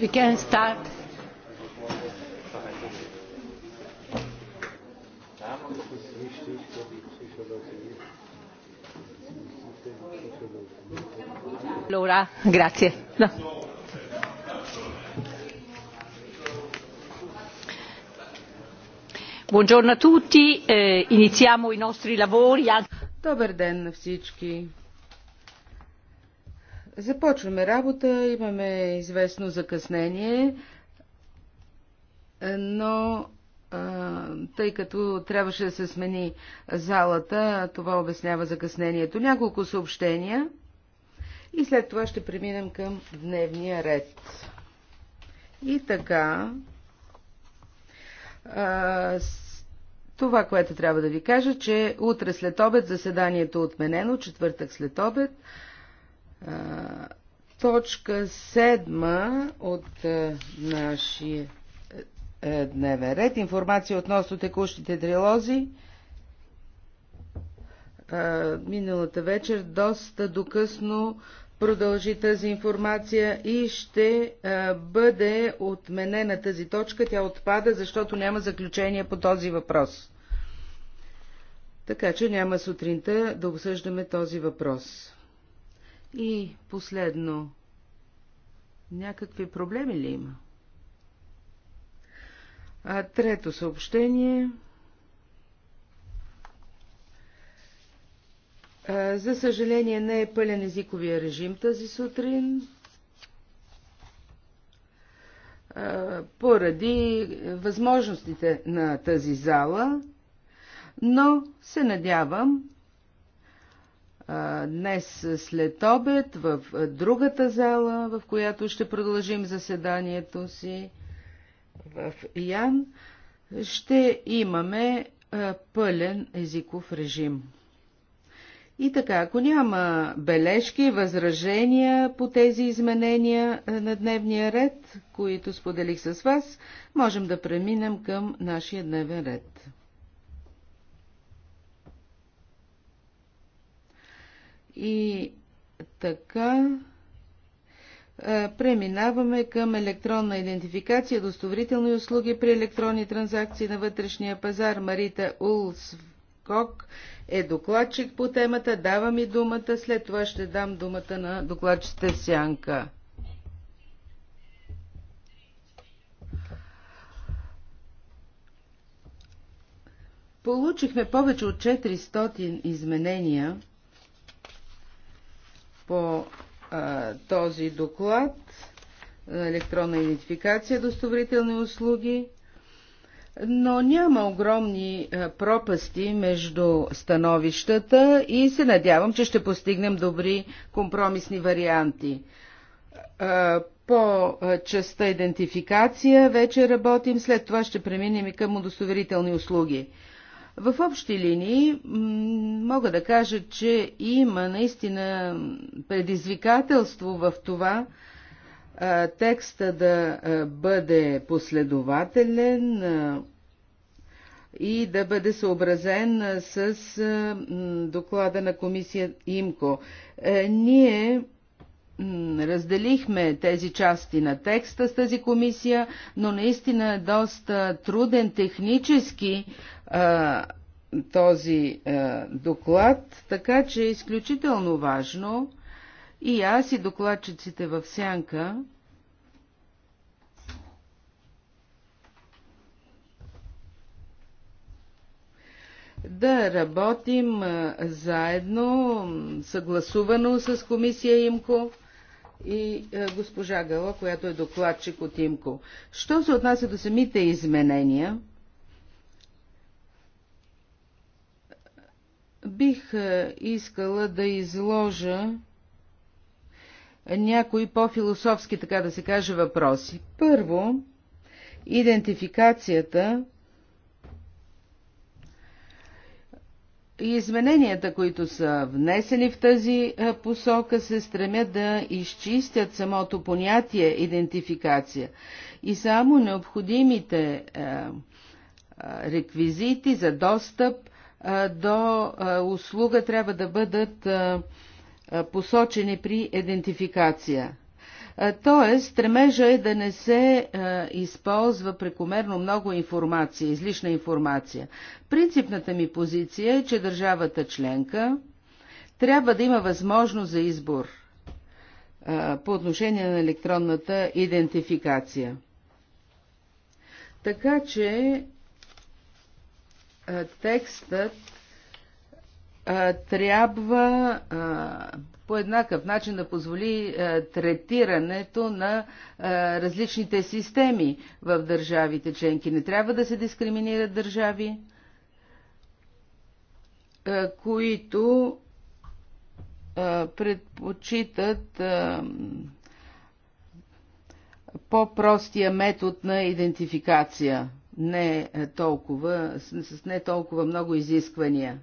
We can start. Allora, grazie. No. Buongiorno a tutti, eh, iniziamo i nostri lavori. Добър ден всички. Започваме работа, имаме известно закъснение, е, но тъй като трябваше да се смени залата, това обяснява закъснението. Няколко съобщения и след това ще преминем към дневния ред. И така, това, което трябва да ви кажа, че утре след обед заседанието е отменено, четвъртък след обед, точка седма от нашия дневен ред. Информация относно текущите трилози. Миналата вечер доста докъсно продължи тази информация и ще бъде отменена тази точка. Тя отпада, защото няма заключение по този въпрос. Така че няма сутринта да обсъждаме този въпрос. И последно, някакви проблеми ли има? А, трето съобщение. А, за съжаление не е пълен езиковия режим тази сутрин. А, поради възможностите на тази зала, но се надявам днес след обед в другата зала, в която ще продължим заседанието си в Ян, ще имаме пълен езиков режим. И така, ако няма бележки, възражения по тези изменения на дневния ред, които споделих с вас, можем да преминем към нашия дневен ред. И така е, преминаваме към електронна идентификация, удостоверителни услуги при електронни транзакции на вътрешния пазар. Марита Улскок е докладчик по темата. Дава ми думата, след това ще дам думата на докладчите Сянка. Получихме повече от 400 изменения – по а, този доклад електронна идентификация, достоверителни услуги, но няма огромни пропасти между становищата и се надявам, че ще постигнем добри компромисни варианти. По частта идентификация вече работим, след това ще преминем и към удостоверителни услуги. В общи линии мога да кажа, че има наистина предизвикателство в това текста да бъде последователен и да бъде съобразен с доклада на комисия ИМКО. Е, ние разделихме тези части на текста с тази комисия, но наистина е доста труден технически а, този а, доклад, така че е изключително важно и аз и докладчиците в сянка да работим заедно, съгласувано с комисия ИМКО и е, госпожа Гала, която е докладчик от Имко. Що се отнася до самите изменения, бих е, искала да изложа някои по-философски, така да се каже, въпроси. Първо, идентификацията Измененията, които са внесени в тази посока, се стремят да изчистят самото понятие идентификация и само необходимите реквизити за достъп до услуга трябва да бъдат посочени при идентификация. Е, тоест, стремежа е да не се е, използва прекомерно много информация, излишна информация. Принципната ми позиция е, че държавата членка трябва да има възможност за избор е, по отношение на електронната идентификация. Така че текстът трябва по еднакъв начин да позволи третирането на различните системи в държавите членки. Не трябва да се дискриминират държави, които предпочитат по-простия метод на идентификация, не е, толкова, с не толкова много изисквания.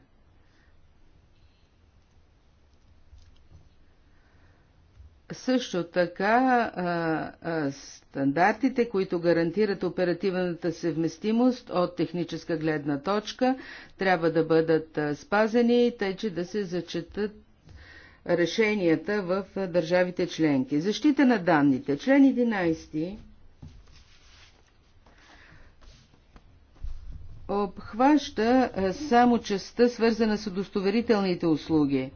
Също така а, а, стандартите, които гарантират оперативната съвместимост от техническа гледна точка, трябва да бъдат спазени, тъй че да се зачетат решенията в държавите членки. Защита на данните. Член 11 обхваща само частта, свързана с удостоверителните услуги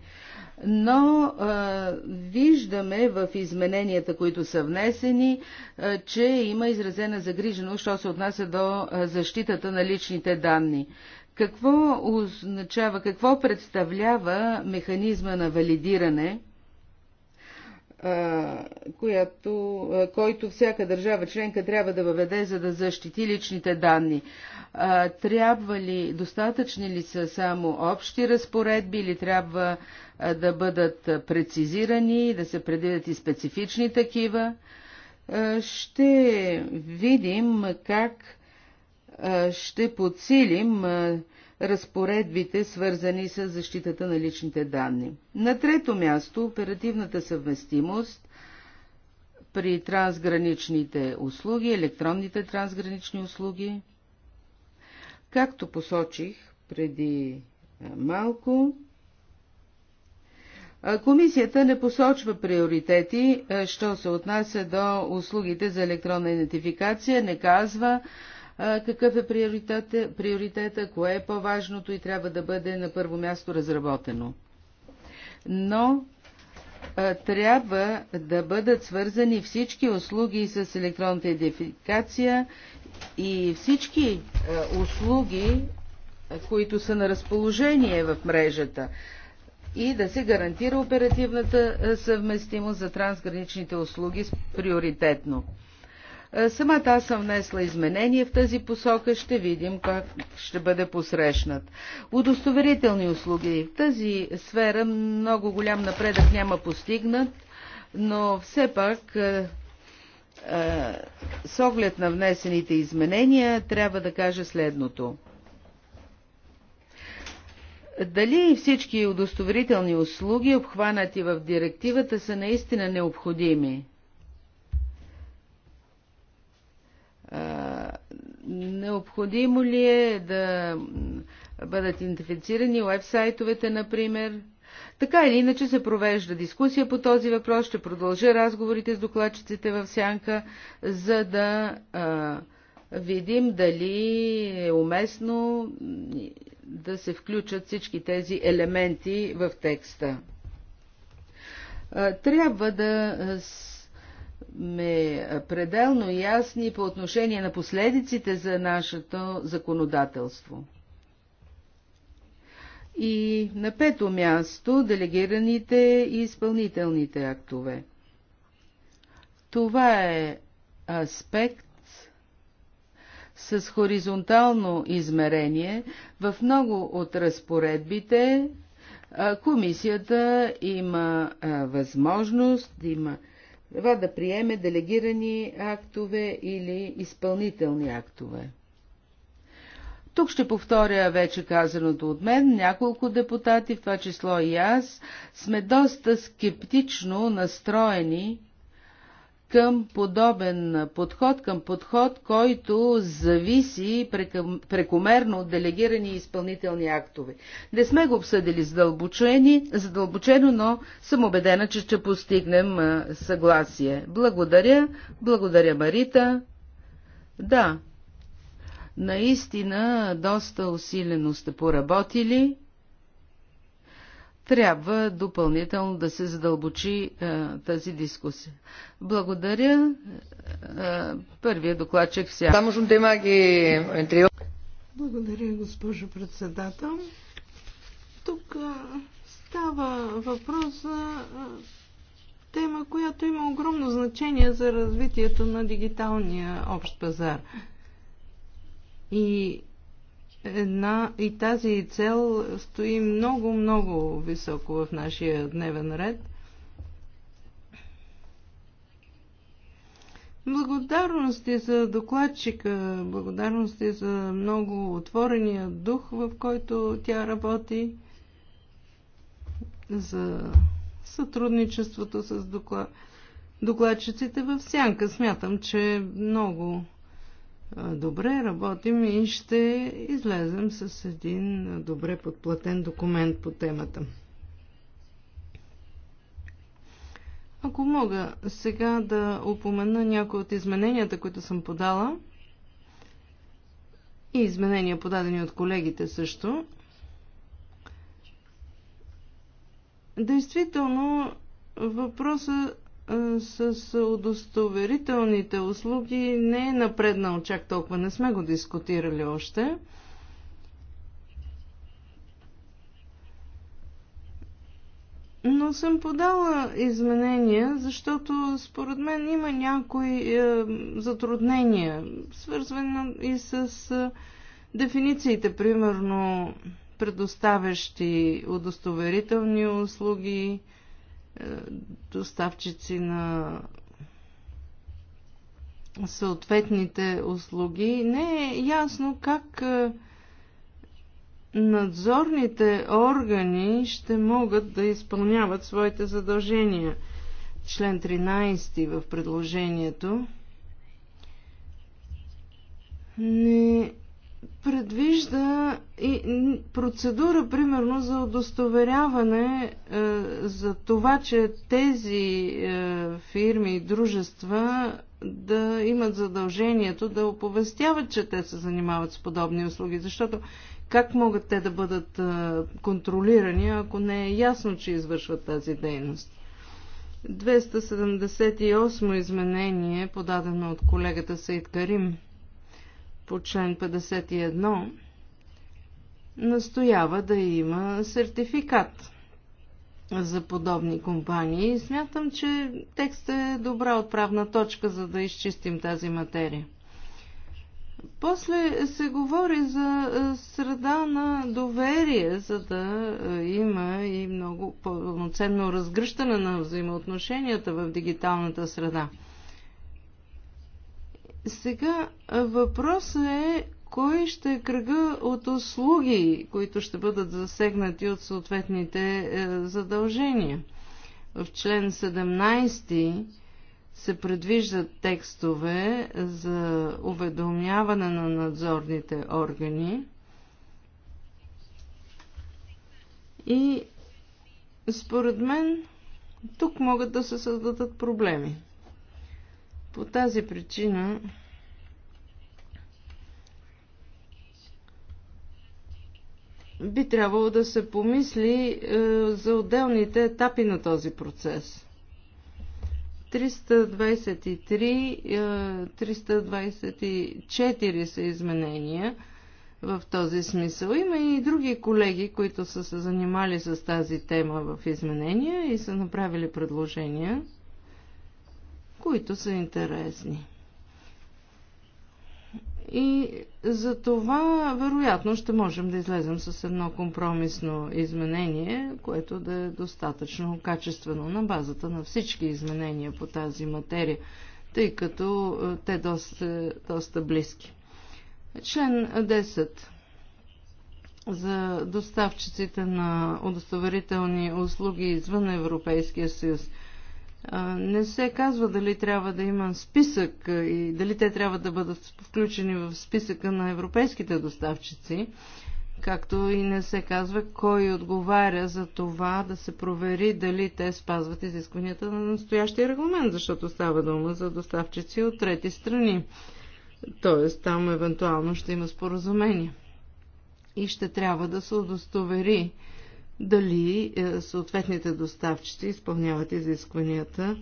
но а, виждаме в измененията, които са внесени, а, че има изразена загриженост, що се отнася до а, защитата на личните данни. Какво означава, какво представлява механизма на валидиране? която, който всяка държава членка трябва да въведе, за да защити личните данни. Трябва ли, достатъчни ли са само общи разпоредби или трябва да бъдат прецизирани, да се предвидят и специфични такива? Ще видим как ще подсилим разпоредбите, свързани с защитата на личните данни. На трето място, оперативната съвместимост при трансграничните услуги, електронните трансгранични услуги. Както посочих преди е, малко, е, Комисията не посочва приоритети, е, що се отнася до услугите за електронна идентификация, не казва какъв е приоритета, приоритета кое е по-важното и трябва да бъде на първо място разработено. Но трябва да бъдат свързани всички услуги с електронната идентификация и всички услуги, които са на разположение в мрежата и да се гарантира оперативната съвместимост за трансграничните услуги приоритетно. Е, самата аз съм внесла изменение в тази посока, ще видим как ще бъде посрещнат. Удостоверителни услуги. В тази сфера много голям напредък няма постигнат, но все пак е, е, с оглед на внесените изменения трябва да кажа следното. Дали всички удостоверителни услуги, обхванати в директивата, са наистина необходими? необходимо ли е да бъдат идентифицирани уебсайтовете, например. Така или иначе се провежда дискусия по този въпрос, ще продължа разговорите с докладчиците в Сянка, за да а, видим дали е уместно да се включат всички тези елементи в текста. Трябва да сме пределно ясни по отношение на последиците за нашето законодателство. И на пето място делегираните и изпълнителните актове. Това е аспект с хоризонтално измерение в много от разпоредбите комисията има възможност, има това да приеме делегирани актове или изпълнителни актове. Тук ще повторя вече казаното от мен. Няколко депутати, в това число и аз, сме доста скептично настроени към подобен подход, към подход, който зависи прекомерно от делегирани изпълнителни актове. Не сме го обсъдили задълбочено, но съм убедена, че ще постигнем съгласие. Благодаря, благодаря Марита. Да, наистина доста усилено сте поработили трябва допълнително да се задълбочи а, е, тази дискусия. Благодаря. А, е, първия докладчик сега. Само Благодаря, госпожо председател. Тук е, става въпрос за тема, която има огромно значение за развитието на дигиталния общ пазар. И една и тази цел стои много, много високо в нашия дневен ред. Благодарности за докладчика, благодарности за много отворения дух, в който тя работи, за сътрудничеството с доклад... докладчиците в сянка. Смятам, че е много добре работим и ще излезем с един добре подплатен документ по темата. Ако мога сега да упомена някои от измененията, които съм подала и изменения подадени от колегите също. Действително, въпросът с удостоверителните услуги не е напреднал чак толкова. Не сме го дискутирали още. Но съм подала изменения, защото според мен има някои е, затруднения, свързвани и с е, дефинициите, примерно предоставящи удостоверителни услуги, е, е, доставчици на съответните услуги, не е ясно как е, надзорните органи ще могат да изпълняват своите задължения. Член 13 в предложението не предвижда и процедура, примерно, за удостоверяване е, за това, че тези е, фирми и дружества да имат задължението да оповестяват, че те се занимават с подобни услуги, защото как могат те да бъдат е, контролирани, ако не е ясно, че извършват тази дейност? 278 изменение, подадено от колегата Саид Карим по член 51 настоява да има сертификат за подобни компании и смятам, че текстът е добра отправна точка, за да изчистим тази материя. После се говори за е, среда на доверие, за да е, има и много пълноценно разгръщане на взаимоотношенията в дигиталната среда. Сега въпросът е кой ще е кръга от услуги, които ще бъдат засегнати от съответните е, задължения. В член 17 се предвиждат текстове за уведомяване на надзорните органи и според мен тук могат да се създадат проблеми. По тази причина би трябвало да се помисли е, за отделните етапи на този процес. 323, е, 324 са изменения в този смисъл. Има и други колеги, които са се занимали с тази тема в изменения и са направили предложения които са интересни. И за това, вероятно, ще можем да излезем с едно компромисно изменение, което да е достатъчно качествено на базата на всички изменения по тази материя, тъй като е, те доста, доста близки. Член 10 за доставчиците на удостоверителни услуги извън Европейския съюз – не се казва дали трябва да има списък и дали те трябва да бъдат включени в списъка на европейските доставчици, както и не се казва кой отговаря за това да се провери дали те спазват изискванията на настоящия регламент, защото става дума за доставчици от трети страни. Тоест там евентуално ще има споразумение. И ще трябва да се удостовери дали е, съответните доставчици изпълняват изискванията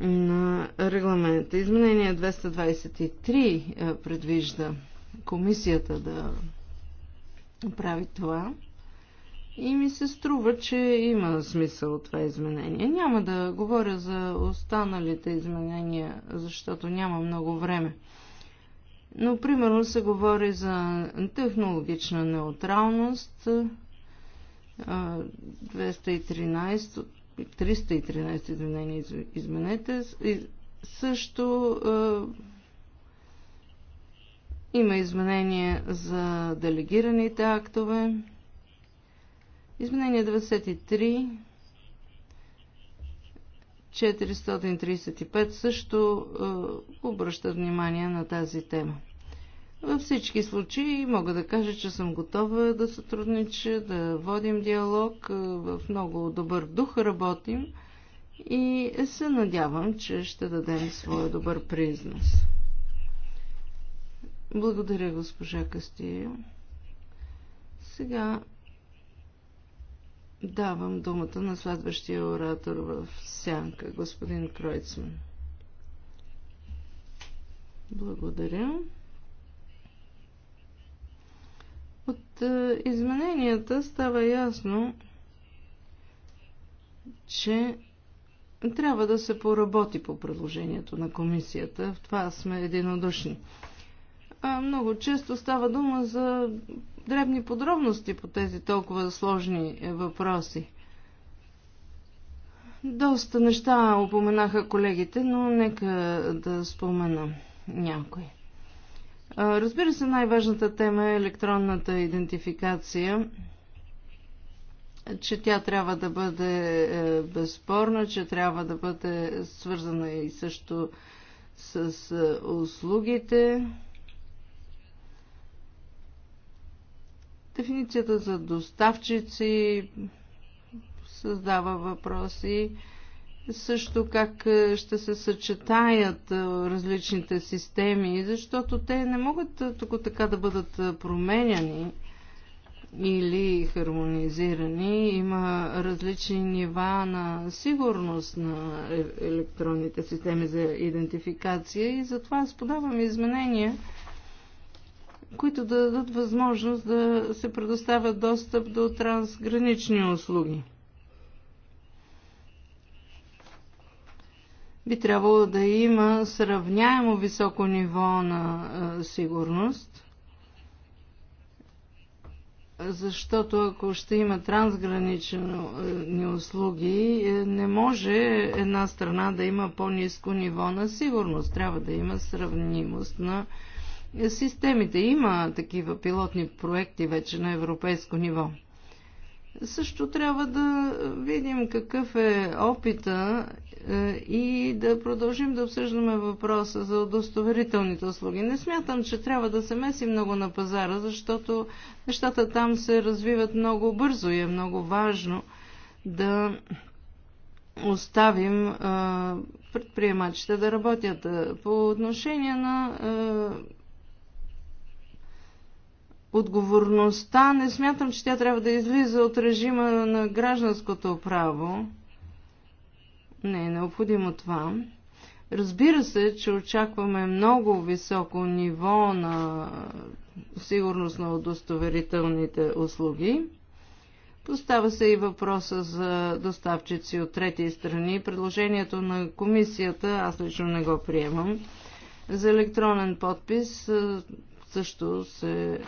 на регламента. Изменение 223 е, предвижда комисията да прави това. И ми се струва, че има смисъл от това изменение. Няма да говоря за останалите изменения, защото няма много време. Но примерно се говори за технологична неутралност, 213, 313 изменение, изменете. Също има изменение за делегираните актове. Изменение 93, 435 също е, обръщат внимание на тази тема. Във всички случаи мога да кажа, че съм готова да сътруднича, да водим диалог, в много добър дух работим и се надявам, че ще дадем своя добър признас. Благодаря, госпожа Кастия. Сега давам думата на следващия оратор в сянка, господин Кройцман. Благодаря. От е, измененията става ясно, че трябва да се поработи по предложението на комисията. В това сме единодушни. А много често става дума за дребни подробности по тези толкова сложни е, въпроси. Доста неща упоменаха колегите, но нека да спомена някои. Разбира се, най-важната тема е електронната идентификация, че тя трябва да бъде е, безспорна, че трябва да бъде свързана и също с е, услугите. Дефиницията за доставчици създава въпроси също как е, ще се съчетаят е, различните системи, защото те не могат е, тук така да бъдат променяни или хармонизирани. Има различни нива на сигурност на електронните системи за идентификация и затова аз подавам изменения, които да дадат възможност да се предоставят достъп до трансгранични услуги. би трябвало да има сравняемо високо ниво на сигурност, защото ако ще има трансгранични услуги, е, не може една страна да има по-низко ниво на сигурност. Трябва да има сравнимост на системите. Има такива пилотни проекти вече на европейско ниво. Също трябва да видим какъв е опита е, и да продължим да обсъждаме въпроса за удостоверителните услуги. Не смятам, че трябва да се меси много на пазара, защото нещата там се развиват много бързо и е много важно да оставим е, предприемачите да работят. Е, по отношение на отговорността, не смятам, че тя трябва да излиза от режима на гражданското право. Не е необходимо това. Разбира се, че очакваме много високо ниво на сигурност на удостоверителните услуги. Постава се и въпроса за доставчици от трети страни. Предложението на комисията, аз лично не го приемам, за електронен подпис също се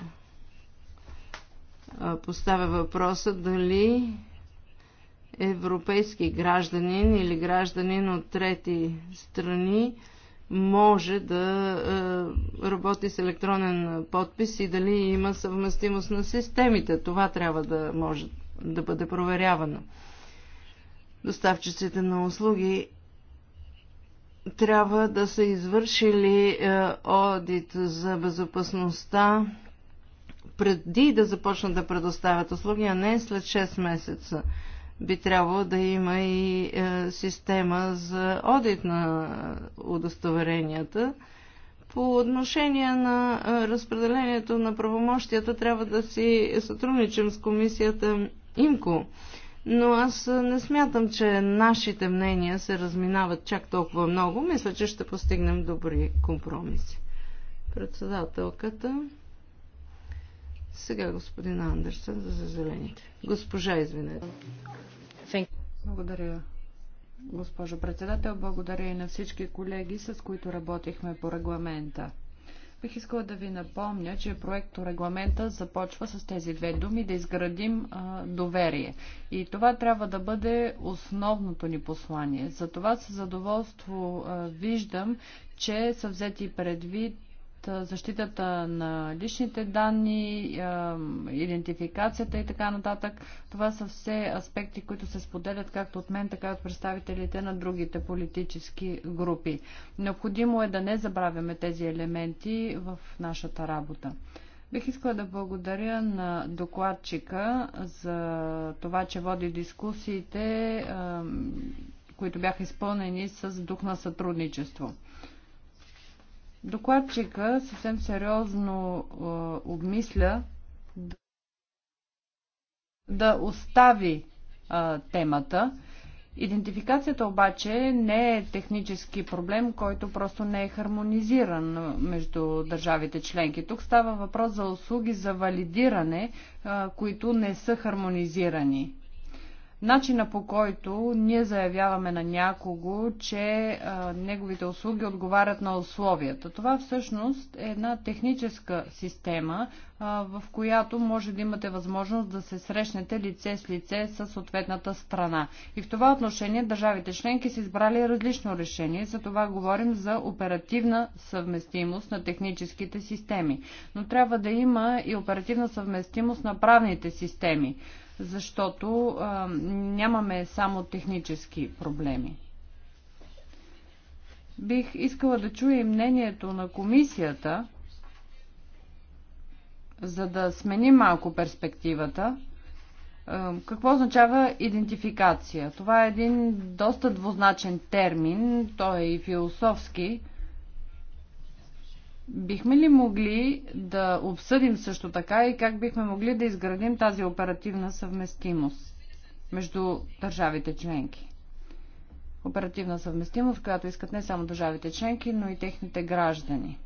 поставя въпроса дали европейски гражданин или гражданин от трети страни може да работи с електронен подпис и дали има съвместимост на системите. Това трябва да може да бъде проверявано. Доставчиците на услуги трябва да са извършили одит за безопасността преди да започнат да предоставят услуги, а не след 6 месеца. Би трябвало да има и е, система за одит на удостоверенията. По отношение на е, разпределението на правомощията трябва да си сътрудничим с комисията ИМКО. Но аз е, не смятам, че нашите мнения се разминават чак толкова много. Мисля, че ще постигнем добри компромиси. Председателката. Сега господин Андерсън за зелените. Госпожа, извинете. Благодаря, госпожо председател. Благодаря и на всички колеги, с които работихме по регламента. Бих искала да ви напомня, че проекто регламента започва с тези две думи да изградим а, доверие. И това трябва да бъде основното ни послание. Затова с задоволство а, виждам, че са взети предвид защитата на личните данни, идентификацията и така нататък. Това са все аспекти, които се споделят както от мен, така и от представителите на другите политически групи. Необходимо е да не забравяме тези елементи в нашата работа. Бих искала да благодаря на докладчика за това, че води дискусиите, които бяха изпълнени с дух на сътрудничество. Докладчика съвсем сериозно е, обмисля да остави а, е, темата. Идентификацията обаче не е технически проблем, който просто не е хармонизиран между държавите членки. Тук става въпрос за услуги за валидиране, е, които не са хармонизирани. Начина по който ние заявяваме на някого, че а, неговите услуги отговарят на условията. Това всъщност е една техническа система, а, в която може да имате възможност да се срещнете лице с лице с съответната страна. И в това отношение държавите членки са избрали различно решение, за това говорим за оперативна съвместимост на техническите системи. Но трябва да има и оперативна съвместимост на правните системи защото а, нямаме само технически проблеми. Бих искала да чуя и мнението на комисията, за да смени малко перспективата. Какво означава идентификация? Това е един доста двузначен термин, той е и философски. Бихме ли могли да обсъдим също така и как бихме могли да изградим тази оперативна съвместимост между държавите членки? Оперативна съвместимост, която искат не само държавите членки, но и техните граждани.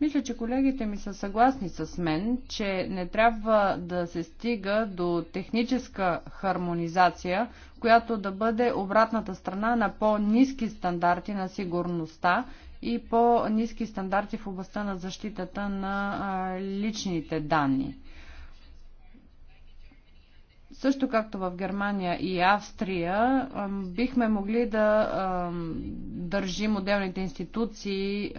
Мисля, че колегите ми са съгласни с мен, че не трябва да се стига до техническа хармонизация, която да бъде обратната страна на по-низки стандарти на сигурността и по-низки стандарти в областта на защитата на личните данни. Също както в Германия и Австрия, бихме могли да държим отделните институции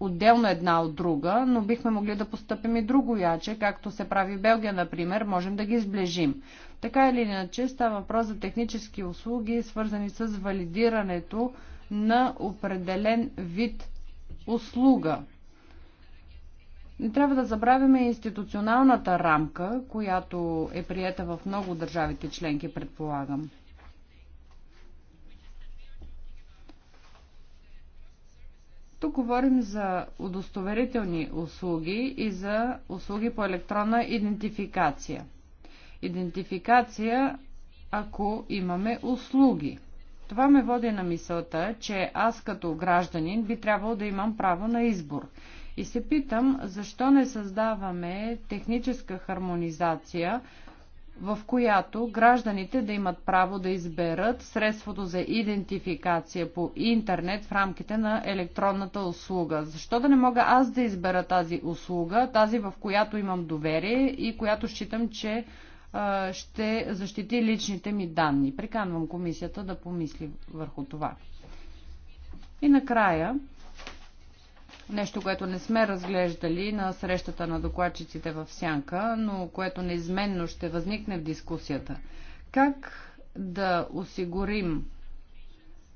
отделно една от друга, но бихме могли да постъпим и друго яче, както се прави в Белгия, например, можем да ги сближим. Така или иначе, става въпрос за технически услуги, свързани с валидирането на определен вид услуга. Не трябва да забравяме институционалната рамка, която е приета в много държавите членки, предполагам. Тук говорим за удостоверителни услуги и за услуги по електронна идентификация. Идентификация, ако имаме услуги – това ме води на мисълта, че аз като гражданин би трябвало да имам право на избор. И се питам, защо не създаваме техническа хармонизация, в която гражданите да имат право да изберат средството за идентификация по интернет в рамките на електронната услуга. Защо да не мога аз да избера тази услуга, тази в която имам доверие и която считам, че ще защити личните ми данни. Приканвам комисията да помисли върху това. И накрая, нещо, което не сме разглеждали на срещата на докладчиците в Сянка, но което неизменно ще възникне в дискусията. Как да осигурим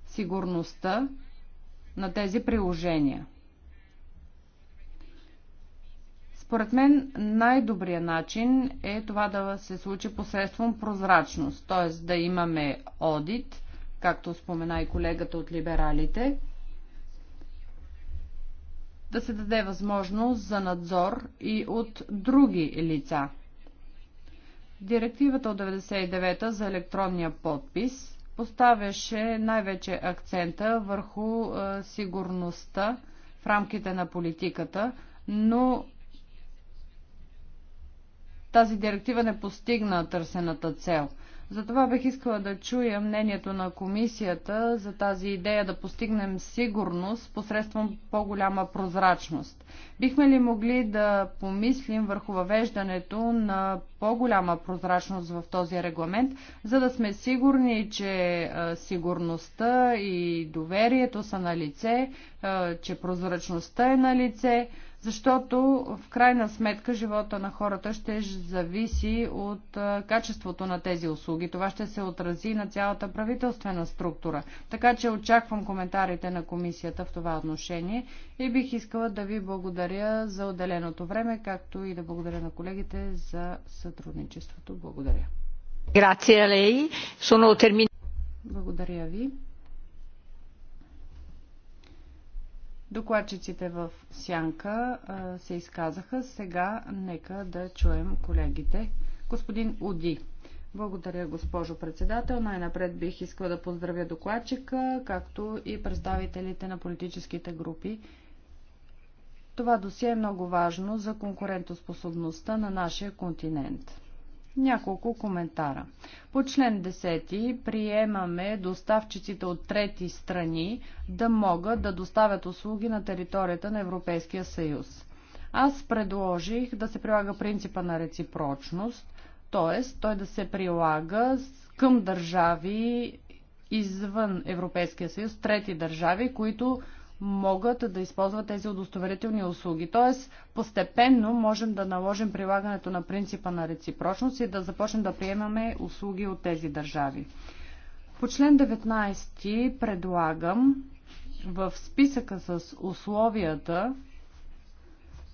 сигурността на тези приложения? Според мен най-добрият начин е това да се случи посредством прозрачност, т.е. да имаме одит, както спомена и колегата от либералите, да се даде възможност за надзор и от други лица. Директивата от 99-та за електронния подпис поставяше най-вече акцента върху е, сигурността в рамките на политиката, но тази директива не постигна търсената цел. Затова бих искала да чуя мнението на комисията за тази идея да постигнем сигурност посредством по-голяма прозрачност. Бихме ли могли да помислим върху въвеждането на по-голяма прозрачност в този регламент, за да сме сигурни, че сигурността и доверието са на лице, че прозрачността е на лице, защото в крайна сметка живота на хората ще зависи от качеството на тези услуги. Това ще се отрази на цялата правителствена структура. Така че очаквам коментарите на комисията в това отношение и бих искала да ви благодаря за отделеното време, както и да благодаря на колегите за сътрудничеството. Благодаря. Благодаря ви. Докладчиците в Сянка се изказаха. Сега нека да чуем колегите. Господин Уди. Благодаря, госпожо председател. Най-напред бих искала да поздравя докладчика, както и представителите на политическите групи. Това досие е много важно за конкурентоспособността на нашия континент. Няколко коментара. По член 10 приемаме доставчиците от трети страни да могат да доставят услуги на територията на Европейския съюз. Аз предложих да се прилага принципа на реципрочност, т.е. той да се прилага към държави извън Европейския съюз, трети държави, които могат да използват тези удостоверителни услуги. Тоест, постепенно можем да наложим прилагането на принципа на реципрочност и да започнем да приемаме услуги от тези държави. По член 19 предлагам в списъка с условията,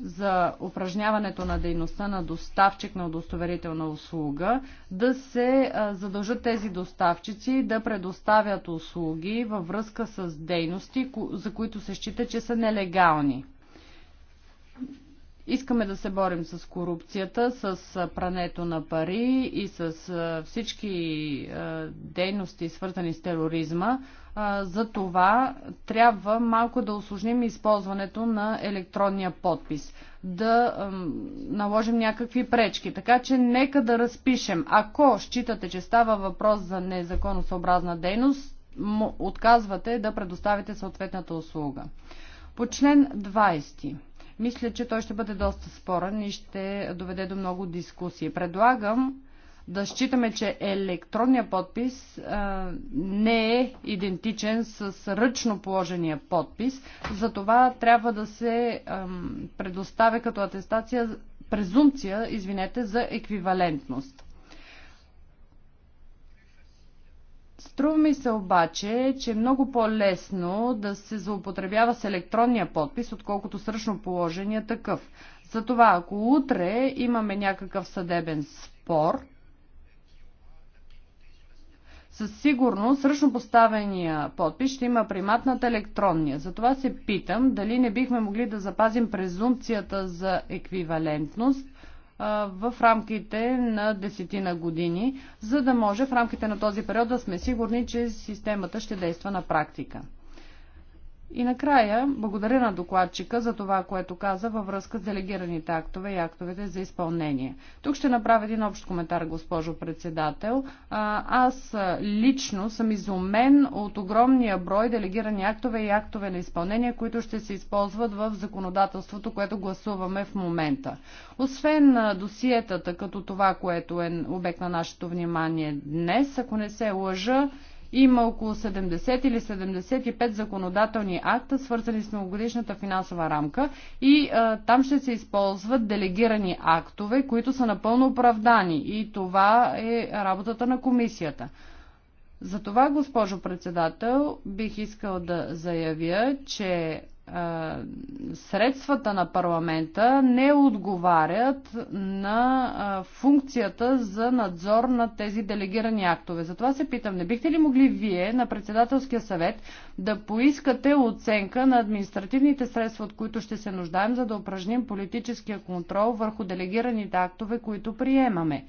за упражняването на дейността на доставчик на удостоверителна услуга, да се задължат тези доставчици да предоставят услуги във връзка с дейности, за които се счита, че са нелегални. Искаме да се борим с корупцията, с прането на пари и с всички дейности, свързани с тероризма. За това трябва малко да осложним използването на електронния подпис, да наложим някакви пречки. Така че нека да разпишем. Ако считате, че става въпрос за незаконосъобразна дейност, отказвате да предоставите съответната услуга. По член 20 мисля, че той ще бъде доста спорен и ще доведе до много дискусии. Предлагам да считаме, че електронният подпис а, не е идентичен с ръчно положения подпис. Затова трябва да се а, предоставя като атестация презумпция, извинете, за еквивалентност. Струва ми се обаче, че е много по-лесно да се злоупотребява с електронния подпис, отколкото сръчно положения такъв. Затова, ако утре имаме някакъв съдебен спор, със сигурност сръчно поставения подпис ще има примат над електронния. Затова се питам дали не бихме могли да запазим презумпцията за еквивалентност – в рамките на десетина години, за да може в рамките на този период да сме сигурни, че системата ще действа на практика. И накрая, благодаря на докладчика за това, което каза във връзка с делегираните актове и актовете за изпълнение. Тук ще направя един общ коментар, госпожо председател. Аз лично съм изумен от огромния брой делегирани актове и актове на изпълнение, които ще се използват в законодателството, което гласуваме в момента. Освен досиетата, като това, което е обект на нашето внимание днес, ако не се лъжа, има около 70 или 75 законодателни акта, свързани с многогодишната финансова рамка и а, там ще се използват делегирани актове, които са напълно оправдани и това е работата на комисията. Затова, госпожо председател, бих искал да заявя, че е, средствата на парламента не отговарят на е, функцията за надзор на тези делегирани актове. Затова се питам, не бихте ли могли вие на председателския съвет да поискате оценка на административните средства, от които ще се нуждаем, за да упражним политическия контрол върху делегираните актове, които приемаме?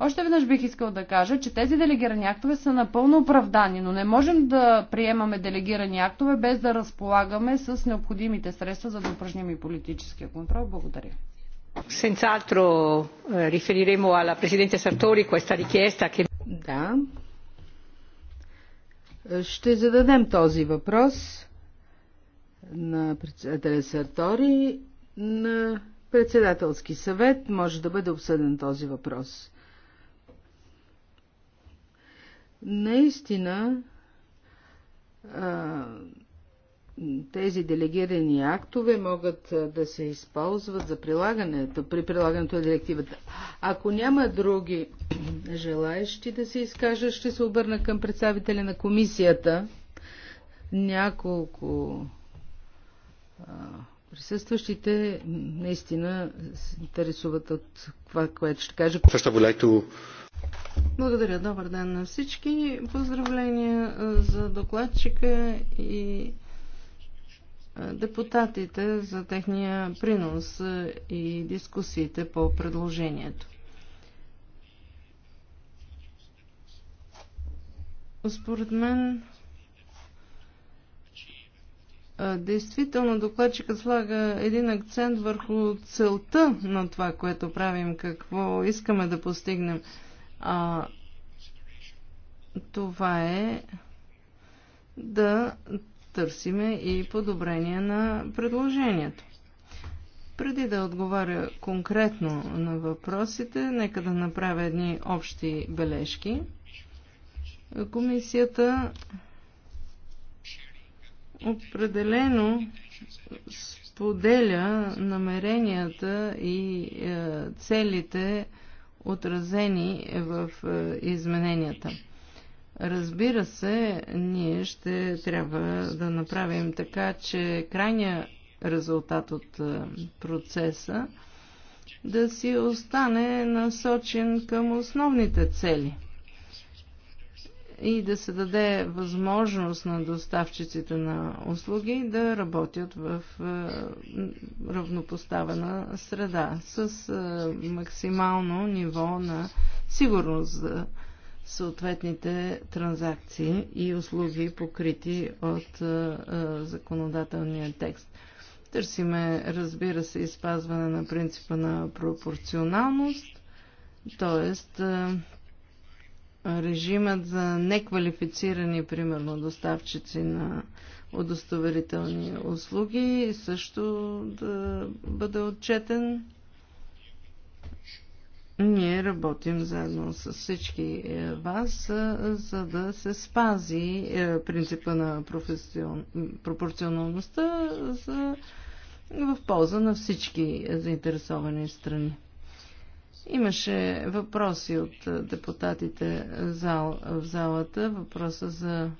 Още веднъж бих искал да кажа, че тези делегирани актове са напълно оправдани, но не можем да приемаме делегирани актове без да разполагаме с необходимите средства за да упражним и политическия контрол. Благодаря. Senz'altro eh, riferiremo alla Presidente Sartori questa richiesta che... Да. Ще зададем този въпрос на председателя Сартори на председателски съвет може да бъде обсъден този въпрос. Наистина, тези делегирани актове могат да се използват за прилагането, при прилагането на директивата. Ако няма други желаещи да се изкажа, ще се обърна към представителя на комисията. Няколко присъстващите наистина се интересуват от това, което ще кажа. First, would like to благодаря. Добър ден на всички. Поздравления за докладчика и депутатите за техния принос и дискусиите по предложението. Според мен Действително докладчикът слага един акцент върху целта на това, което правим, какво искаме да постигнем. А, това е да търсиме и подобрение на предложението. Преди да отговаря конкретно на въпросите, нека да направя едни общи бележки. Комисията определено споделя намеренията и е, целите отразени в е, измененията. Разбира се, ние ще трябва да направим така, че крайния резултат от е, процеса да си остане насочен към основните цели и да се даде възможност на доставчиците на услуги да работят в е, равнопоставена среда с е, максимално ниво на сигурност за съответните транзакции и услуги покрити от е, законодателния текст. Търсиме, разбира се, изпазване на принципа на пропорционалност, т.е режимът за неквалифицирани, примерно, доставчици на удостоверителни услуги също да бъде отчетен. Ние работим заедно с всички е, вас, е, за да се спази е, принципа на професион... пропорционалността за... в полза на всички заинтересовани страни. Имаше въпроси от депутатите в залата, въпроса за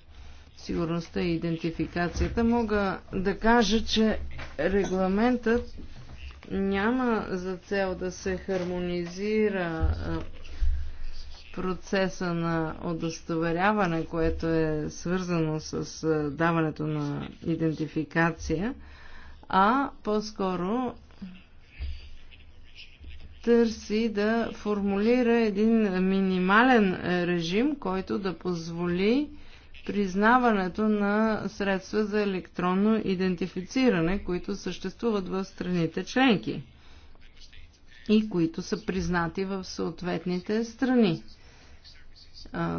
сигурността и идентификацията. Мога да кажа, че регламентът няма за цел да се хармонизира процеса на удостоверяване, което е свързано с даването на идентификация, а по-скоро търси да формулира един минимален режим, който да позволи признаването на средства за електронно идентифициране, които съществуват в страните членки и които са признати в съответните страни,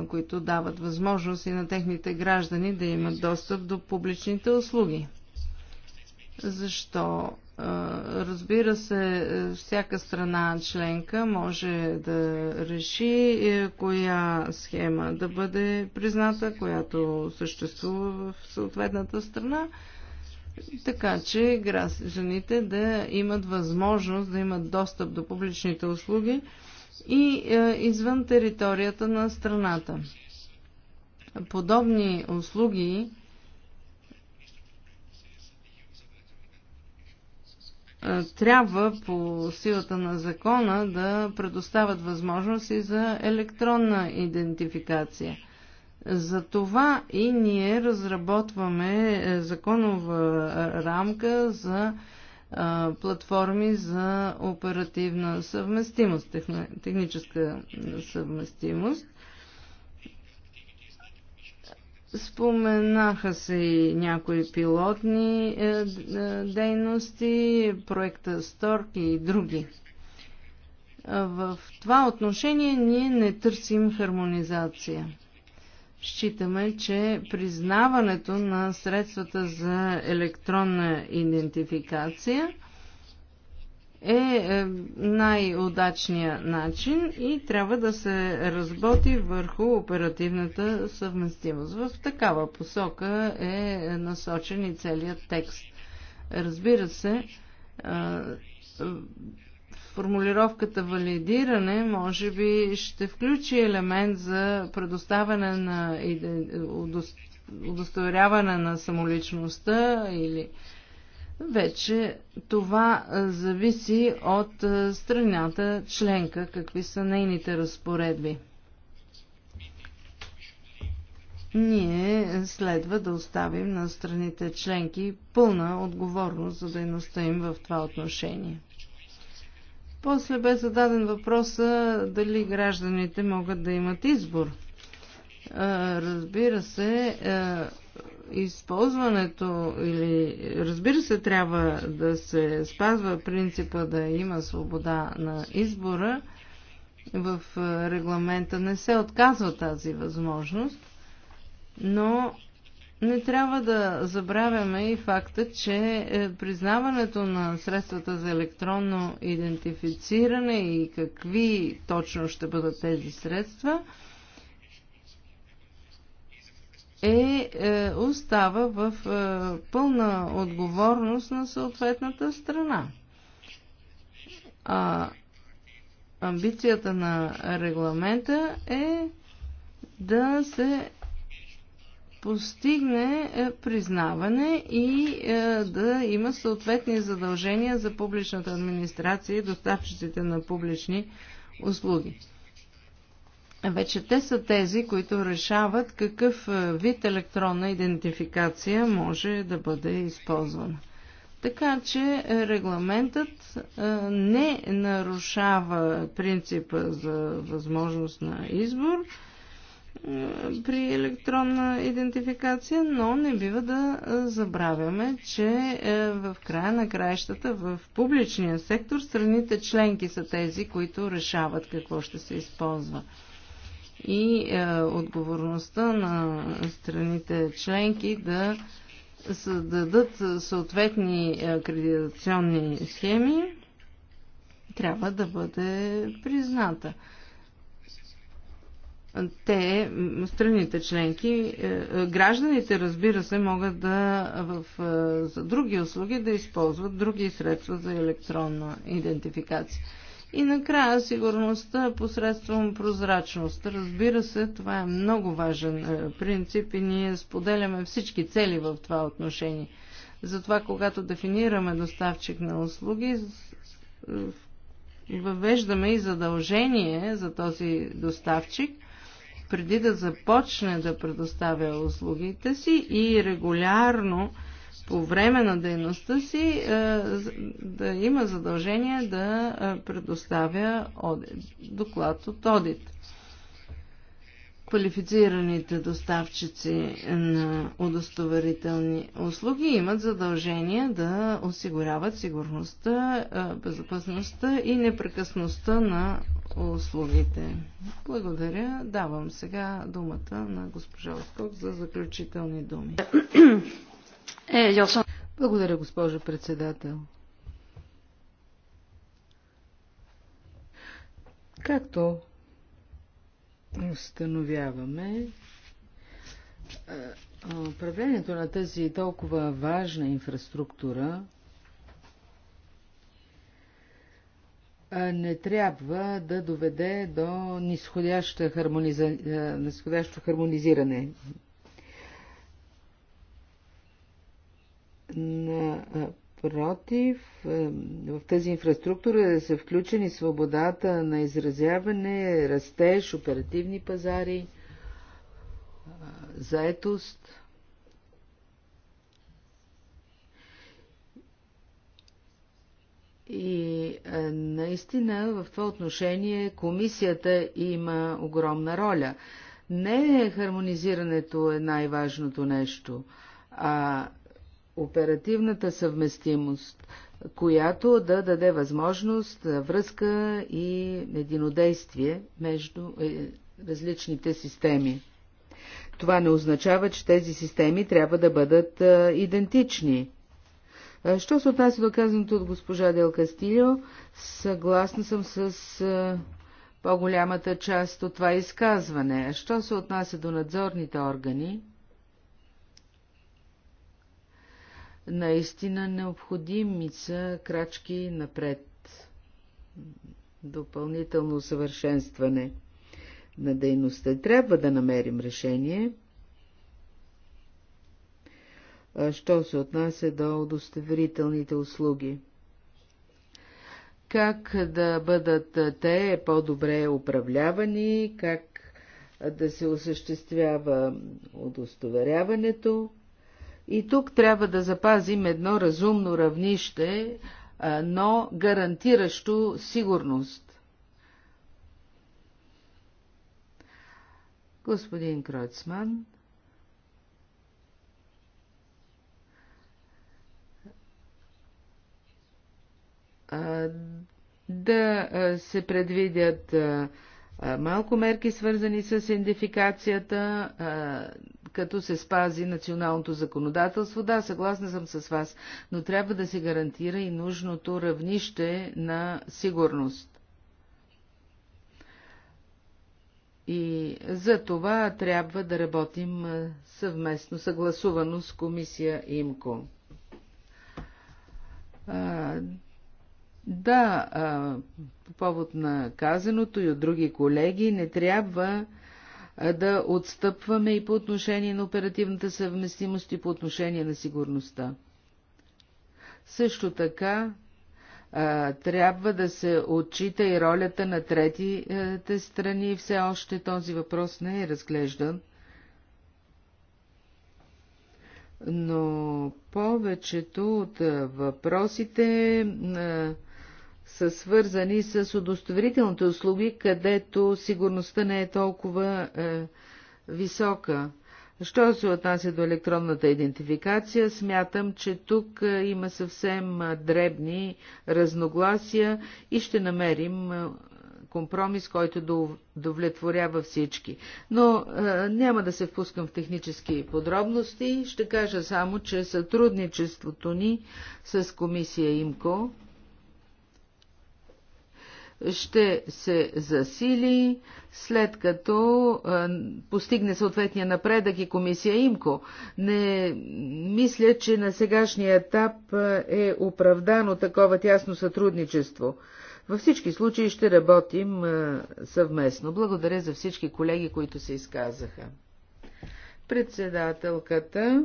които дават възможност и на техните граждани да имат достъп до публичните услуги. Защо Разбира се, е, всяка страна членка може да реши е, коя схема да бъде призната, която съществува в съответната страна, така че гражданите да имат възможност да имат достъп до публичните услуги и е, извън територията на страната. Подобни услуги трябва по силата на закона да предоставят възможности за електронна идентификация. За това и ние разработваме е, законова рамка за платформи за оперативна съвместимост, техническа съвместимост. Споменаха се и някои пилотни е, е, дейности, проекта Сторк и други. В това отношение ние не търсим хармонизация. Считаме, че признаването на средствата за електронна идентификация – е, е най-удачният начин и трябва да се разботи върху оперативната съвместимост. В такава посока е насочен и целият текст. Разбира се, е, формулировката валидиране може би ще включи елемент за предоставяне на удостоверяване на самоличността или вече това зависи от страната членка, какви са нейните разпоредби. Ние следва да оставим на страните членки пълна отговорност за дейността им в това отношение. После бе зададен въпроса дали гражданите могат да имат избор. Разбира се, използването или разбира се трябва да се спазва принципа да има свобода на избора, в регламента не се отказва тази възможност, но не трябва да забравяме и факта, че е, признаването на средствата за електронно идентифициране и какви точно ще бъдат тези средства – е, е остава в е, пълна отговорност на съответната страна. А амбицията на регламента е да се постигне е, признаване и е, да има съответни задължения за публичната администрация и доставчиците на публични услуги вече те са тези, които решават какъв е, вид електронна идентификация може да бъде използвана. Така че е, регламентът е, не нарушава принципа за възможност на избор при електронна идентификация, но не бива да забравяме, че в края на краищата в публичния сектор страните членки са тези, които решават какво ще се използва и е, отговорността на страните членки да създадат съответни акредитационни е, схеми, трябва да бъде призната. Те, страните членки, е, е, гражданите, разбира се, могат да в, за други услуги да използват други средства за електронна идентификация. И накрая сигурността посредством прозрачност. Разбира се, това е много важен е, принцип и ние споделяме всички цели в това отношение. Затова, когато дефинираме доставчик на услуги, въвеждаме и задължение за този доставчик преди да започне да предоставя услугите си и регулярно по време на дейността си е, да има задължение да е, предоставя одит, доклад от одит. Квалифицираните доставчици на удостоверителни услуги имат задължение да осигуряват сигурността, е, безопасността и непрекъсността на услугите. Благодаря. Давам сега думата на госпожа Оскок за заключителни думи. Е, Благодаря, госпожо председател. Както установяваме, е, управлението на тази толкова важна инфраструктура е, не трябва да доведе до нисходящо хармонизиране Напротив, в тази инфраструктура са включени свободата на изразяване, растеж, оперативни пазари, заетост. И наистина в това отношение комисията има огромна роля. Не е хармонизирането е най-важното нещо, а оперативната съвместимост, която да даде възможност за връзка и единодействие между е, различните системи. Това не означава, че тези системи трябва да бъдат е, идентични. Е, що се отнася до казаното от госпожа Дел Кастилио, съгласна съм с по-голямата част от това изказване. Що се отнася до надзорните органи, Наистина необходими са крачки напред. Допълнително усъвършенстване на дейността. Трябва да намерим решение. Що се отнася до удостоверителните услуги? Как да бъдат те по-добре управлявани, как да се осъществява удостоверяването, и тук трябва да запазим едно разумно равнище, но гарантиращо сигурност. Господин Кройцман. Да се предвидят малко мерки, свързани с идентификацията, като се спази националното законодателство. Да, съгласна съм с вас, но трябва да се гарантира и нужното равнище на сигурност. И за това трябва да работим съвместно, съгласувано с комисия ИМКО. А, да, а, по повод на казаното и от други колеги, не трябва да отстъпваме и по отношение на оперативната съвместимост и по отношение на сигурността. Също така трябва да се отчита и ролята на третите страни. Все още този въпрос не е разглеждан. Но повечето от въпросите а, са свързани с удостоверителните услуги, където сигурността не е толкова е, висока. Що се отнася до електронната идентификация, смятам, че тук е, има съвсем е, дребни разногласия и ще намерим е, компромис, който да удовлетворява всички. Но е, няма да се впускам в технически подробности, ще кажа само, че сътрудничеството ни с комисия ИМКО ще се засили, след като а, е, постигне съответния напредък и комисия ИМКО. Не мисля, че на сегашния етап е, е оправдано такова тясно сътрудничество. Във всички случаи ще работим а, е, съвместно. Благодаря за всички колеги, които се изказаха. Председателката.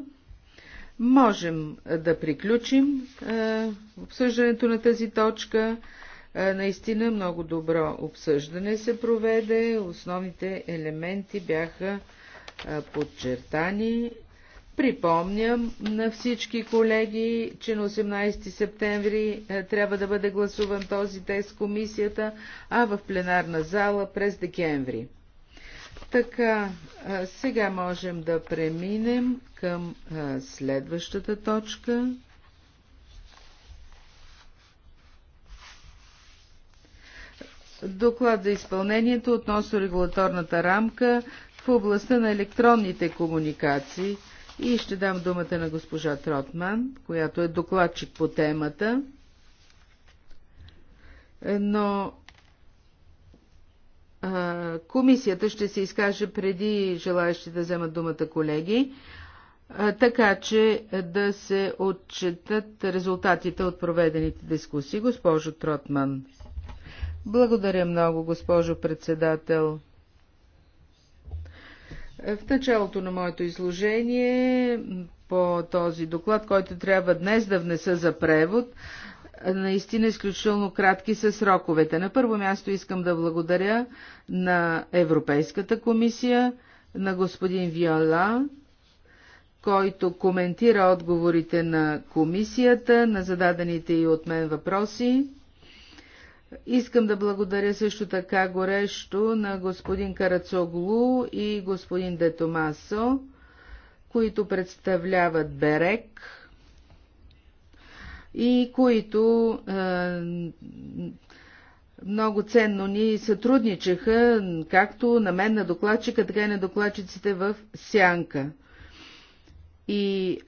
Можем да приключим е, обсъждането на тази точка. Е, наистина много добро обсъждане се проведе, основните елементи бяха е, подчертани. Припомням на всички колеги, че на 18 септември е, трябва да бъде гласуван този тест комисията, а в пленарна зала през декември. Така, сега можем да преминем към следващата точка. Доклад за изпълнението относно регулаторната рамка в областта на електронните комуникации. И ще дам думата на госпожа Тротман, която е докладчик по темата. Но а, комисията ще се изкаже преди желаящи да вземат думата колеги, а, така че да се отчетат резултатите от проведените дискусии. Госпожо Тротман, благодаря много, госпожо председател. В началото на моето изложение по този доклад, който трябва днес да внеса за превод, наистина изключително кратки са сроковете. На първо място искам да благодаря на Европейската комисия, на господин Виола, който коментира отговорите на комисията на зададените и от мен въпроси Искам да благодаря също така горещо на господин Карацоглу и господин Детомасо, които представляват Берек и които е, много ценно ни сътрудничаха, както на мен на докладчика, така и на докладчиците в Сянка. И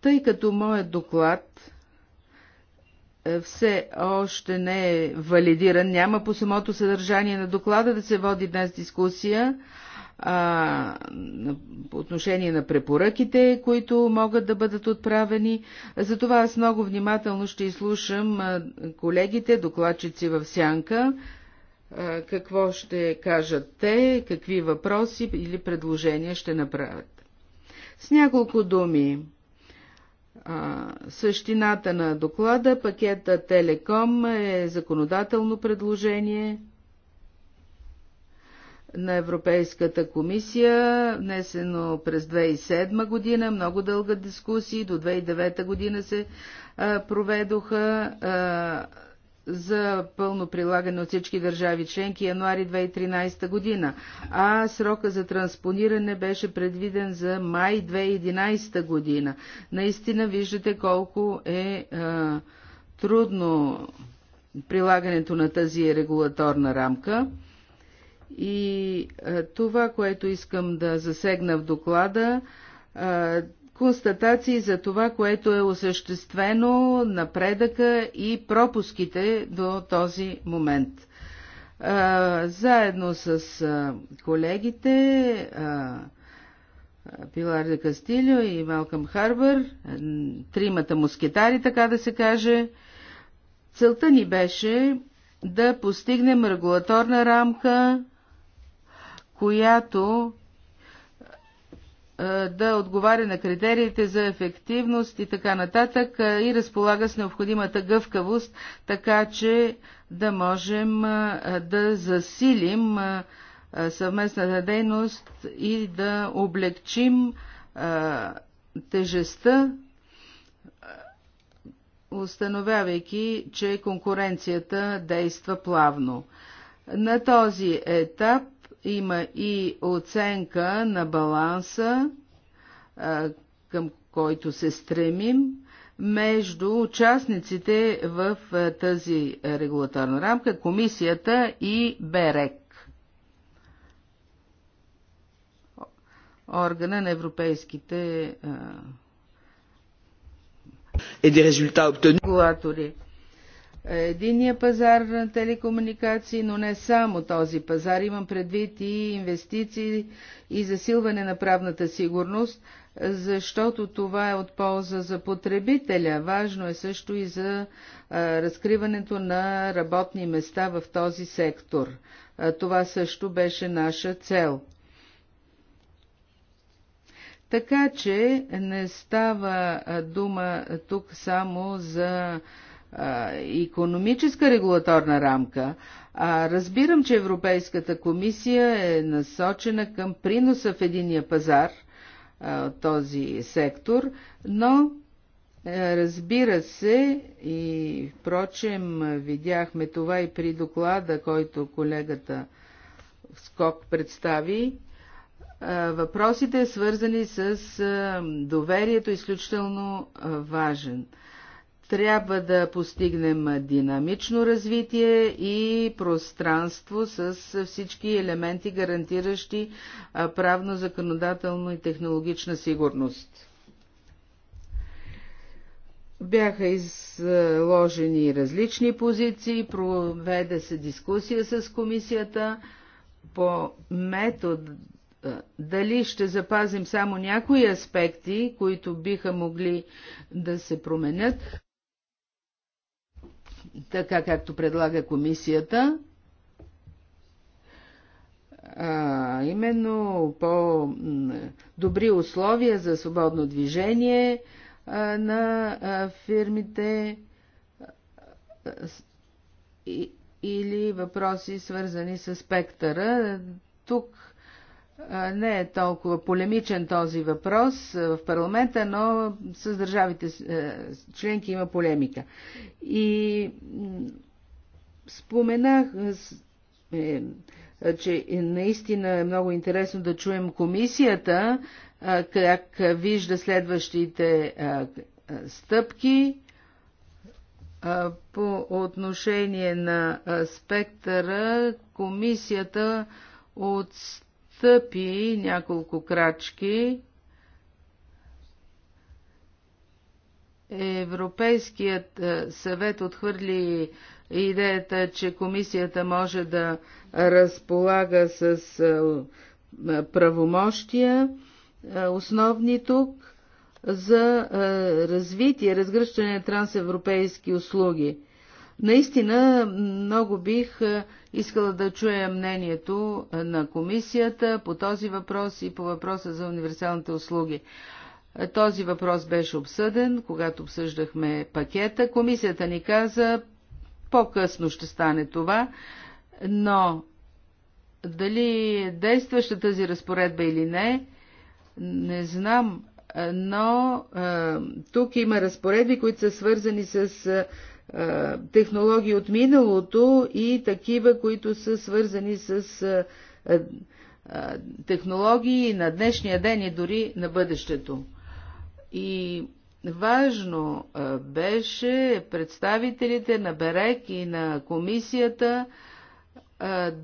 тъй като моят доклад е, все още не е валидиран. Няма по самото съдържание на доклада да се води днес дискусия а, по отношение на препоръките, които могат да бъдат отправени. Затова аз много внимателно ще изслушам колегите, докладчици в Сянка, а, какво ще кажат те, какви въпроси или предложения ще направят. С няколко думи а, същината на доклада, пакета Телеком е законодателно предложение на Европейската комисия, внесено през 2007 година, много дълга дискусия, до 2009 година се а, проведоха. А, за пълно прилагане от всички държави членки януари 2013 година, а срока за транспониране беше предвиден за май 2011 година. Наистина виждате колко е а, е, трудно прилагането на тази регулаторна рамка. И а, е, това, което искам да засегна в доклада, а, е, констатации за това, което е осъществено, напредъка и пропуските до този момент. Заедно с колегите Пилар де Кастилио и Малкам Харбър, тримата мускетари, така да се каже, целта ни беше да постигнем регулаторна рамка, която е, да отговаря на критериите за ефективност и така нататък е, и разполага с необходимата гъвкавост, така че да можем е, да засилим съвместната дейност и да облегчим тежестта, установявайки, че конкуренцията действа плавно. На този етап има и оценка на баланса, към който се стремим, между участниците в тази регулаторна рамка, комисията и БЕРЕК. органа на европейските регулатори единия пазар на телекомуникации, но не само този пазар. Имам предвид и инвестиции и засилване на правната сигурност, защото това е от полза за потребителя. Важно е също и за разкриването на работни места в този сектор. Това също беше наша цел. Така че не става дума тук само за економическа регулаторна рамка, а разбирам, че Европейската комисия е насочена към приноса в единия пазар а, този сектор, но е, разбира се и впрочем видяхме това и при доклада, който колегата Скок представи, въпросите свързани с доверието изключително важен. Трябва да постигнем динамично развитие и пространство с всички елементи, гарантиращи правно, законодателно и технологична сигурност. Бяха изложени различни позиции, проведе се дискусия с комисията по метод дали ще запазим само някои аспекти, които биха могли да се променят, така както предлага комисията, а, именно по-добри условия за свободно движение а, на а, фирмите а, с, и, или въпроси свързани с спектъра. Тук не е толкова полемичен този въпрос в парламента, но с държавите членки има полемика. И споменах, е, че наистина е много интересно да чуем комисията, как вижда следващите стъпки по отношение на спектъра, комисията от стъпи няколко крачки, Европейският е, съвет отхвърли идеята, че комисията може да разполага с е, е, правомощия, основни тук, за развитие, разгръщане на трансевропейски услуги. Наистина много бих е, искала да чуя мнението е, на комисията по този въпрос и по въпроса за универсалните услуги. Е, този въпрос беше обсъден, когато обсъждахме пакета. Комисията ни каза, по-късно ще стане това, но дали действаща тази разпоредба или не, не знам, но е, тук има разпоредби, които са свързани с е, технологии от миналото и такива, които са свързани с е, е, технологии на днешния ден и дори на бъдещето. И важно беше представителите на БЕРЕК и на комисията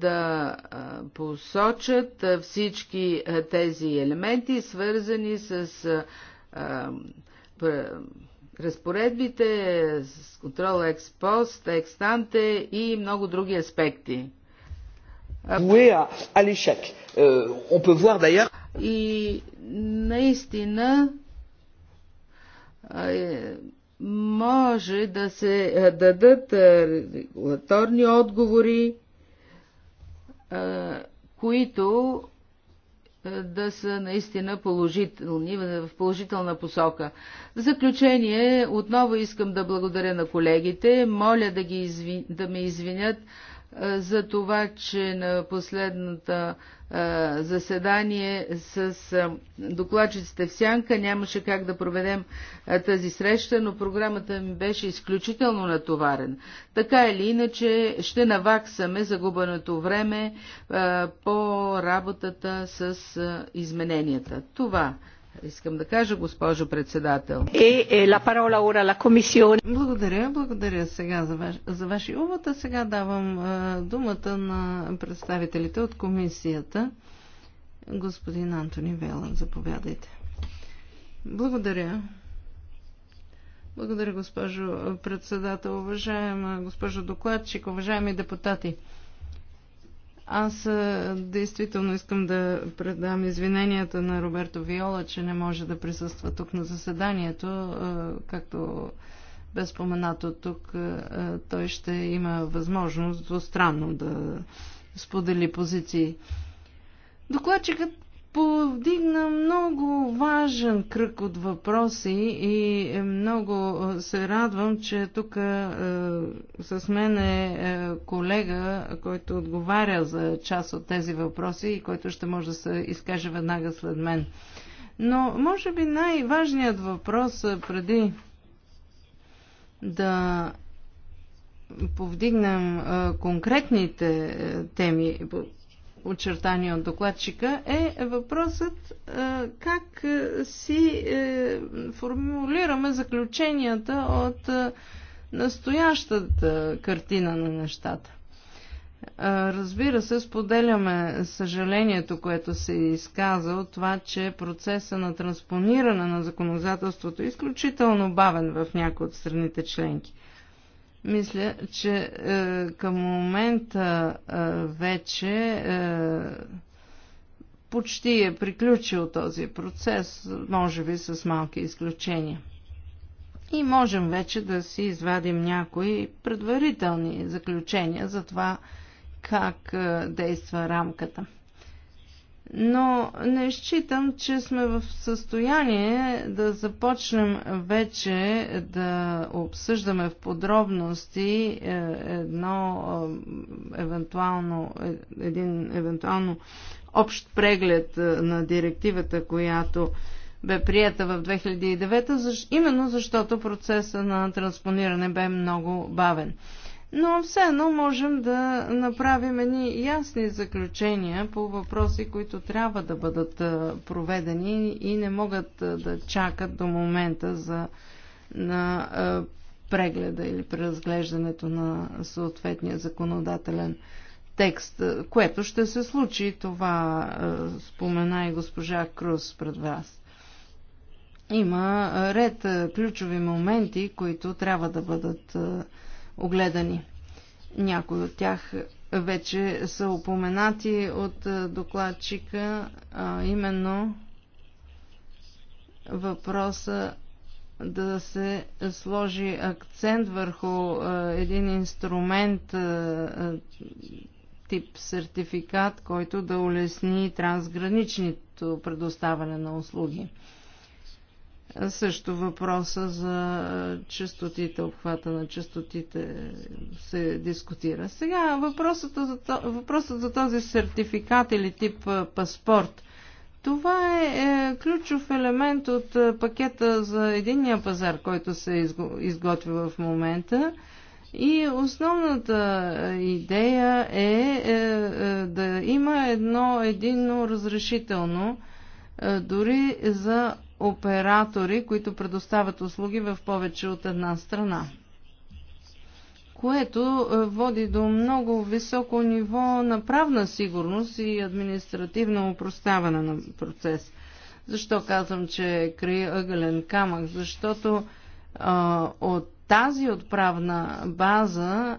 да посочат всички тези елементи, свързани с разпоредбите, с контрола експост, екстанте и много други аспекти. Е, и наистина е, може да се дадат регулаторни отговори, които е, да са наистина положителни, в положителна посока. В заключение, отново искам да благодаря на колегите. Моля да, ги изви... да ме извинят е, за това, че на последната е, заседание с е, докладчиците в Сянка нямаше как да проведем тази среща, но програмата ми беше изключително натоварен. Така или иначе ще наваксаме загубеното време по работата с измененията. Това искам да кажа, госпожо председател. Е, е, ла парола ora ла комисиона. Благодаря, благодаря сега за, ваш, за ваши увод, а сега давам е, думата на представителите от комисията. Господин Антони Велан, заповядайте. Благодаря. Благодаря, госпожо председател, уважаема госпожо докладчик, уважаеми депутати. Аз действително искам да предам извиненията на Роберто Виола, че не може да присъства тук на заседанието, както бе споменато тук, той ще има възможност двустранно да сподели позиции. Докладчикът повдигна много важен кръг от въпроси и много се радвам, че тук е, с мен е колега, който отговаря за част от тези въпроси и който ще може да се изкаже веднага след мен. Но може би най-важният въпрос преди да повдигнем конкретните теми очертани от докладчика, е въпросът е, как е, си е, формулираме заключенията от настоящата картина на нещата. Разбира се, споделяме съжалението, което се изказа от това, че процеса на транспониране на законодателството е изключително бавен в някои от страните членки – мисля, че е, към момента е, вече е, почти е приключил този процес, може би с малки изключения. И можем вече да си извадим някои предварителни заключения за това как е, действа рамката но не считам, че сме в състояние да започнем вече да обсъждаме в подробности е, едно е, евентуално, е, един евентуално общ преглед на директивата, която бе прията в 2009, именно защото процеса на транспониране бе много бавен но все едно можем да направим едни ясни заключения по въпроси, които трябва да бъдат проведени и не могат да чакат до момента за, на прегледа или преразглеждането на съответния законодателен текст, което ще се случи, това спомена и госпожа Круз пред вас. Има ред ключови моменти, които трябва да бъдат огледани. Някои от тях вече са упоменати от докладчика, а именно въпроса да се сложи акцент върху един инструмент тип сертификат, който да улесни трансграничното предоставяне на услуги. Също въпроса за частотите, обхвата на частотите се дискутира. Сега въпросът за, въпросът за този сертификат или тип паспорт. Това е, е ключов елемент от пакета за единния пазар, който се изготвя в момента. И основната идея е, е, е, да има едно единно разрешително дори за оператори, които предоставят услуги в повече от една страна. Което е, води до много високо ниво на правна сигурност и административно упроставане на процес. Защо казвам, че е крайъгълен камък? Защото а, от тази отправна база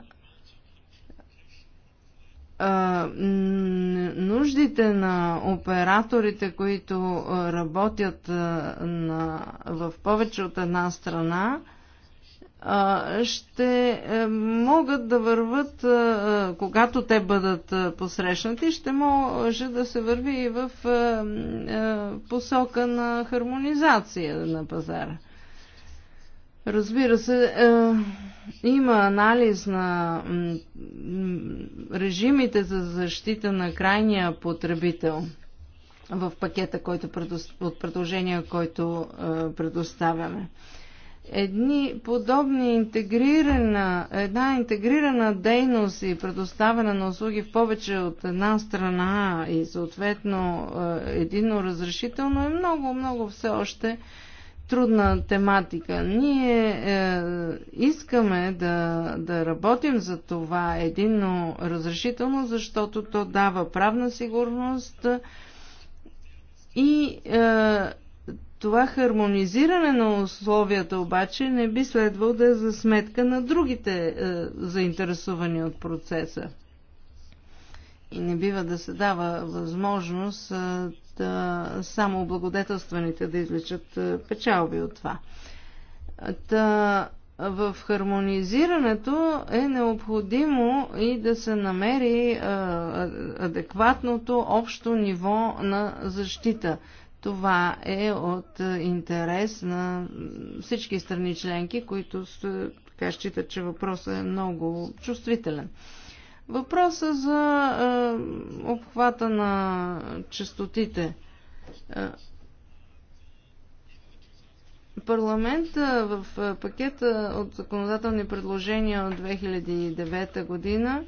нуждите на операторите, които работят на, в повече от една страна, ще могат да върват, когато те бъдат посрещнати, ще може да се върви и в посока на хармонизация на пазара. Разбира се, е, има анализ на режимите за защита на крайния потребител в пакета който предо, от предложения, който е, предоставяме. Едни подобни интегрирана, една интегрирана дейност и предоставяне на услуги в повече от една страна и съответно е, едино разрешително е много, много все още трудна тематика. Ние е, искаме да, да работим за това единно разрешително, защото то дава правна сигурност и е, това хармонизиране на условията обаче не би следвало да е за сметка на другите е, заинтересувани от процеса. И не бива да се дава възможност да само благодетелстваните да изличат печалби от това. Та, в хармонизирането е необходимо и да се намери адекватното общо ниво на защита. Това е от интерес на всички страни членки, които така считат, че въпросът е много чувствителен. Въпроса за е, обхвата на частотите. Е, парламента в е, пакета от законодателни предложения от 2009 година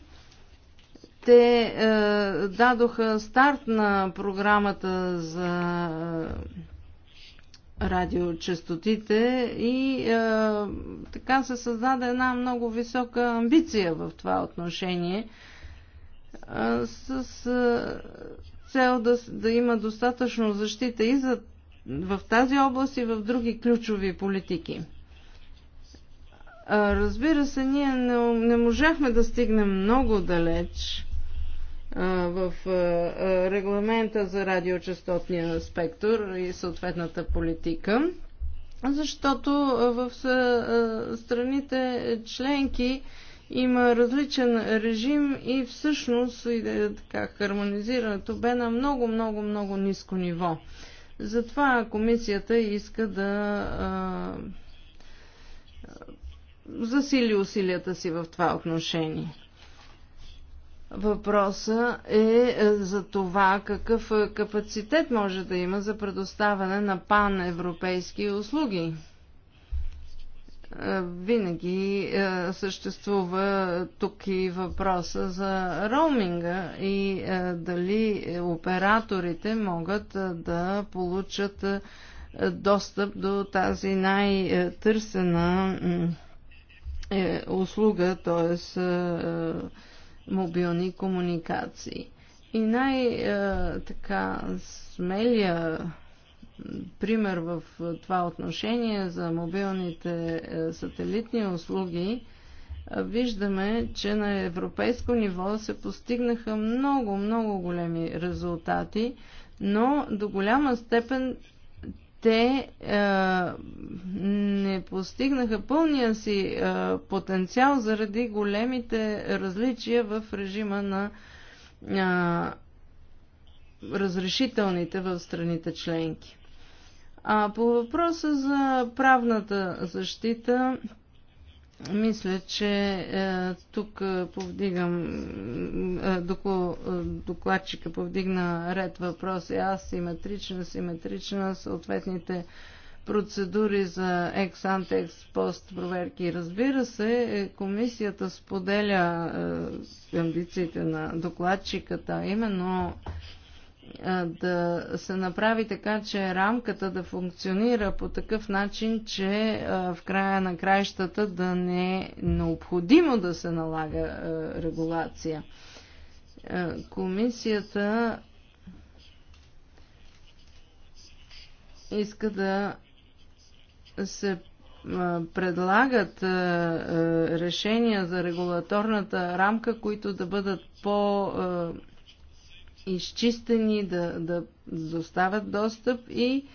те е, дадоха старт на програмата за е, радиочастотите и е, така се създаде една много висока амбиция в това отношение е, с е, цел да, да има достатъчно защита и за, в тази област и в други ключови политики. Е, разбира се, ние не, не можахме да стигнем много далеч в регламента за радиочастотния спектър и съответната политика, защото в страните членки има различен режим и всъщност и, така, хармонизирането бе на много, много, много ниско ниво. Затова комисията иска да засили усилията си в това отношение. Въпроса е, е за това какъв е, капацитет може да има за предоставяне на паневропейски услуги. Е, винаги съществува тук и въпроса за роуминга и дали операторите могат да получат достъп до тази най-търсена услуга, т.е мобилни комуникации. И най-така е, смелия пример в това отношение за мобилните е, сателитни услуги е, виждаме, че на европейско ниво се постигнаха много, много големи резултати, но до голяма степен те а, е, не постигнаха пълния си а, е, потенциал заради големите различия в режима на а, е, разрешителните в страните членки. А по въпроса за правната защита, мисля, че е, тук е, повдигам, е, докладчика повдигна ред въпроси, Аз симетрична, съответните процедури за екс антекс пост проверки. Разбира се, комисията споделя амбициите на докладчиката, именно да се направи така, че рамката да функционира по такъв начин, че в края на краищата да не е необходимо да се налага регулация. Комисията иска да се предлагат решения за регулаторната рамка, които да бъдат по- изчистени, да, да доставят достъп и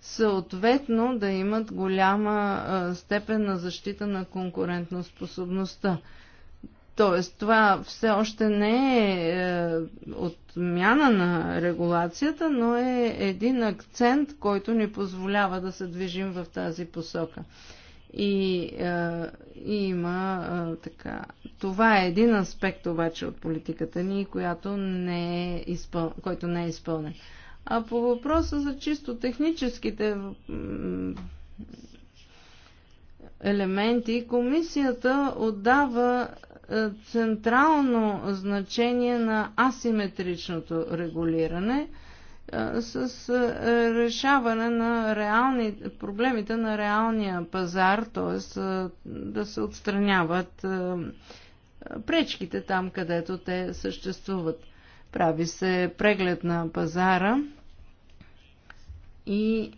съответно да имат голяма а, степен на защита на конкурентоспособността. Тоест, това все още не е, е отмяна на регулацията, но е един акцент, който ни позволява да се движим в тази посока и, е, и има а, е, така. Това е един аспект обаче от политиката ни, която не е изпъл... който не е изпълнен. А по въпроса за чисто техническите елементи, комисията отдава е, централно значение на асиметричното регулиране – с решаване на реални, проблемите на реалния пазар, т.е. да се отстраняват пречките там, където те съществуват. Прави се преглед на пазара и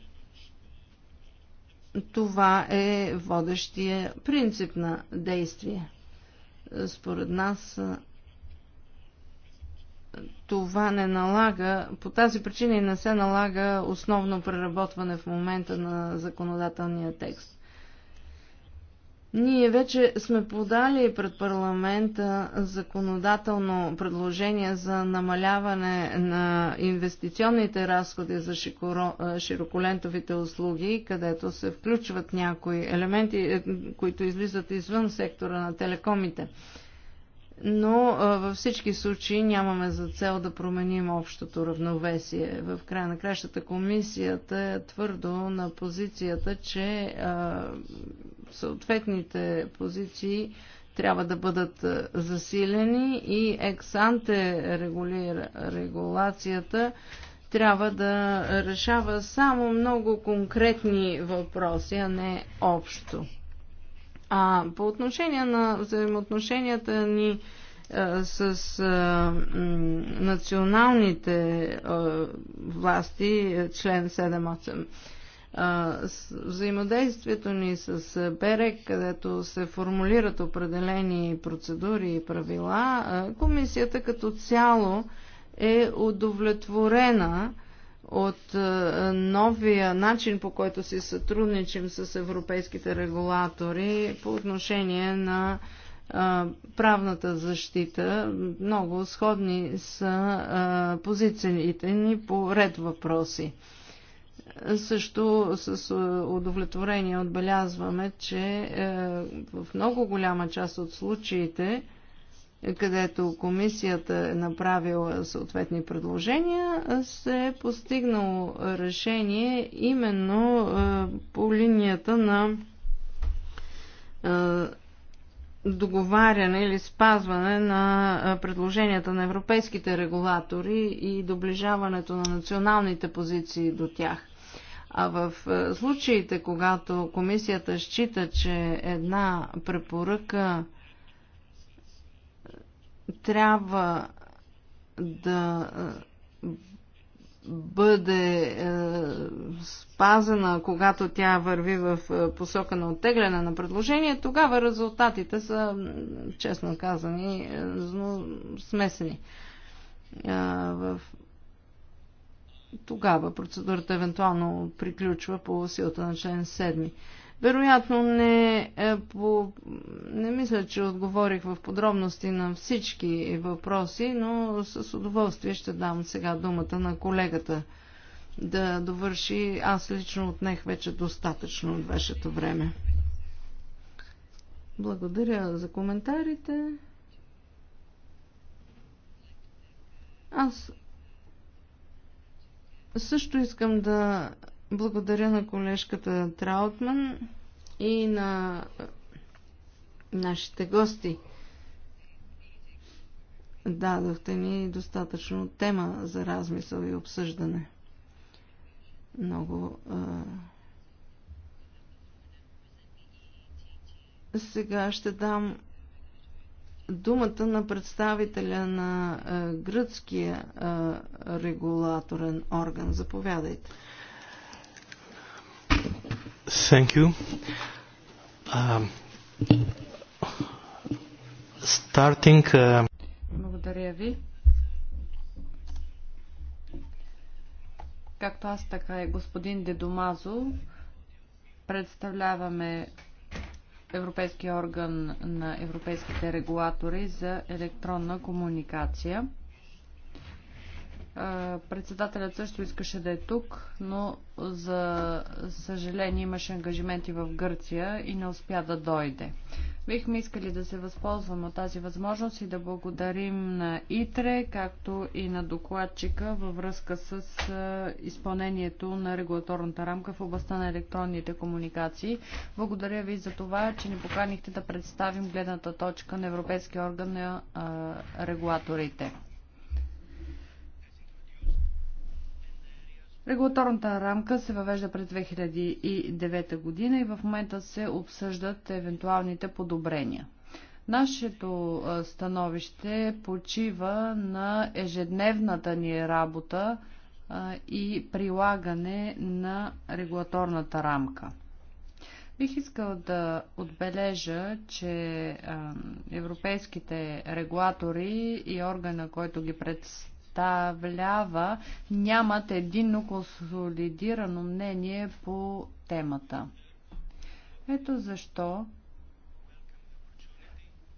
това е водещия принцип на действие. Според нас това не налага, по тази причина и не се налага основно преработване в момента на законодателния текст. Ние вече сме подали пред парламента законодателно предложение за намаляване на инвестиционните разходи за широколентовите услуги, където се включват някои елементи, които излизат извън сектора на телекомите но във всички случаи нямаме за цел да променим общото равновесие. В края на кращата комисията е твърдо на позицията, че съответните позиции трябва да бъдат засилени и ексанте регулацията трябва да решава само много конкретни въпроси, а не общо. А по отношение на взаимоотношенията ни с а, националните а, власти, е, член 7-8. Взаимодействието ни с БЕРЕК, където се формулират определени процедури и правила, а, комисията като цяло е удовлетворена а, от е, новия начин, по който си сътрудничим с европейските регулатори по отношение на е, правната защита. Много сходни са е, позициите ни по ред въпроси. Също с удовлетворение отбелязваме, че в много голяма част от случаите където комисията е направила съответни предложения, се е постигнало решение именно по линията на договаряне или спазване на предложенията на европейските регулатори и доближаването на националните позиции до тях. А в случаите, когато комисията счита, че една препоръка трябва да бъде спазена, когато тя върви в посока на оттегляне на предложение, тогава резултатите са, честно казани, смесени. Тогава процедурата евентуално приключва по силата на член 7. Вероятно не, е, по, не мисля, че отговорих в подробности на всички въпроси, но с удоволствие ще дам сега думата на колегата да довърши. Аз лично отнех вече достатъчно от вашето време. Благодаря за коментарите. Аз също искам да благодаря на колежката Траутман и на нашите гости. Дадохте ни достатъчно тема за размисъл и обсъждане. Много. А... Сега ще дам думата на представителя на а, гръцкия а, регулаторен орган. Заповядайте. Thank you. Um, starting, uh... Благодаря ви. Както аз, така и господин Дедомазо, представляваме Европейския орган на европейските регулатори за електронна комуникация. Председателят също искаше да е тук, но за съжаление имаше ангажименти в Гърция и не успя да дойде. Бихме искали да се възползваме от тази възможност и да благодарим на ИТРЕ, както и на докладчика във връзка с изпълнението на регулаторната рамка в областта на електронните комуникации. Благодаря ви за това, че ни поканихте да представим гледната точка на Европейския орган на регулаторите. Регулаторната рамка се въвежда през 2009 година и в момента се обсъждат евентуалните подобрения. Нашето становище почива на ежедневната ни работа и прилагане на регулаторната рамка. Бих искал да отбележа, че европейските регулатори и органа, който ги представя, представлява, нямат единно консолидирано мнение по темата. Ето защо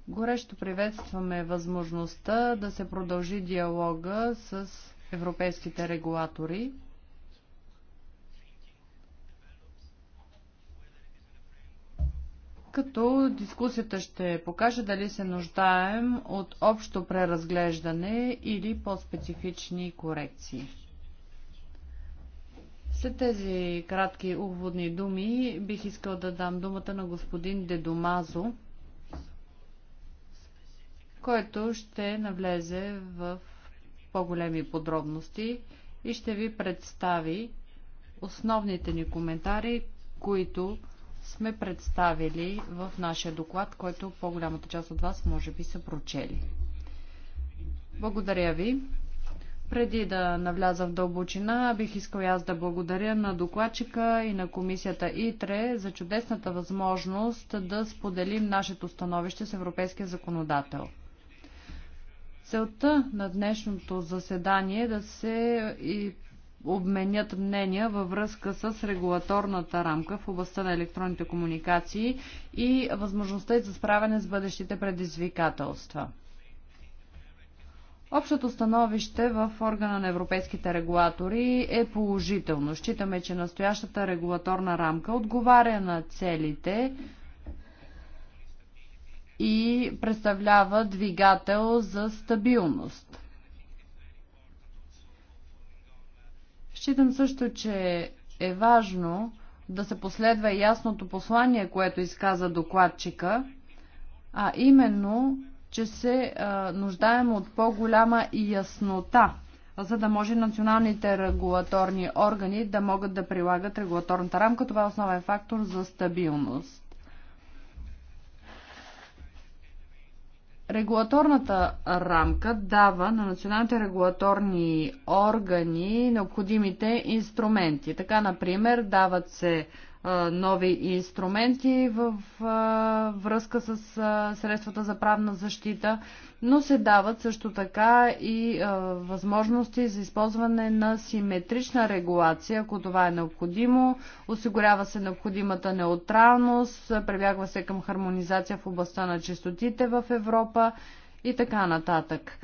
горещо приветстваме възможността да се продължи диалога с европейските регулатори като дискусията ще покаже дали се нуждаем от общо преразглеждане или по-специфични корекции. След тези кратки уводни думи бих искал да дам думата на господин Дедомазо, който ще навлезе в по-големи подробности и ще ви представи основните ни коментари, които сме представили в нашия доклад, който по-голямата част от вас може би са прочели. Благодаря ви. Преди да навляза в дълбочина, бих искал аз да благодаря на докладчика и на комисията ИТРЕ за чудесната възможност да споделим нашето становище с европейския законодател. Целта на днешното заседание е да се и обменят мнения във връзка с регулаторната рамка в областта на електронните комуникации и възможността и за справяне с бъдещите предизвикателства. Общото становище в органа на европейските регулатори е положително. Считаме, че настоящата регулаторна рамка отговаря на целите и представлява двигател за стабилност. Считам също, че е важно да се последва ясното послание, което изказа докладчика, а именно, че се а, нуждаем от по-голяма яснота, за да може националните регулаторни органи да могат да прилагат регулаторната рамка. Това е основен фактор за стабилност. Регулаторната рамка дава на националните регулаторни органи необходимите инструменти. Така, например, дават се нови инструменти в връзка с средствата за правна защита, но се дават също така и възможности за използване на симетрична регулация, ако това е необходимо. Осигурява се необходимата неутралност, прибягва се към хармонизация в областта на чистотите в Европа и така нататък.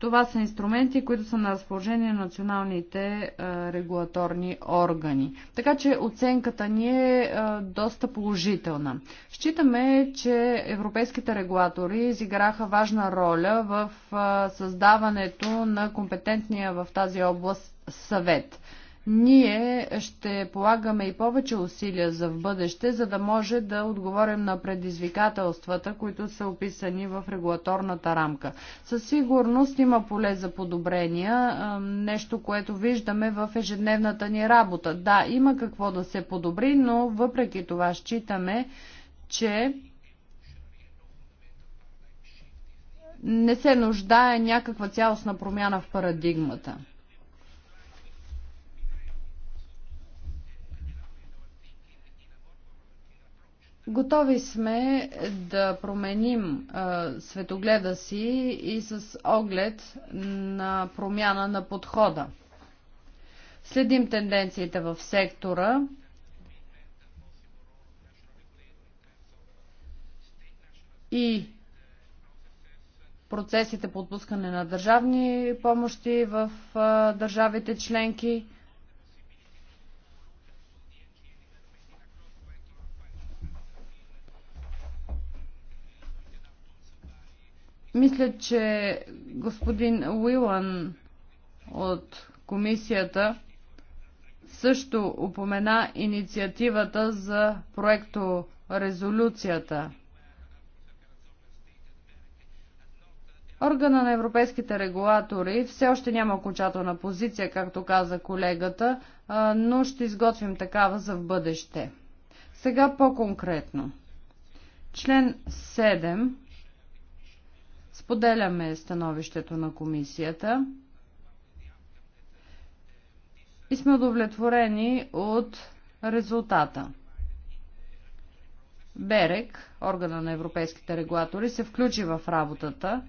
Това са инструменти, които са на разположение на националните е, регулаторни органи. Така че оценката ни е, е доста положителна. Считаме, че европейските регулатори изиграха важна роля в е, създаването на компетентния в тази област съвет. Ние ще полагаме и повече усилия за в бъдеще, за да може да отговорим на предизвикателствата, които са описани в регулаторната рамка. Със сигурност има поле за подобрения, нещо, което виждаме в ежедневната ни работа. Да, има какво да се подобри, но въпреки това считаме, че не се нуждае някаква цялостна промяна в парадигмата. Готови сме да променим а, светогледа си и с оглед на промяна на подхода. Следим тенденциите в сектора. И процесите по отпускане на държавни помощи в а, държавите членки – Мисля, че господин Уилан от комисията също упомена инициативата за проекто резолюцията. Органа на европейските регулатори все още няма окончателна позиция, както каза колегата, но ще изготвим такава за в бъдеще. Сега по-конкретно. Член Споделяме становището на комисията и сме удовлетворени от резултата. Берек, органа на европейските регулатори, се включи в работата.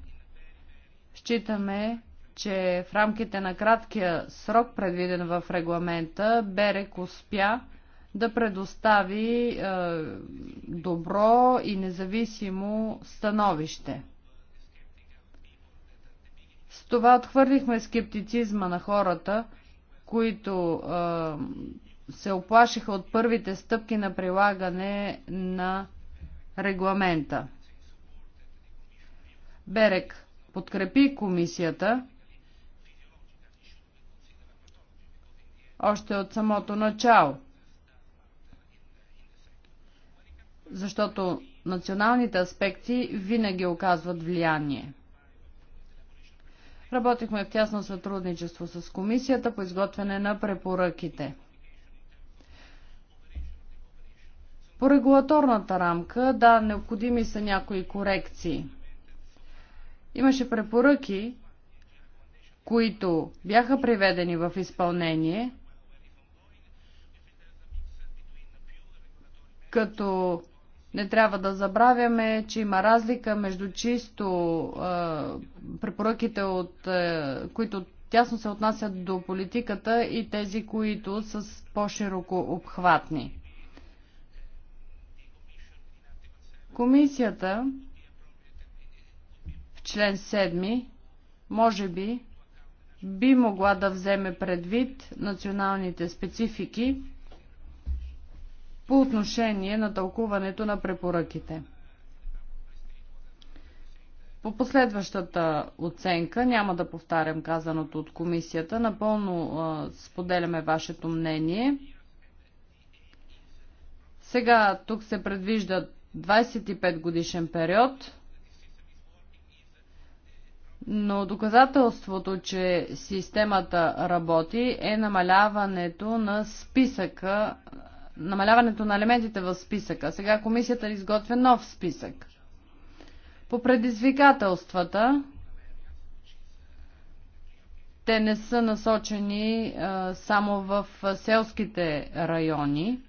Считаме, че в рамките на краткия срок, предвиден в регламента, Берек успя да предостави е, добро и независимо становище. С това отхвърлихме скептицизма на хората, които се оплашиха от първите стъпки на прилагане на регламента. Берек подкрепи комисията още от самото начало, защото националните аспекти винаги оказват влияние. Работихме в тясно сътрудничество с комисията по изготвяне на препоръките. По регулаторната рамка, да, необходими са някои корекции. Имаше препоръки, които бяха приведени в изпълнение, като не трябва да забравяме, че има разлика между чисто е, препоръките, от, е, които тясно се отнасят до политиката и тези, които са по-широко обхватни. Комисията в член 7 може би би могла да вземе предвид националните специфики по отношение на тълкуването на препоръките. По последващата оценка, няма да повтарям казаното от комисията, напълно а, споделяме вашето мнение. Сега тук се предвижда 25 годишен период, но доказателството, че системата работи е намаляването на списъка намаляването на елементите в списъка. Сега комисията изготвя нов списък. По предизвикателствата те не са насочени а, само в селските райони.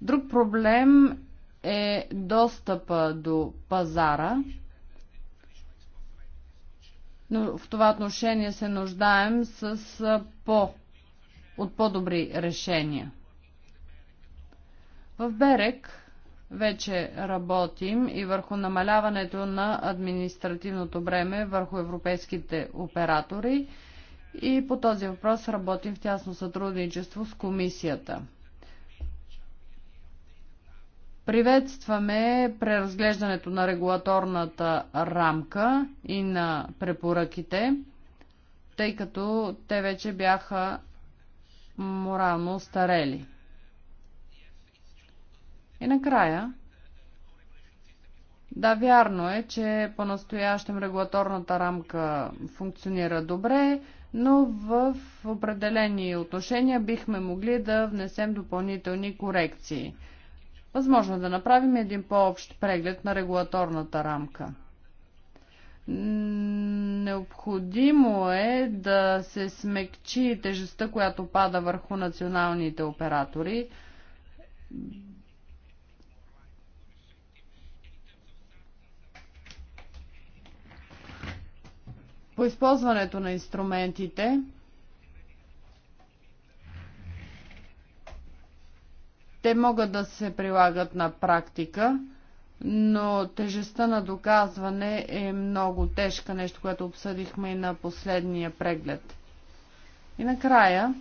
Друг проблем е достъпа до пазара. Но в това отношение се нуждаем с по от по-добри решения. В Берек вече работим и върху намаляването на административното бреме върху европейските оператори и по този въпрос работим в тясно сътрудничество с комисията. Приветстваме преразглеждането на регулаторната рамка и на препоръките, тъй като те вече бяха морално устарели. И накрая, да, вярно е, че по-настоящем регулаторната рамка функционира добре, но в определени отношения бихме могли да внесем допълнителни корекции. Възможно е да направим един по-общ преглед на регулаторната рамка. Необходимо е да се смекчи тежестта, която пада върху националните оператори. По използването на инструментите те могат да се прилагат на практика но тежестта на доказване е много тежка, нещо, което обсъдихме и на последния преглед. И накрая,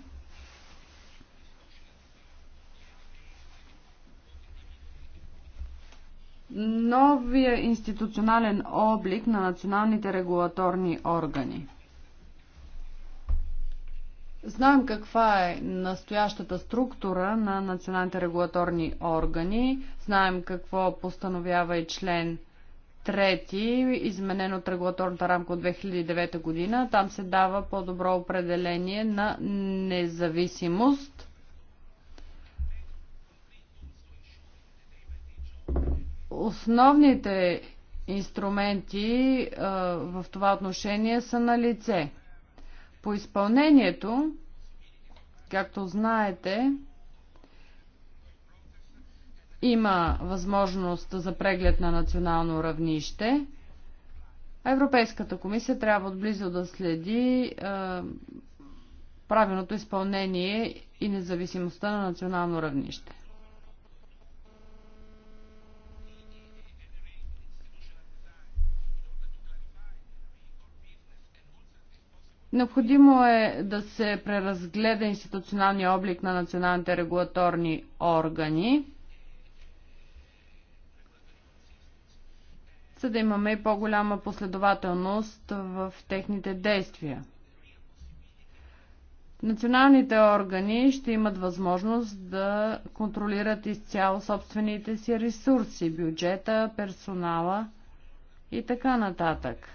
новия институционален облик на националните регулаторни органи – Знаем каква е настоящата структура на националните регулаторни органи, знаем какво постановява и член 3, изменен от регулаторната рамка от 2009 година. Там се дава по-добро определение на независимост. Основните инструменти а, в това отношение са на лице – по изпълнението, както знаете, има възможност за преглед на национално равнище. Европейската комисия трябва отблизо да следи правилното изпълнение и независимостта на национално равнище. Необходимо е да се преразгледа институционалния облик на националните регулаторни органи, за да имаме и по-голяма последователност в техните действия. Националните органи ще имат възможност да контролират изцяло собствените си ресурси, бюджета, персонала и така нататък.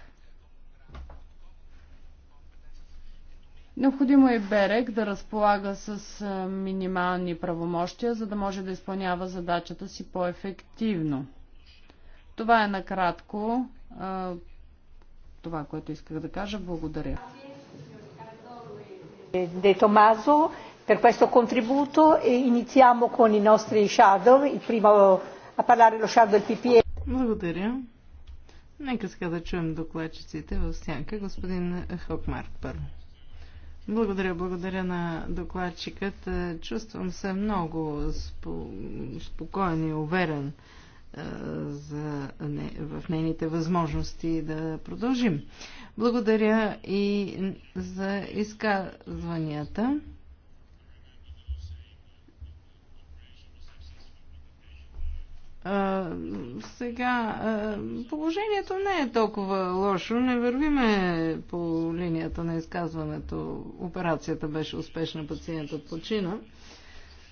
Необходимо е Берек да разполага с минимални правомощия, за да може да изпълнява задачата си по-ефективно. Това е накратко това, което исках да кажа. Благодаря. De Tommaso per questo contributo e iniziamo con i nostri shadow. Il primo a parlare lo shadow del e. Благодаря. Нека сега да чуем докладчиците в сянка. Господин Хокмарк първо. Благодаря, благодаря на докладчикът. Е, чувствам се много спокоен и уверен е, за, не, в нейните възможности да продължим. Благодаря и за изказванията. А, сега, а, положението не е толкова лошо. Не вървиме по линията на изказването. Операцията беше успешна, пациентът почина.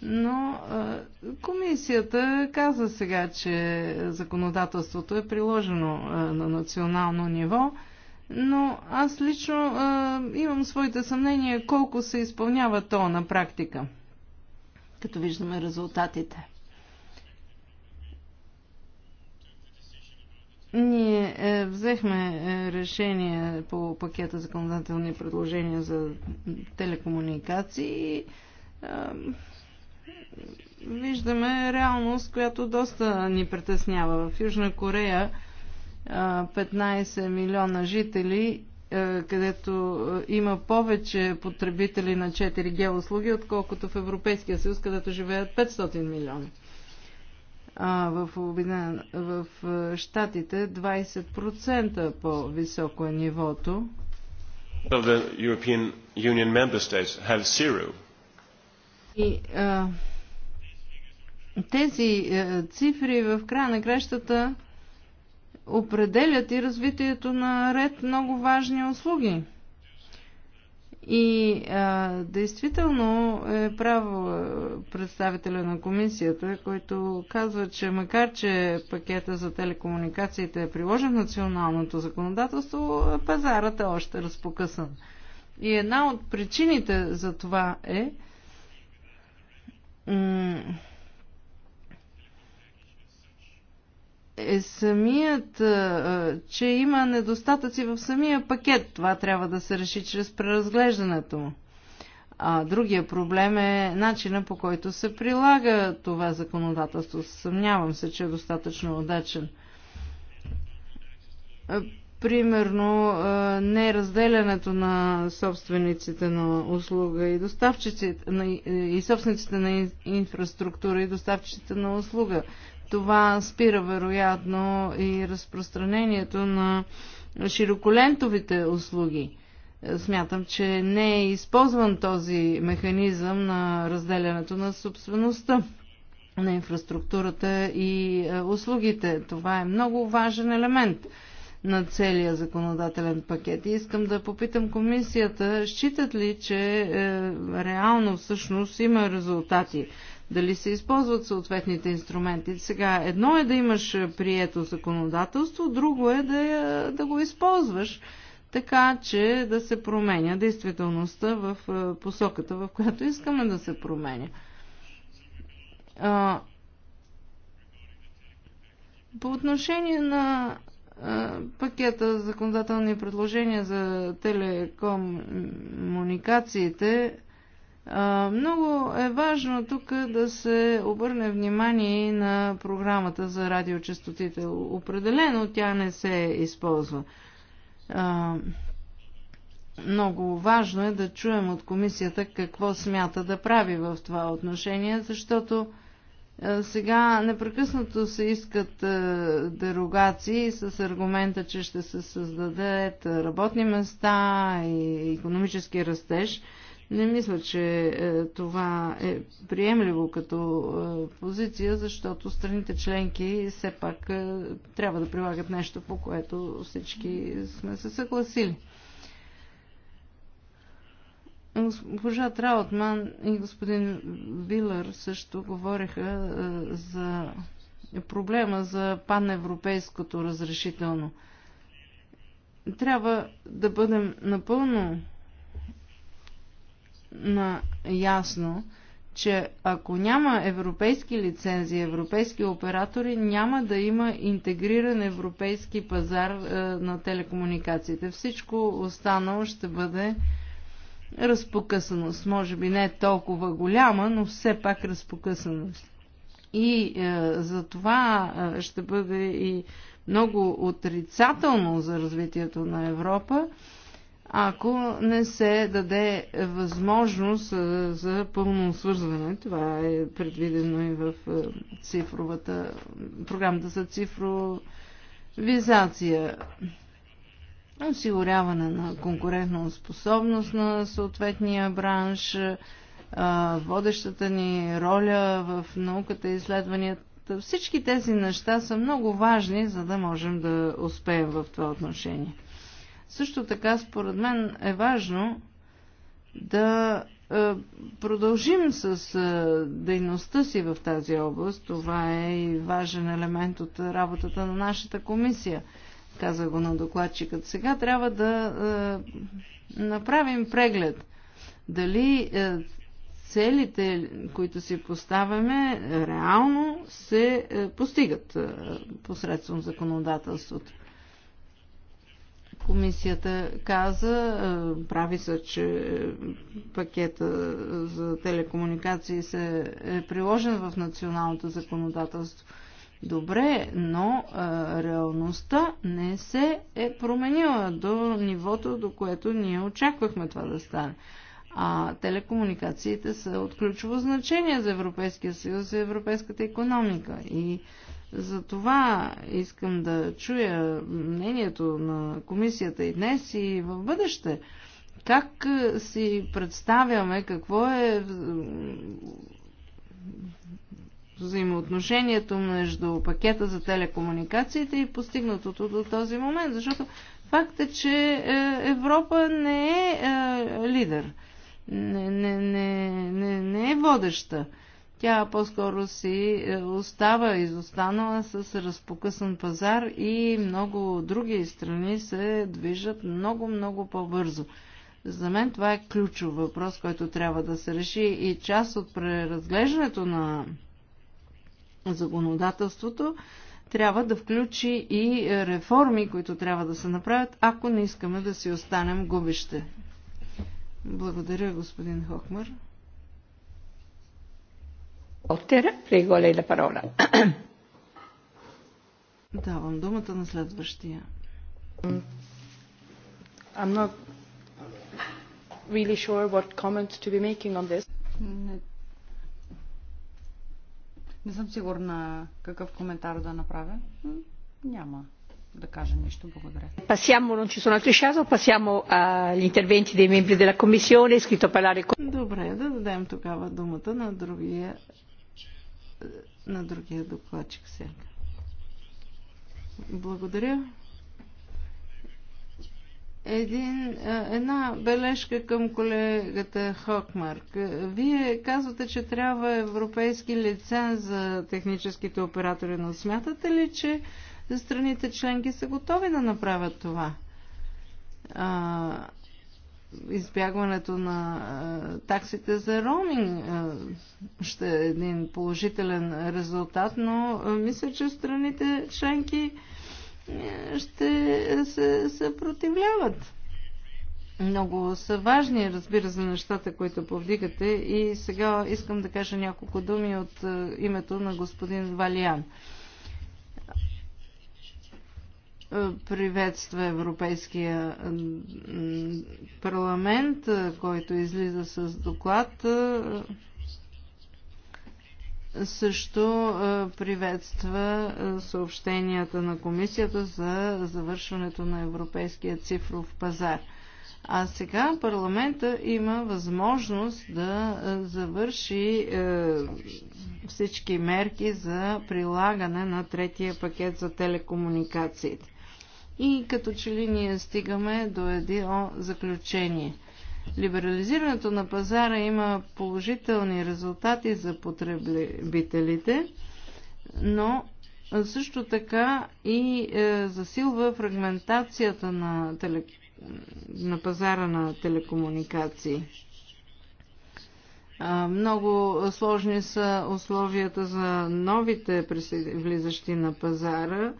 Но а, комисията каза сега, че законодателството е приложено а, на национално ниво, но аз лично а, имам своите съмнения колко се изпълнява то на практика, като виждаме резултатите. Ние е, взехме е, решение по пакета законодателни предложения за телекомуникации. Е, виждаме реалност, която доста ни притеснява. В Южна Корея 15 е, милиона жители, е, където е, има повече потребители на 4G услуги, отколкото в Европейския съюз, където живеят 500 милиона а, в, обиден, в Штатите 20% по-високо е нивото. Of the European Union member states have zero. И, а, тези а, цифри в края на кращата определят и развитието на ред много важни услуги. И а, действително е право представителя на комисията, който казва, че макар, че пакета за телекомуникациите е приложен в националното законодателство, пазарът е още разпокъсан. И една от причините за това е е самият, че има недостатъци в самия пакет. Това трябва да се реши чрез преразглеждането му. А другия проблем е начина по който се прилага това законодателство. Съмнявам се, че е достатъчно удачен. Примерно, неразделянето на собствениците на услуга и доставчиците, и собствениците на инфраструктура и доставчиците на услуга. Това спира вероятно и разпространението на широколентовите услуги. Смятам, че не е използван този механизъм на разделянето на собствеността на инфраструктурата и е, услугите. Това е много важен елемент на целия законодателен пакет. И искам да попитам комисията, считат ли, че е, реално всъщност има резултати дали се използват съответните инструменти. Сега, едно е да имаш прието законодателство, друго е да, да го използваш, така че да се променя действителността в е, посоката, в която искаме да се променя. По отношение на е, пакета законодателни предложения за телекомуникациите, много е важно тук да се обърне внимание на програмата за радиочастотите. Определено тя не се използва. Много важно е да чуем от комисията какво смята да прави в това отношение, защото сега непрекъснато се искат дерогации с аргумента, че ще се създадат работни места и економически растеж – не мисля, че е, това е приемливо като е, позиция, защото страните членки все пак е, трябва да прилагат нещо, по което всички сме се съгласили. Госпожа Траутман и господин Билър също говореха за проблема за паневропейското разрешително. Трябва да бъдем напълно на ясно, че ако няма европейски лицензии, европейски оператори, няма да има интегриран европейски пазар е, на телекомуникациите. Всичко останало ще бъде разпокъсаност. Може би не е толкова голяма, но все пак разпокъсаност. И е, за това е, ще бъде и много отрицателно за развитието на Европа ако не се даде възможност за пълно свързване. Това е предвидено и в цифровата, програмата за цифровизация. Осигуряване на конкурентна способност на съответния бранш, водещата ни роля в науката и изследванията. Всички тези неща са много важни, за да можем да успеем в това отношение. Също така, според мен, е важно да е, продължим с е, дейността си в тази област. Това е и важен елемент от работата на нашата комисия. Каза го на докладчикът. Сега трябва да е, направим преглед. Дали целите, които си поставяме, реално се постигат посредством законодателството. Комисията каза, е, прави се, че е, пакета за телекомуникации се е приложен в националното законодателство. Добре, но а, е, реалността не се е променила до нивото, до което ние очаквахме това да стане. А телекомуникациите са от ключово значение за Европейския съюз и европейската економика. И а, за това искам да чуя мнението на комисията и днес и в бъдеще. Как си представяме какво е взаимоотношението между пакета за телекомуникациите и постигнатото до този момент? Защото факт е, че е, Европа не е, е лидер, не, не, не, не е водеща. Тя по-скоро си е, остава изостанала с разпокъсан пазар и много други страни се движат много-много по-бързо. За мен това е ключов въпрос, който трябва да се реши и част от преразглеждането на законодателството трябва да включи и реформи, които трябва да се направят, ако не искаме да си останем губище. Благодаря, господин Хохмар. Давам думата на следващия. I'm not really sure what comments to be making on this. Не, съм сигурна какъв коментар да направя. Няма да кажа нещо. Благодаря. Пасямо, но че са на трешазо, пасямо интервенти дей мембри дела комисионе, скрито паларе. Добре, да дадем тогава думата на другия на другия докладчик сега. Благодаря. Един, една бележка към колегата Хокмарк. Вие казвате, че трябва европейски лиценз за техническите оператори, но смятате ли, че страните членки са готови да направят това? А, избягването на таксите за роуминг ще е един положителен резултат, но мисля, че страните членки е, ще се съпротивляват. Много са важни, разбира се, нещата, които повдигате. И сега искам да кажа няколко думи от името на господин Валиан. Е, приветства Европейския парламент, е, който излиза с доклад. Е, също приветства съобщенията на комисията за завършването на Европейския цифров пазар. А сега парламента има възможност да завърши всички мерки за прилагане на третия пакет за телекомуникациите и като че ли ние стигаме до едно заключение. Либерализирането на пазара има положителни резултати за потребителите, но също така и е, засилва фрагментацията на, теле... на пазара на телекомуникации. Много сложни са условията за новите влизащи на пазара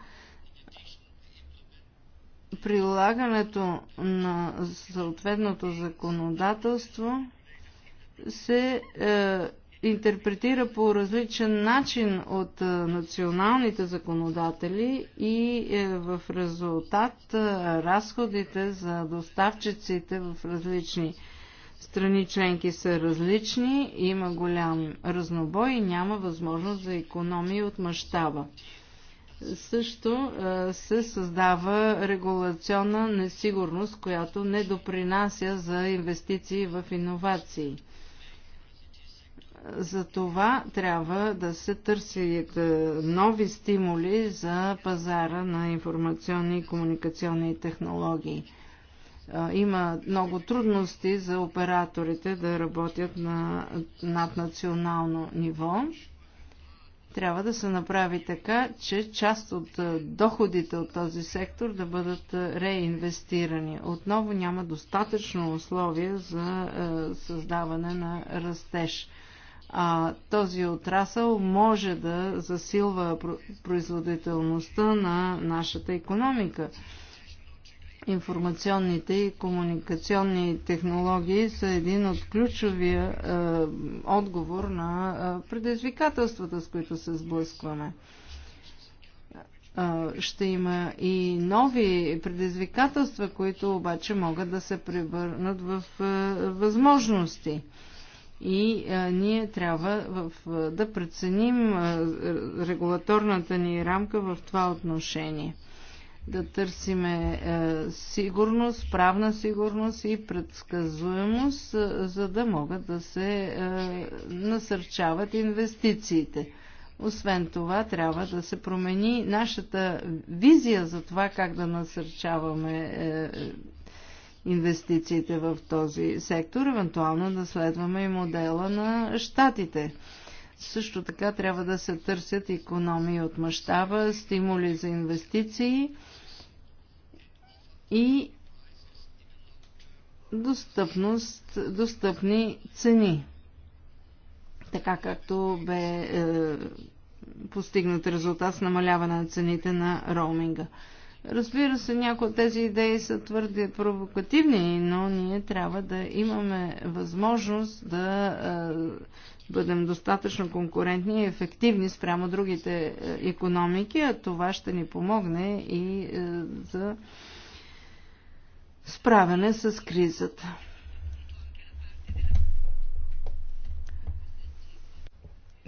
прилагането на съответното законодателство се е, интерпретира по различен начин от е, националните законодатели и е, в резултат е, разходите за доставчиците в различни страни членки са различни, има голям разнобой и няма възможност за економии от мащаба също се създава регулационна несигурност, която не допринася за инвестиции в иновации. За това трябва да се търсят нови стимули за пазара на информационни и комуникационни технологии. Има много трудности за операторите да работят на наднационално ниво трябва да се направи така, че част от е, доходите от този сектор да бъдат е, реинвестирани. Отново няма достатъчно условия за е, създаване на растеж. А този отрасъл може да засилва производителността на нашата економика информационните и комуникационни технологии са един от ключовия е, отговор на е, предизвикателствата, с които се сблъскваме. Е, ще има и нови предизвикателства, които обаче могат да се превърнат в е, възможности. И е, ние трябва в, е, да преценим е, регулаторната ни рамка в това отношение да търсиме е, сигурност, правна сигурност и предсказуемост, е, за да могат да се е, насърчават инвестициите. Освен това, трябва да се промени нашата визия за това как да насърчаваме инвестициите в този сектор, евентуално да следваме и модела на щатите. Също така трябва да се търсят економии от мащаба, стимули за инвестиции и достъпност, достъпни цени. Така както бе е, постигнат резултат с намаляване на цените на роуминга. Разбира се, някои от тези идеи са твърде провокативни, но ние трябва да имаме възможност да е, бъдем достатъчно конкурентни и ефективни спрямо другите економики, а това ще ни помогне и е, за. Е, справяне с кризата.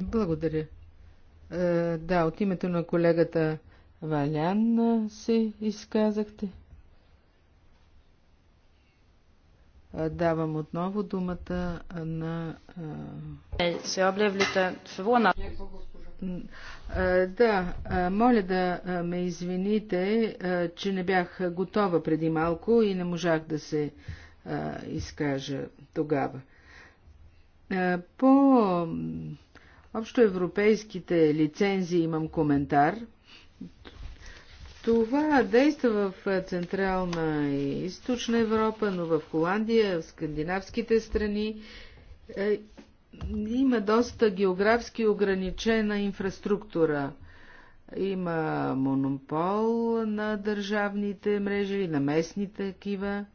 Благодаря. Е, да, от името на колегата Валян е, се изказахте. Е, давам отново думата на... Се я blev lite е, да, е, моля да е, ме извините, че не бях готова преди малко и не можах да се изкажа тогава. По общоевропейските лицензии имам коментар. Това действа в Централна и Източна Европа, но в Холандия, в скандинавските страни има доста географски ограничена инфраструктура. Има монопол на държавните мрежи или на местните такива.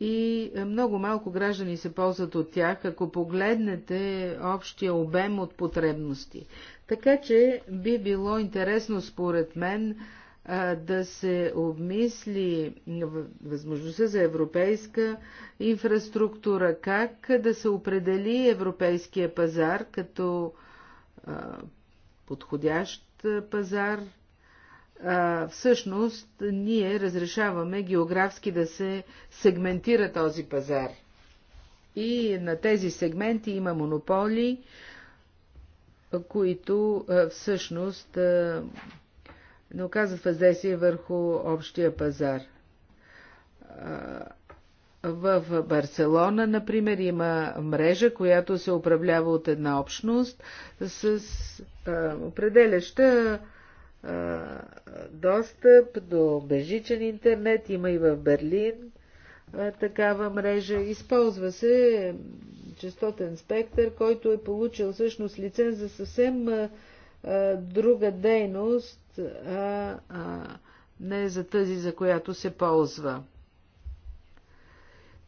И много малко граждани се ползват от тях, ако погледнете общия обем от потребности. Така че би било интересно, според мен, да се обмисли възможността за европейска инфраструктура, как да се определи европейския пазар като подходящ пазар. Всъщност, ние разрешаваме географски да се сегментира този пазар. И на тези сегменти има монополи, които всъщност не оказват въздействие върху общия пазар. В Барселона, например, има мрежа, която се управлява от една общност с а, определяща а, достъп до бежичен интернет. Има и в Берлин а, такава мрежа. Използва се частотен спектър, който е получил всъщност лиценз за съвсем а, друга дейност а, а не за тази, за която се ползва.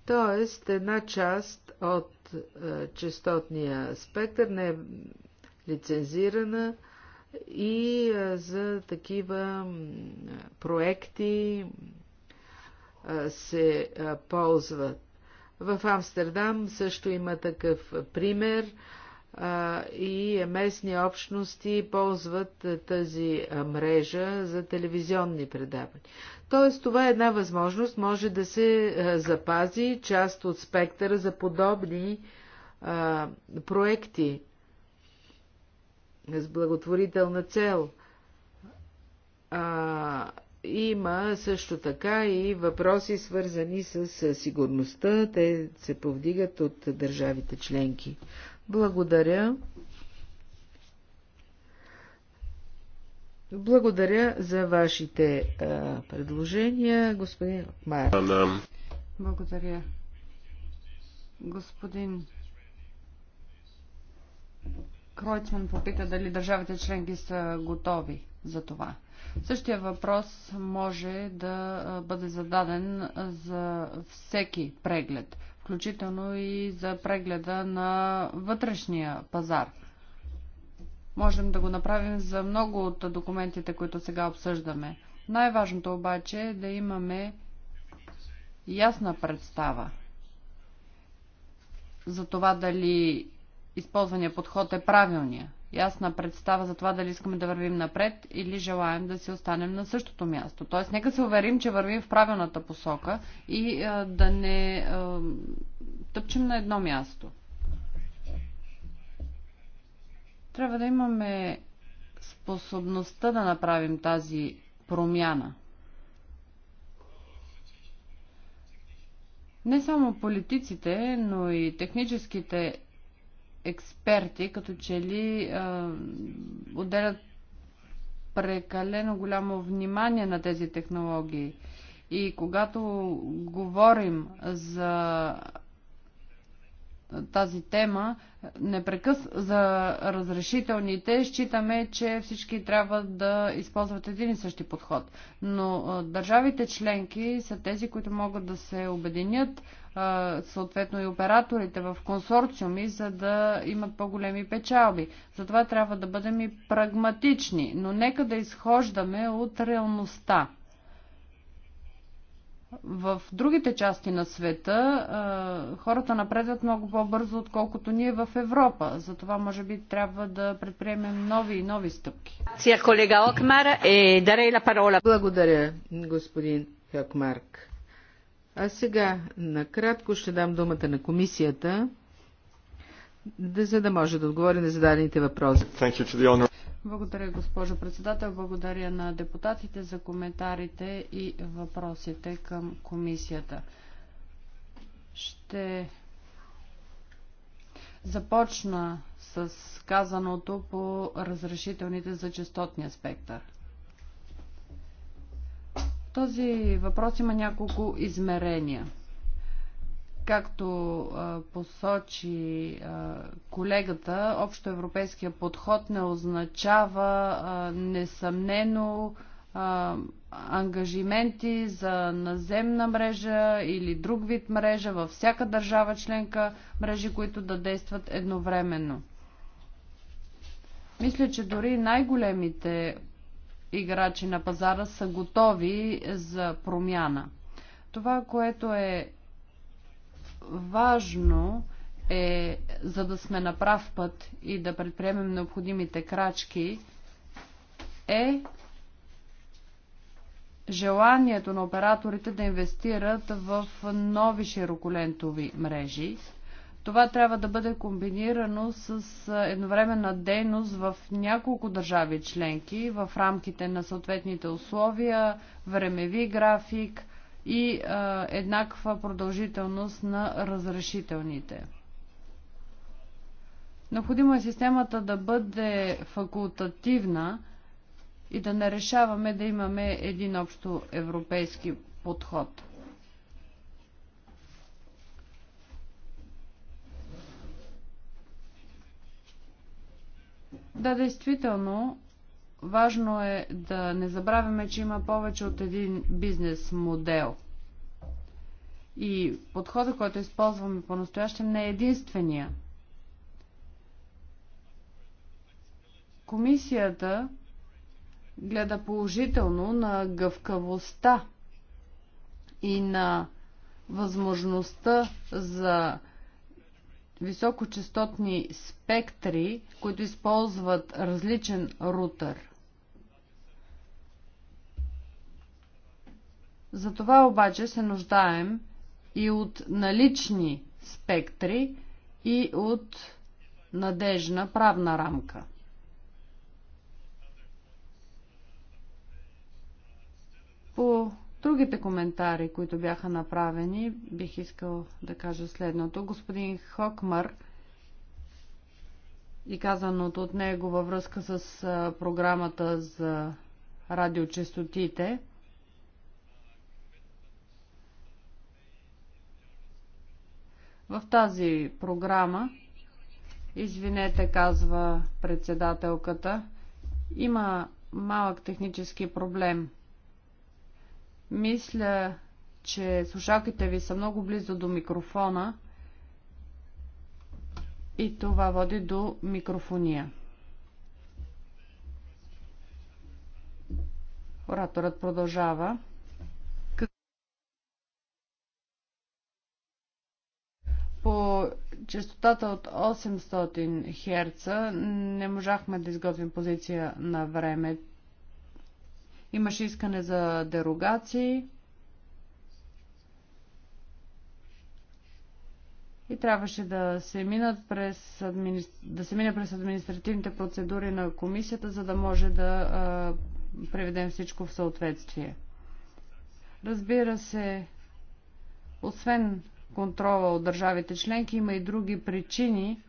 Тоест, една част от а, частотния спектър не е лицензирана и а, за такива проекти а, се а, ползват. В Амстердам също има такъв пример. А, и местни общности ползват тази мрежа за телевизионни предавания. Тоест, това е една възможност, може да се запази част от спектъра за подобни а, проекти с благотворителна цел. А, има също така и въпроси свързани с сигурността. Те се повдигат от държавите членки. Благодаря. Благодаря за вашите а, предложения, господин Майер. Благодаря. Господин Кройцман попита дали държавите членки са готови за това. Същия въпрос може да бъде зададен за всеки преглед, включително и за прегледа на вътрешния пазар. Можем да го направим за много от документите, които сега обсъждаме. Най-важното обаче е да имаме ясна представа за това дали използвания подход е правилния ясна представа за това дали искаме да вървим напред или желаем да си останем на същото място. Тоест, нека се уверим, че вървим в правилната посока и а, е, да не а, е, тъпчем на едно място. Трябва да имаме способността да направим тази промяна. Не само политиците, но и техническите експерти, като че ли отделят прекалено голямо внимание на тези технологии. И когато говорим за тази тема непрекъс за разрешителните, считаме, че всички трябва да използват един и същи подход. Но държавите членки са тези, които могат да се обединят, съответно и операторите в консорциуми, за да имат по-големи печалби. Затова трябва да бъдем и прагматични, но нека да изхождаме от реалността. В другите части на света а, хората напредват много по-бързо, отколкото ние в Европа. Затова, може би, трябва да предприемем нови и нови стъпки. колега Окмар, е, дарей парола. Благодаря, господин Хакмарк. А сега, накратко, ще дам думата на комисията, да, за да може да отговори на зададените въпроси. Благодаря, госпожо председател. Благодаря на депутатите за коментарите и въпросите към комисията. Ще започна с казаното по разрешителните за частотния спектър. Този въпрос има няколко измерения – Както посочи колегата, общоевропейския подход не означава несъмнено ангажименти за наземна мрежа или друг вид мрежа във всяка държава членка, мрежи, които да действат едновременно. Мисля, че дори най-големите играчи на пазара са готови за промяна. Това, което е важно е, за да сме на прав път и да предприемем необходимите крачки, е желанието на операторите да инвестират в нови широколентови мрежи. Това трябва да бъде комбинирано с едновременна дейност в няколко държави членки в рамките на съответните условия, времеви график – и а, еднаква продължителност на разрешителните. Необходимо е системата да бъде факултативна и да не решаваме да имаме един общо европейски подход. Да, действително, Важно е да не забравяме, че има повече от един бизнес модел. И подхода, който използваме по-настоящем, не е единствения. Комисията гледа положително на гъвкавостта и на възможността за високочастотни спектри, които използват различен рутър. За това обаче се нуждаем и от налични спектри и от надежна правна рамка. По другите коментари, които бяха направени, бих искал да кажа следното. Господин Хокмар и казаното от него във връзка с програмата за радиочестотите – В тази програма, извинете, казва председателката, има малък технически проблем. Мисля, че слушалките ви са много близо до микрофона и това води до микрофония. Ораторът продължава. по частотата от 800 Hz не можахме да изготвим позиция на време. Имаше искане за дерогации. И трябваше да се, минат през администр... да се мине през административните процедури на комисията, за да може да а, приведем всичко в съответствие. Разбира се, освен контрола от държавите членки. Има и други причини,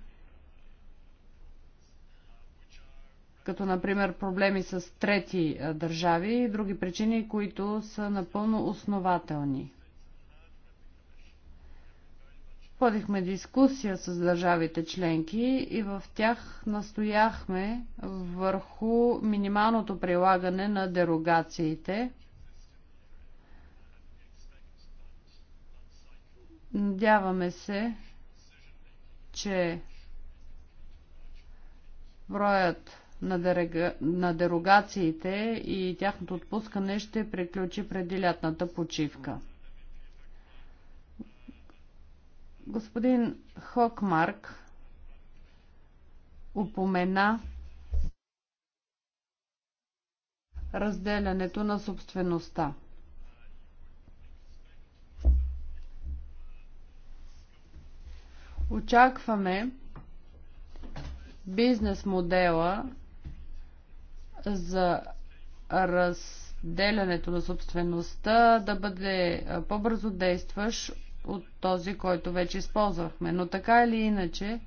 като например проблеми с трети държави и други причини, които са напълно основателни. Подихме дискусия с държавите членки и в тях настояхме върху минималното прилагане на дерогациите – Надяваме се, че броят на, дерега... на дерогациите и тяхното отпускане ще приключи преди лятната почивка. Господин Хокмарк упомена разделянето на собствеността. Очакваме бизнес модела за разделянето на собствеността да бъде по-бързо действащ от този, който вече използвахме. Но така или иначе,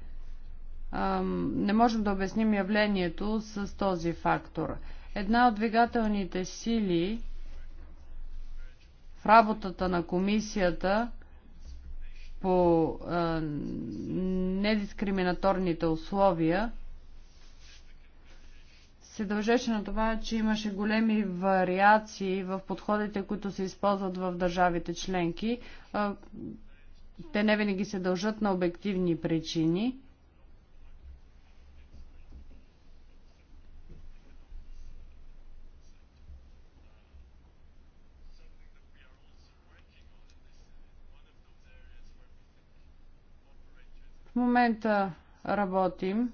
не можем да обясним явлението с този фактор. Една от двигателните сили в работата на комисията по а, недискриминаторните условия се дължеше на това, че имаше големи вариации в подходите, които се използват в държавите членки. А, те не винаги се дължат на обективни причини. момента работим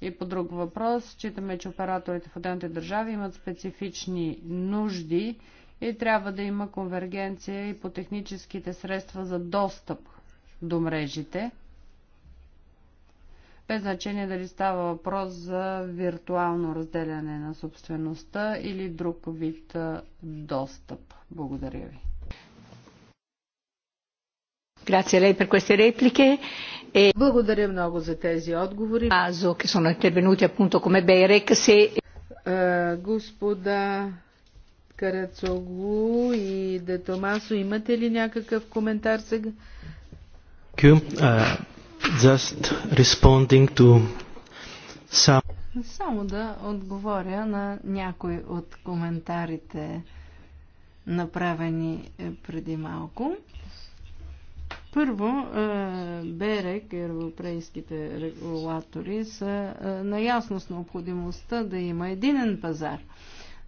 и по друг въпрос. Считаме, че операторите в отделните държави имат специфични нужди и трябва да има конвергенция и по техническите средства за достъп до мрежите. Без значение дали става въпрос за виртуално разделяне на собствеността или друг вид достъп. Благодаря ви. E Благодаря много за тези отговори. Е, господа Карацогу и Де Томасо, имате ли някакъв коментар сега? Uh, Само да отговоря на някой от коментарите, направени е, преди малко. Първо, е, БЕРЕК, европейските регулатори, са е, наясно с необходимостта да има единен пазар.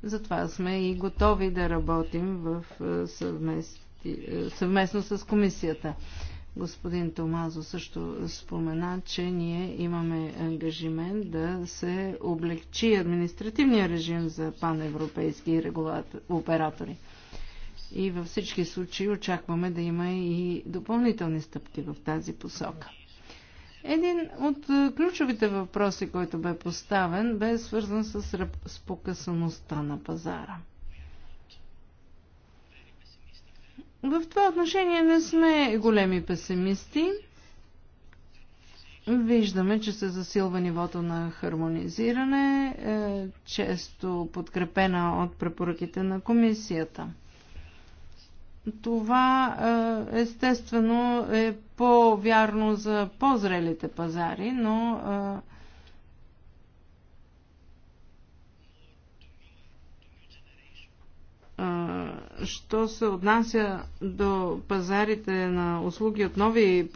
Затова сме и готови да работим в е, съвместно с комисията. Господин Томазо също спомена, че ние имаме ангажимент да се облегчи административния режим за паневропейски оператори. И във всички случаи очакваме да има и допълнителни стъпки в тази посока. Един от е, ключовите въпроси, който бе поставен, бе свързан с покъсаността на пазара. В това отношение не сме големи песимисти. Виждаме, че се засилва нивото на хармонизиране, е, често подкрепена от препоръките на комисията – това е, естествено е по-вярно за по-зрелите пазари, но е, е, що се отнася до пазарите на услуги от нови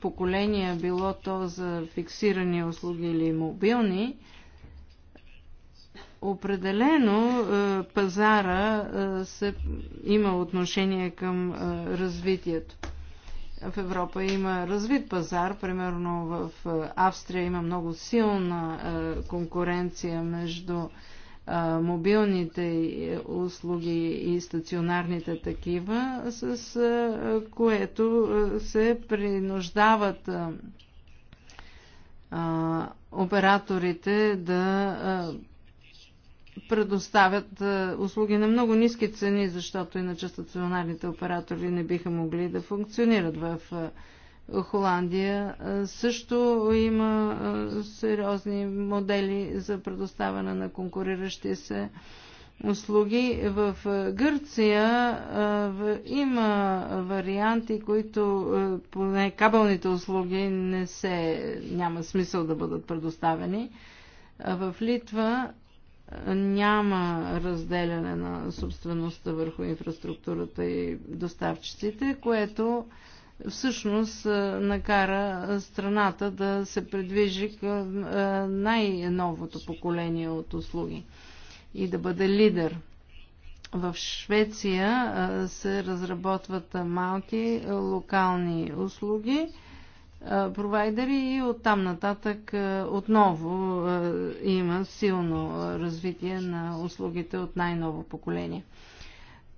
поколения, било то за фиксирани услуги или мобилни, Определено е, пазара е, се, има отношение към е, развитието. В Европа има развит пазар, примерно в Австрия има много силна конкуренция между мобилните услуги и стационарните такива, с което се принуждават операторите да предоставят е, услуги на много ниски цени, защото иначе стационарните оператори не биха могли да функционират в е, Холандия. Е, също има сериозни модели за предоставяне на конкуриращи се услуги. В Гърция има варианти, които поне кабелните услуги не се, няма смисъл да бъдат предоставени. В Литва няма разделяне на собствеността върху инфраструктурата и доставчиците, което всъщност накара страната да се предвижи към най-новото поколение от услуги и да бъде лидер. В Швеция се разработват малки локални услуги – провайдери и оттам нататък отново има силно развитие на услугите от най-ново поколение.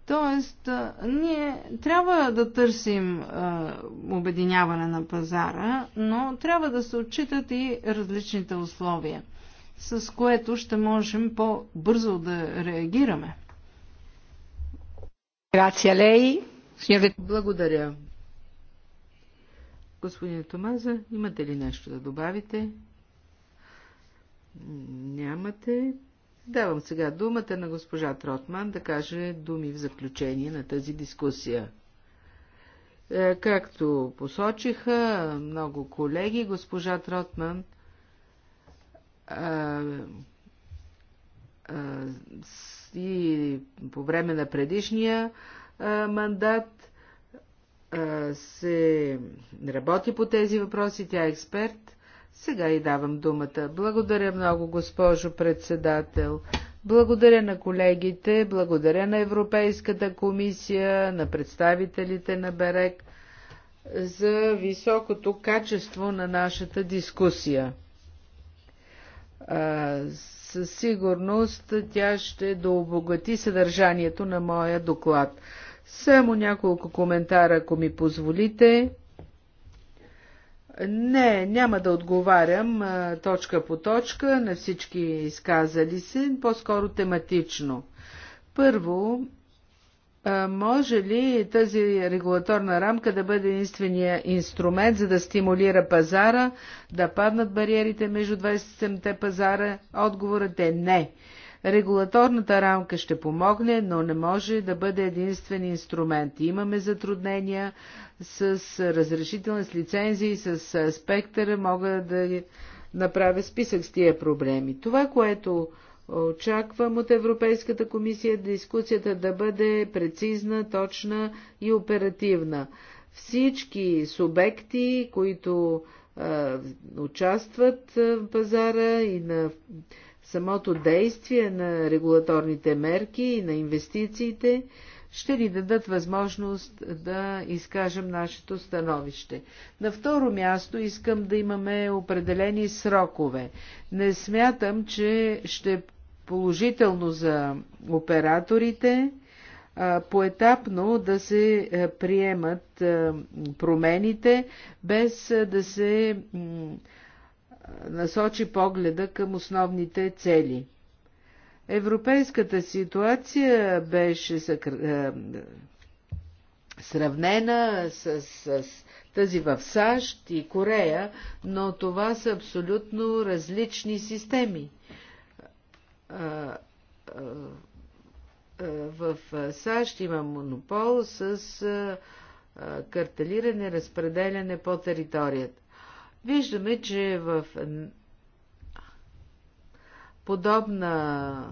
Тоест, ние трябва да търсим обединяване на пазара, но трябва да се отчитат и различните условия, с което ще можем по-бързо да реагираме. Благодаря. Господин Томаза, имате ли нещо да добавите? Нямате. Давам сега думата на госпожа Тротман да каже думи в заключение на тази дискусия. Е, както посочиха много колеги, госпожа Тротман а, а, и по време на предишния мандат се работи по тези въпроси, тя е експерт. Сега и давам думата. Благодаря много, госпожо председател. Благодаря на колегите, благодаря на Европейската комисия, на представителите на БЕРЕК за високото качество на нашата дискусия. Със сигурност тя ще дообогати съдържанието на моя доклад. Само няколко коментара, ако ми позволите. Не, няма да отговарям точка по точка на всички изказали се, по-скоро тематично. Първо, може ли тази регулаторна рамка да бъде единствения инструмент, за да стимулира пазара, да паднат бариерите между 27-те пазара? Отговорът е не. Регулаторната рамка ще помогне, но не може да бъде единствен инструмент. Имаме затруднения с разрешителни с лицензии, с спектъра, мога да направя списък с тия проблеми. Това, което очаквам от Европейската комисия, е дискусията да бъде прецизна, точна и оперативна. Всички субекти, които участват в пазара и на самото действие на регулаторните мерки и на инвестициите ще ни дадат възможност да изкажем нашето становище. На второ място искам да имаме определени срокове. Не смятам, че ще положително за операторите поетапно да се приемат промените, без да се насочи погледа към основните цели. Европейската ситуация беше съкр... Е, сравнена с, с тази в САЩ и Корея, но това са абсолютно различни системи. В САЩ има монопол с картелиране, разпределяне по територията. Виждаме, че в подобна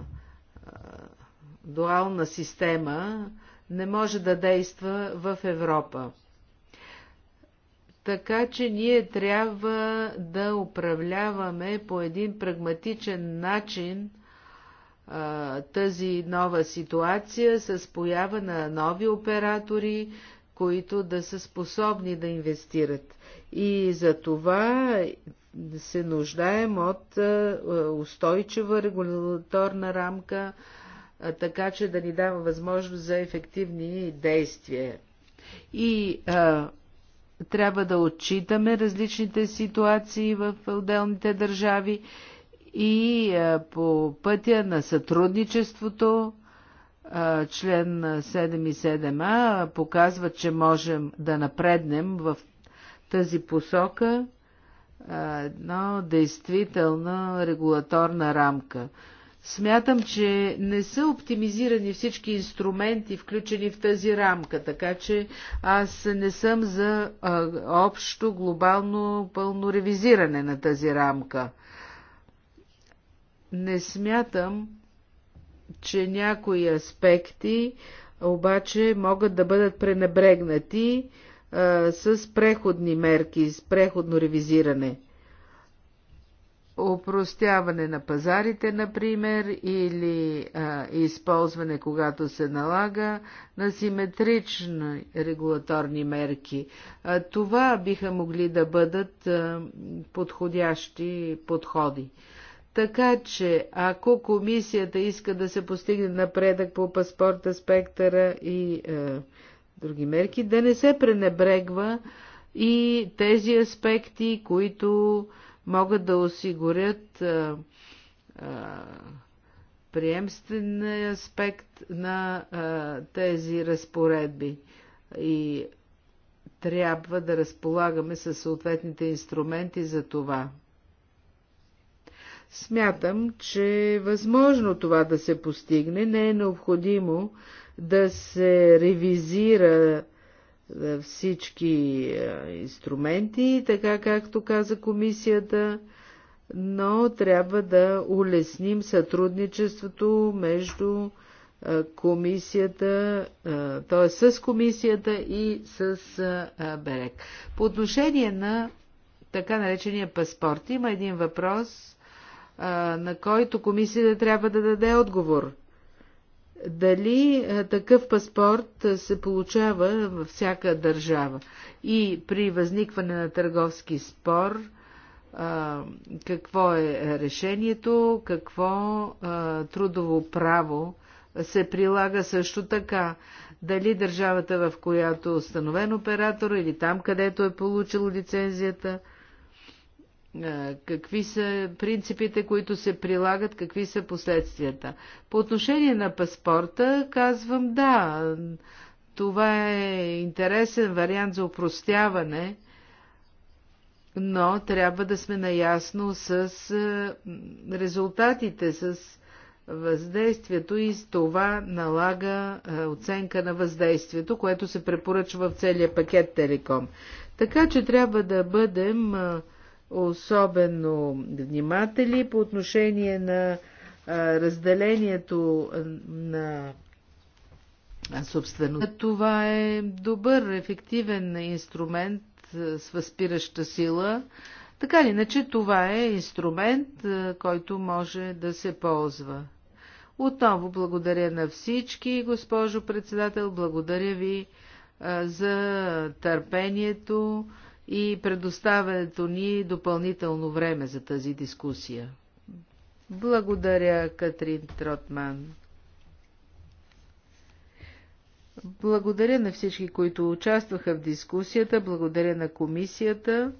дуална система не може да действа в Европа. Така че ние трябва да управляваме по един прагматичен начин тази нова ситуация с поява на нови оператори, които да са способни да инвестират. И за това се нуждаем от е, устойчива регуляторна рамка, е, така че да ни дава възможност за ефективни действия. И а, е, трябва да отчитаме различните ситуации в отделните държави и а, по пътя на сътрудничеството член 7 и 7а показват, че можем да напреднем в тази посока едно действителна регулаторна рамка. Смятам, че не са оптимизирани всички инструменти, включени в тази рамка, така че аз не съм за а, общо глобално пълно ревизиране на тази рамка. Не смятам, че някои аспекти обаче могат да бъдат пренебрегнати а, с преходни мерки, с преходно ревизиране. Опростяване на пазарите, например, или а, използване, когато се налага, на симетрични регулаторни мерки. А, това биха могли да бъдат а, подходящи подходи. Така че, ако комисията иска да се постигне напредък по паспорта, спектъра и е, други мерки, да не се пренебрегва и тези аспекти, които могат да осигурят е, е, приемствен аспект на е, тези разпоредби. И трябва да разполагаме със съответните инструменти за това. Смятам, че е възможно това да се постигне. Не е необходимо да се ревизира е, всички е, инструменти, така както каза комисията, но трябва да улесним сътрудничеството между е, комисията, т.е. с комисията и с БЕРЕК. По отношение на така наречения паспорт, има един въпрос, на който комисията трябва да даде отговор. Дали такъв паспорт се получава във всяка държава? И при възникване на търговски спор, какво е решението, какво трудово право се прилага също така. Дали държавата, в която е установен оператор или там, където е получил лицензията – какви са принципите, които се прилагат, какви са последствията. По отношение на паспорта, казвам да, това е интересен вариант за упростяване, но трябва да сме наясно с резултатите, с въздействието и с това налага оценка на въздействието, което се препоръчва в целия пакет Телеком. Така че трябва да бъдем особено вниматели по отношение на разделението на собствено. Това е добър, ефективен инструмент с възпираща сила. Така ли, иначе, това е инструмент, който може да се ползва. Отново благодаря на всички, госпожо председател, благодаря ви а, за търпението и предоставянето ни допълнително време за тази дискусия. Благодаря, Катрин Тротман. Благодаря на всички, които участваха в дискусията, благодаря на комисията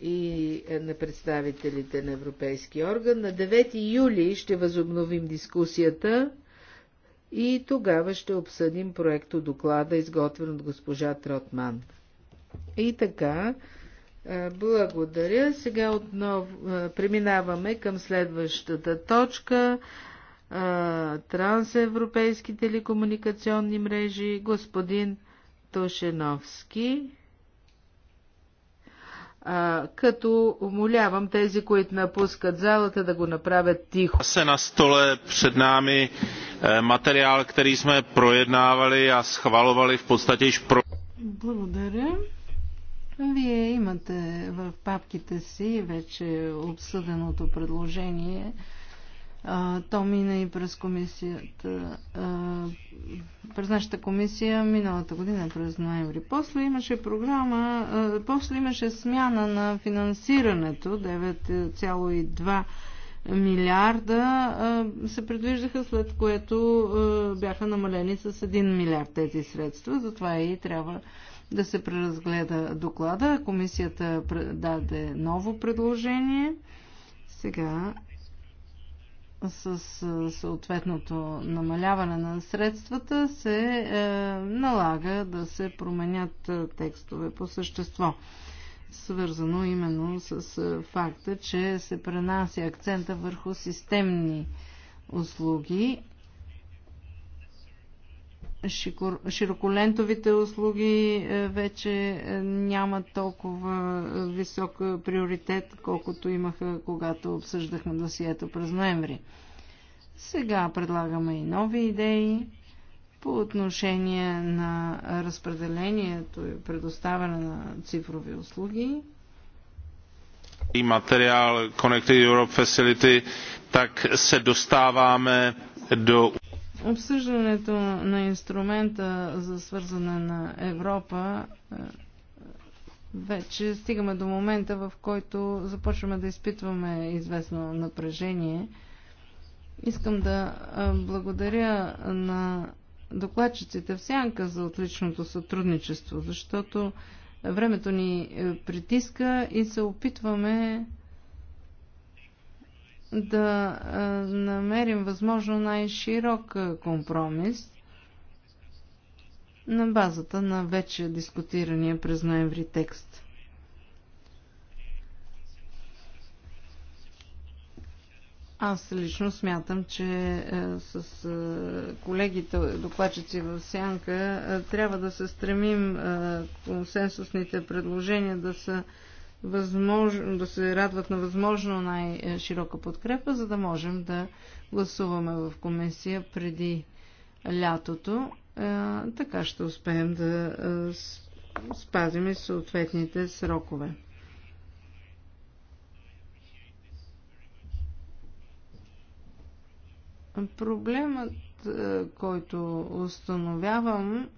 и на представителите на Европейски орган. На 9 юли ще възобновим дискусията и тогава ще обсъдим проекто доклада, изготвен от госпожа Тротман. И така, благодаря. Сега отново преминаваме към следващата точка. Трансевропейски телекомуникационни мрежи. Господин Тошеновски. А, като умолявам тези, които напускат залата, да го направят тихо. Се на столе пред нами е, материал, който сме проеднавали a схвалували в podstatě Благодаря. Вие имате в папките си вече обсъденото предложение. То мина и през комисията, през нашата комисия миналата година, през ноември. После имаше програма, после имаше смяна на финансирането, 9,2 милиарда се предвиждаха, след което бяха намалени с 1 милиард тези средства. Затова и трябва да се преразгледа доклада. Комисията даде ново предложение. Сега с съответното намаляване на средствата се е, налага да се променят текстове по същество. Свързано именно с факта, че се пренася акцента върху системни услуги, широколентовите услуги е, вече е, нямат толкова е, висок приоритет, колкото имаха, когато обсъждахме досието през ноември. Сега предлагаме и нови идеи по отношение на разпределението и предоставяне на цифрови услуги. И материал Connected Europe Facility, так се доставаме до Обсъждането на инструмента за свързане на Европа е, вече стигаме до момента, в който започваме да изпитваме известно напрежение. Искам да е, благодаря на докладчиците в Сянка за отличното сътрудничество, защото времето ни е, притиска и се опитваме да намерим възможно най-широк компромис на базата на вече дискутирания през ноември текст. Аз лично смятам, че е, с е, колегите докладчици в Сянка е, трябва да се стремим консенсусните предложения да са възможно, да се радват на възможно най-широка подкрепа, за да можем да гласуваме в комисия преди лятото. Е, така ще успеем да е, спазим и съответните срокове. Проблемът, е, който установявам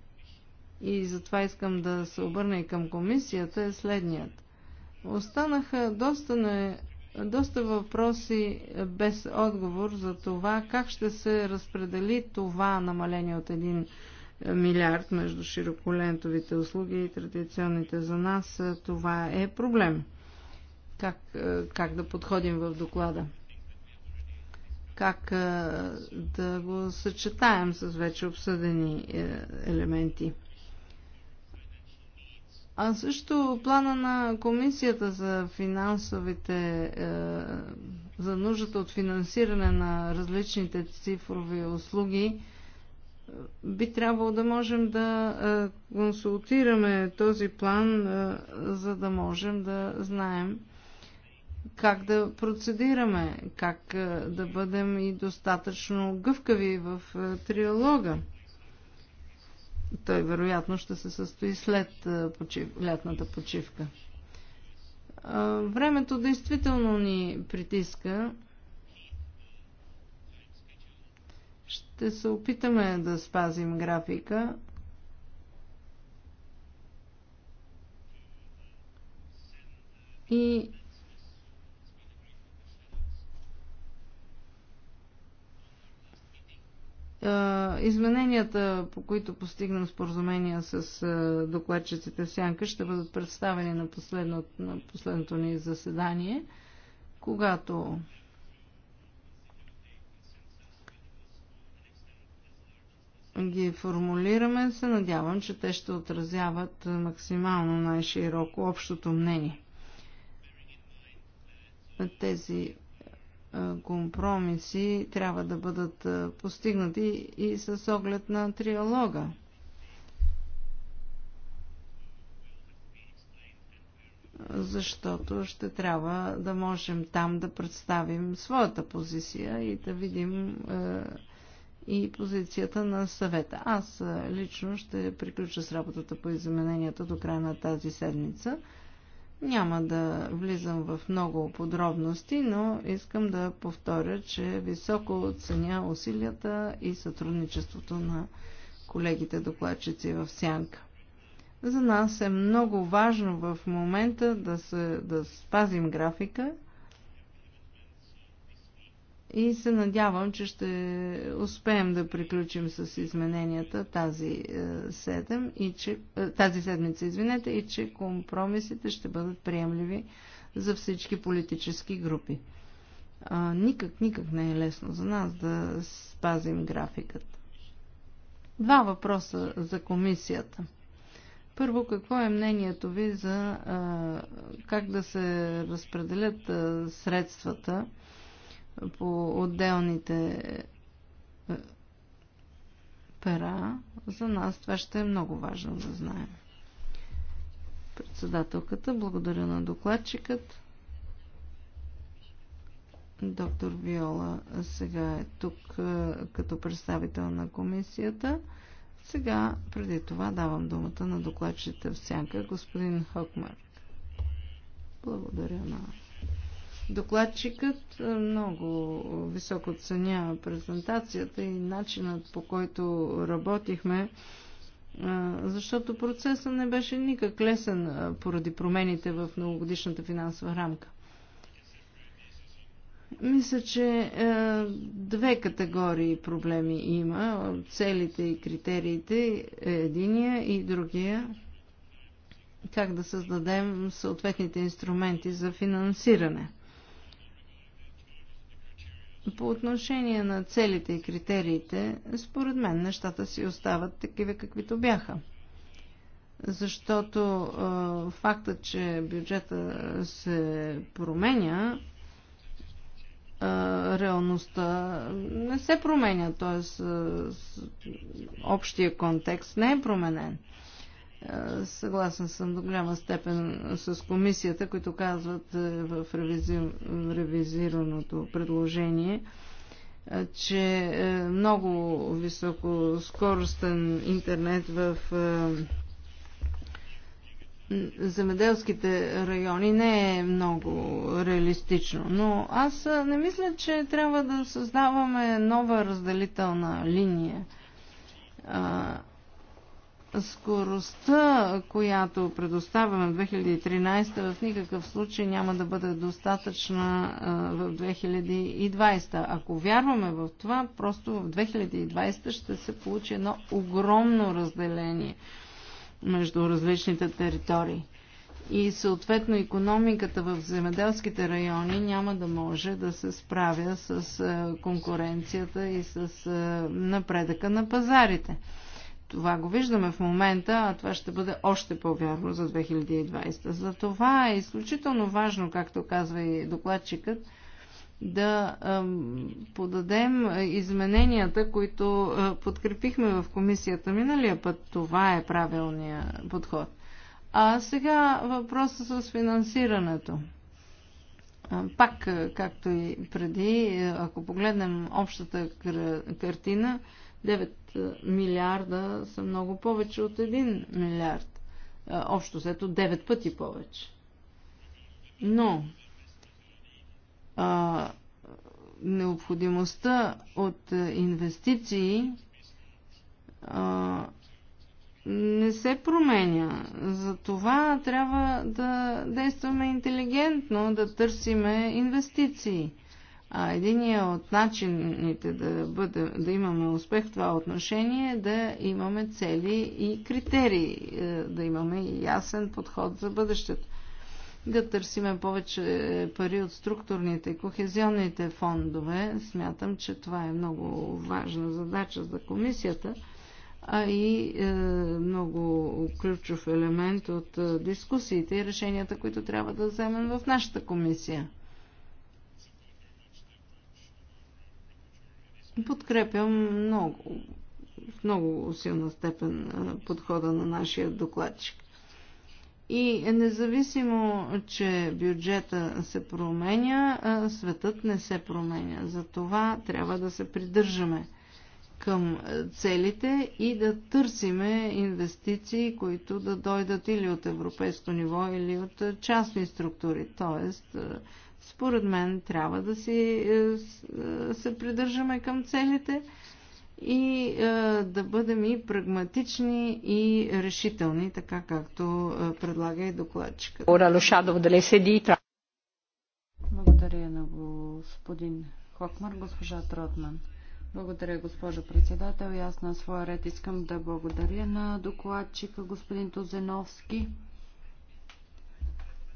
и затова искам да се обърна и към комисията е следният. Останаха доста, не, доста въпроси без отговор за това как ще се разпредели това намаление от 1 е, милиард между широколентовите услуги и традиционните за нас. Е, това е проблем. Как, е, как да подходим в доклада? Как да го съчетаем с вече обсъдени елементи? А също плана на комисията за финансовите, е, за нуждата от финансиране на различните цифрови услуги, е, би трябвало да можем да е, консултираме този план, за да можем да знаем как да процедираме, как да бъдем и достатъчно гъвкави в триалога той вероятно ще се състои след почив, лятната почивка. Времето действително ни притиска. Ще се опитаме да спазим графика. И Измененията, по които постигнем споразумения с докладчиците в Сянка, ще бъдат представени на последно, на последното ни заседание, когато ги формулираме, се надявам, че те ще отразяват максимално най-широко общото мнение. Тези компромиси трябва да бъдат постигнати и с оглед на триалога. Защото ще трябва да можем там да представим своята позиция и да видим и позицията на съвета. Аз лично ще приключа с работата по измененията до края на тази седмица. Няма да влизам в много подробности, но искам да повторя, че високо оценя усилията и сътрудничеството на колегите докладчици в Сянка. За нас е много важно в момента да, се, да спазим графика и се надявам, че ще успеем да приключим с измененията тази, е, седем и че, е, тази седмица извинете, и че компромисите ще бъдат приемливи за всички политически групи. А, никак, никак не е лесно за нас да спазим графикът. Два въпроса за комисията. Първо, какво е мнението ви за а, е, как да се разпределят а, средствата? по отделните е, пера, за нас това ще е много важно да знаем. Председателката, благодаря на докладчикът. Доктор Виола сега е тук е, като представител на комисията. Сега, преди това, давам думата на докладчите в сянка, господин Хокмарк. Благодаря на Докладчикът е, много високо оценява презентацията и начинът по който работихме, е, защото процесът не беше никак лесен е, поради промените в многогодишната финансова рамка. Мисля, че две категории проблеми има. Целите и критериите е единия и другия. Как да създадем съответните инструменти за финансиране – по отношение на целите и критериите, според мен нещата си остават такива каквито бяха. Защото е, фактът, че бюджета се променя, реалността не се променя, т.е. общия контекст не е променен. Е, съгласна съм до голяма степен с комисията, които казват е, в ревизи... ревизираното предложение, е, че много високоскоростен интернет в земеделските райони не е много реалистично. Но аз не мисля, че трябва да създаваме нова разделителна линия скоростта, която предоставяме в 2013, в никакъв случай няма да бъде достатъчна в 2020. Ако вярваме в това, просто в 2020 ще се получи едно огромно разделение между различните територии. И съответно економиката в земеделските райони няма да може да се справя с конкуренцията и с напредъка на пазарите. Това го виждаме в момента, а това ще бъде още по-вярно за 2020. За това е изключително важно, както казва и докладчикът, да подадем измененията, които подкрепихме в комисията миналия път. Това е правилният подход. А сега въпроса с финансирането. Пак, както и преди, ако погледнем общата картина, милиарда са много повече от 1 милиард. Общо сето 9 пъти повече. Но а, необходимостта от инвестиции а, не се променя. Затова трябва да действаме интелигентно, да търсиме инвестиции – а единия от начините да, бъде, да имаме успех в това отношение е да имаме цели и критерии, е, да имаме ясен подход за бъдещето. Да търсиме повече пари от структурните и кохезионните фондове. Смятам, че това е много важна задача за комисията, а и е, много ключов елемент от е, дискусиите и решенията, които трябва да вземем в нашата комисия. Подкрепям много, в много силна степен подхода на нашия докладчик. И независимо, че бюджета се променя, светът не се променя. Затова трябва да се придържаме към целите и да търсиме инвестиции, които да дойдат или от европейско ниво, или от частни структури. Тоест, според мен трябва да си, е, е, се придържаме към целите и е, да бъдем и прагматични и решителни, така както предлага и докладчика. Благодаря на господин Хокмар, госпожа Тротман. Благодаря, госпожо председател. И аз на своя ред искам да благодаря на докладчика господин Тозеновски.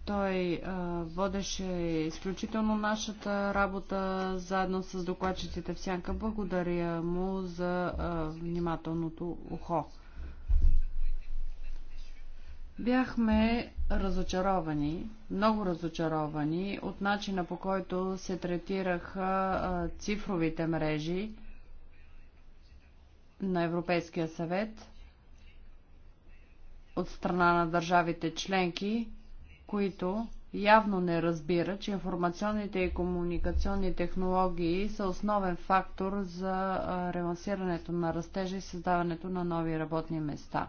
Той а, водеше изключително нашата работа заедно с докладчиците в Сянка. Благодаря му за а, внимателното ухо. Бяхме разочаровани, много разочаровани от начина по който се третираха а, цифровите мрежи на Европейския съвет от страна на държавите членки които явно не разбира, че информационните и комуникационни технологии са основен фактор за релансирането на растежа и създаването на нови работни места.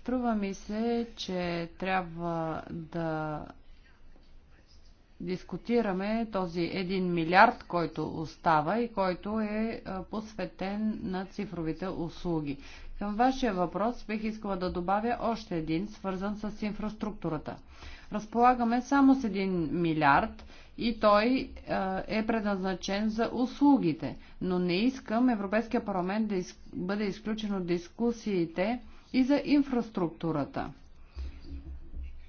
Струва ми се, че трябва да дискутираме този 1 милиард, който остава и който е посветен на цифровите услуги. Към вашия въпрос бих искала да добавя още един, свързан с инфраструктурата. Разполагаме само с 1 милиард и той е, е предназначен за услугите. Но не искам Европейския парламент да из... бъде изключен от дискусиите и за инфраструктурата.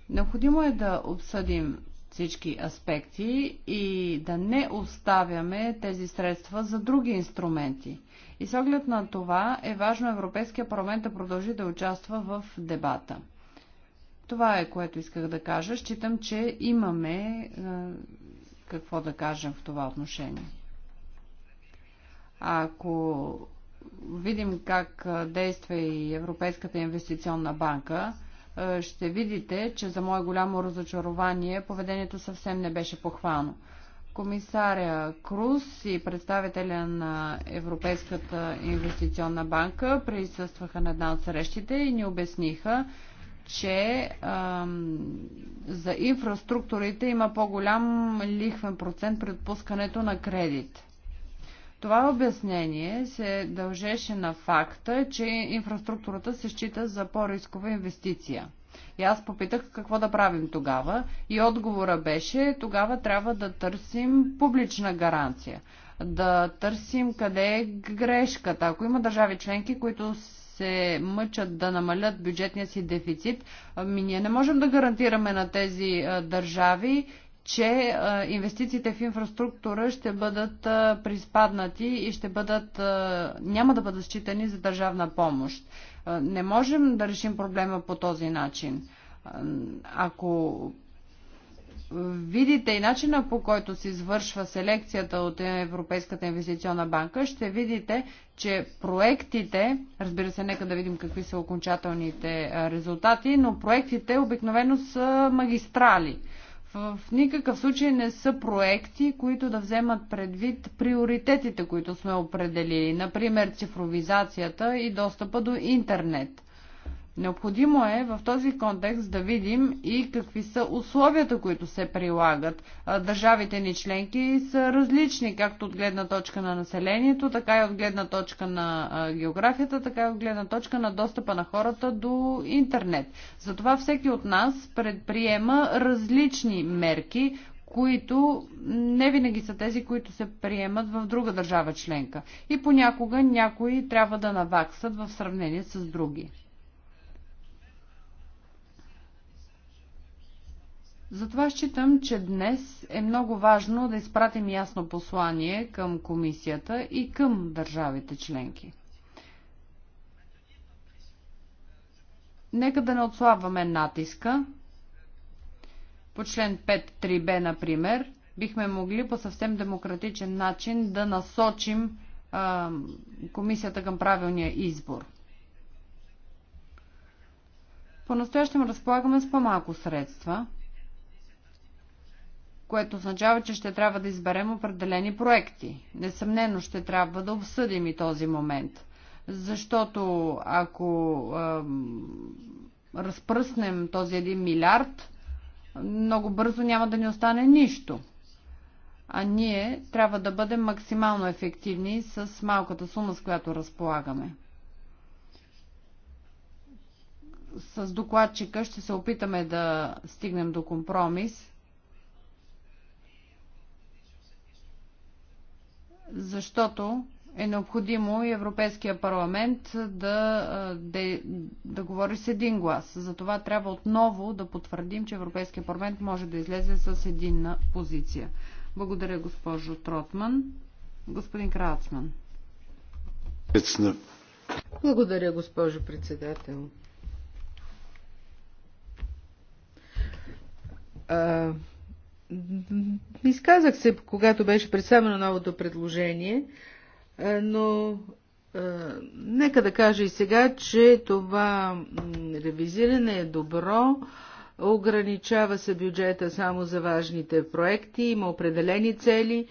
Необходимо е да обсъдим всички аспекти и да не оставяме тези средства за други инструменти. И с оглед на това е важно Европейския парламент да продължи да участва в дебата. Това е което исках да кажа. Считам, че имаме е, какво да кажем в това отношение. Ако видим как е, действа и Европейската инвестиционна банка, е, ще видите, че за мое голямо разочарование поведението съвсем не беше похвално. Комисаря Круз и представителя на Европейската инвестиционна банка присъстваха на една от срещите и ни обясниха, че ам, за инфраструктурите има по-голям лихвен процент при отпускането на кредит. Това обяснение се дължеше на факта, че инфраструктурата се счита за по-рискова инвестиция. И аз попитах какво да правим тогава и отговора беше тогава трябва да търсим публична гаранция. Да търсим къде е грешката. Ако има държави членки, които се мъчат да намалят бюджетния си дефицит, ми ние не можем да гарантираме на тези е, държави, че е, инвестициите в инфраструктура ще бъдат е, приспаднати и ще бъдат, няма да бъдат считани за държавна помощ. Не можем да решим проблема по този начин. Ако видите и начина по който се извършва селекцията от Европейската инвестиционна банка, ще видите, че проектите, разбира се, нека да видим какви са окончателните резултати, но проектите обикновено са магистрали. В никакъв случай не са проекти, които да вземат предвид приоритетите, които сме определили, например цифровизацията и достъпа до интернет – Необходимо е в този контекст да видим и какви са условията, които се прилагат. Държавите ни членки са различни, както от гледна точка на населението, така и от гледна точка на географията, така и от гледна точка на достъпа на хората до интернет. Затова всеки от нас предприема различни мерки, които не винаги са тези, които се приемат в друга държава членка. И понякога някои трябва да наваксат в сравнение с други. Затова считам, че днес е много важно да изпратим ясно послание към комисията и към държавите членки. Нека да не отслабваме натиска. По член 5.3b, например, бихме могли по съвсем демократичен начин да насочим а, комисията към правилния избор. По-настоящем разполагаме с по-малко средства – което означава, че ще трябва да изберем определени проекти. Несъмнено ще трябва да обсъдим и този момент. Защото ако а, разпръснем този един милиард, много бързо няма да ни остане нищо. А ние трябва да бъдем максимално ефективни с малката сума, с която разполагаме. С докладчика ще се опитаме да стигнем до компромис защото е необходимо и Европейския парламент да, е, да, да говори с един глас. Затова трябва отново да потвърдим, че Европейския парламент може да излезе с единна позиция. Благодаря, госпожо Тротман. Господин Крацман. Благодаря, госпожо председател. Изказах се, когато беше представено новото предложение, но нека да кажа и сега, че това ревизиране е добро. Ограничава се бюджета само за важните проекти, има определени цели.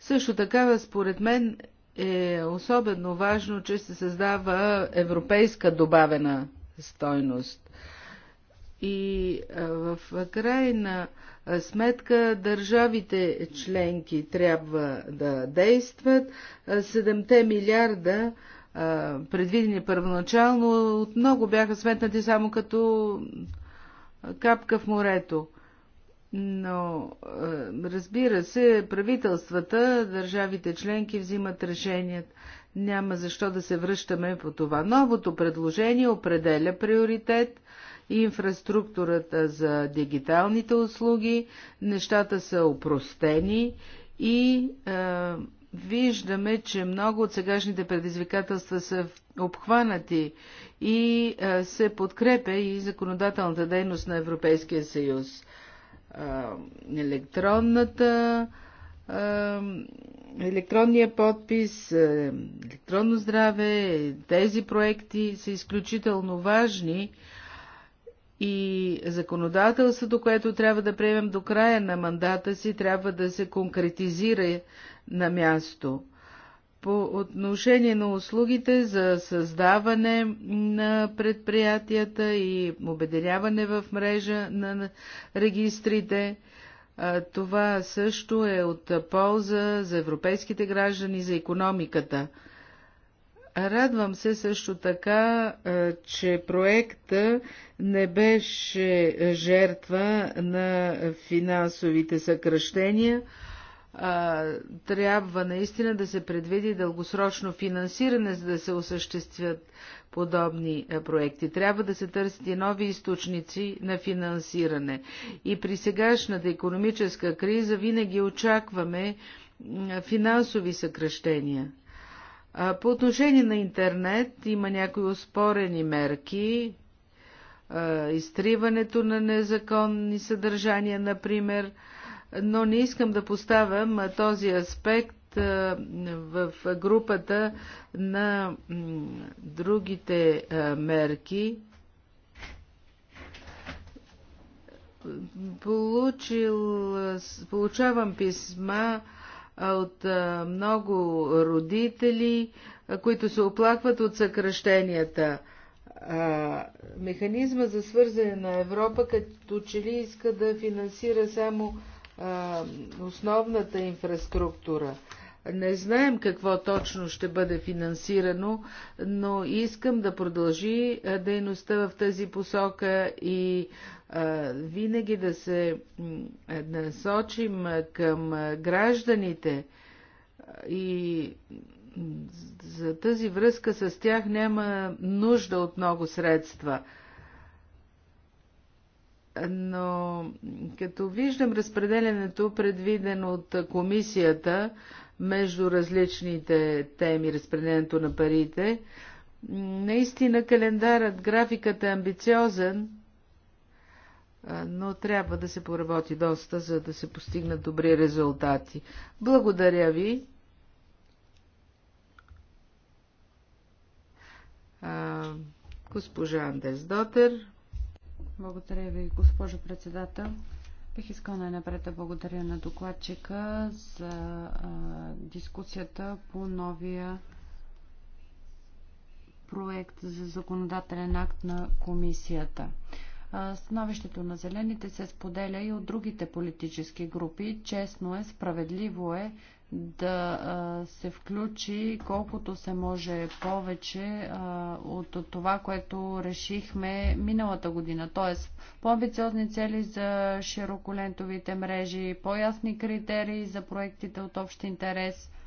Също така, според мен, е особено важно, че се създава европейска добавена стойност. И в край на сметка държавите членки трябва да действат. 7 милиарда предвидени първоначално отново бяха сметнати само като капка в морето. Но, разбира се, правителствата, държавите членки взимат решенията. Няма защо да се връщаме по това. Новото предложение определя приоритет инфраструктурата за дигиталните услуги, нещата са упростени и е, виждаме, че много от сегашните предизвикателства са обхванати и е, се подкрепя и законодателната дейност на Европейския съюз. Е, електронната електронния подпис, електронно здраве, тези проекти са изключително важни и законодателството, което трябва да приемем до края на мандата си, трябва да се конкретизира на място. По отношение на услугите за създаване на предприятията и обединяване в мрежа на регистрите, това също е от полза за европейските граждани, за економиката. Радвам се също така, че проекта не беше жертва на финансовите съкръщения. Трябва наистина да се предвиди дългосрочно финансиране, за да се осъществят подобни проекти. Трябва да се търсят и нови източници на финансиране. И при сегашната економическа криза винаги очакваме финансови съкръщения – по отношение на интернет има някои успорени мерки. Изтриването на незаконни съдържания, например, но не искам да поставям този аспект в групата на другите мерки. Получил, получавам писма от много родители, които се оплакват от съкръщенията. Механизма за свързане на Европа като че ли иска да финансира само основната инфраструктура. Не знаем какво точно ще бъде финансирано, но искам да продължи дейността в тази посока и винаги да се насочим към гражданите и за тази връзка с тях няма нужда от много средства. Но като виждам разпределенето, предвидено от комисията между различните теми, разпределенето на парите, наистина календарът, графикът е амбициозен – но трябва да се поработи доста, за да се постигнат добри резултати. Благодаря ви. Госпожа Андес Дотер. Благодаря ви, госпожо председател. Бих искал най-напред да благодаря на докладчика за а, дискусията по новия проект за законодателен акт на комисията. Становището на зелените се споделя и от другите политически групи. Честно е, справедливо е да се включи колкото се може повече от това, което решихме миналата година. Т.е. по-амбициозни цели за широколентовите мрежи, по-ясни критерии за проектите от общ интерес –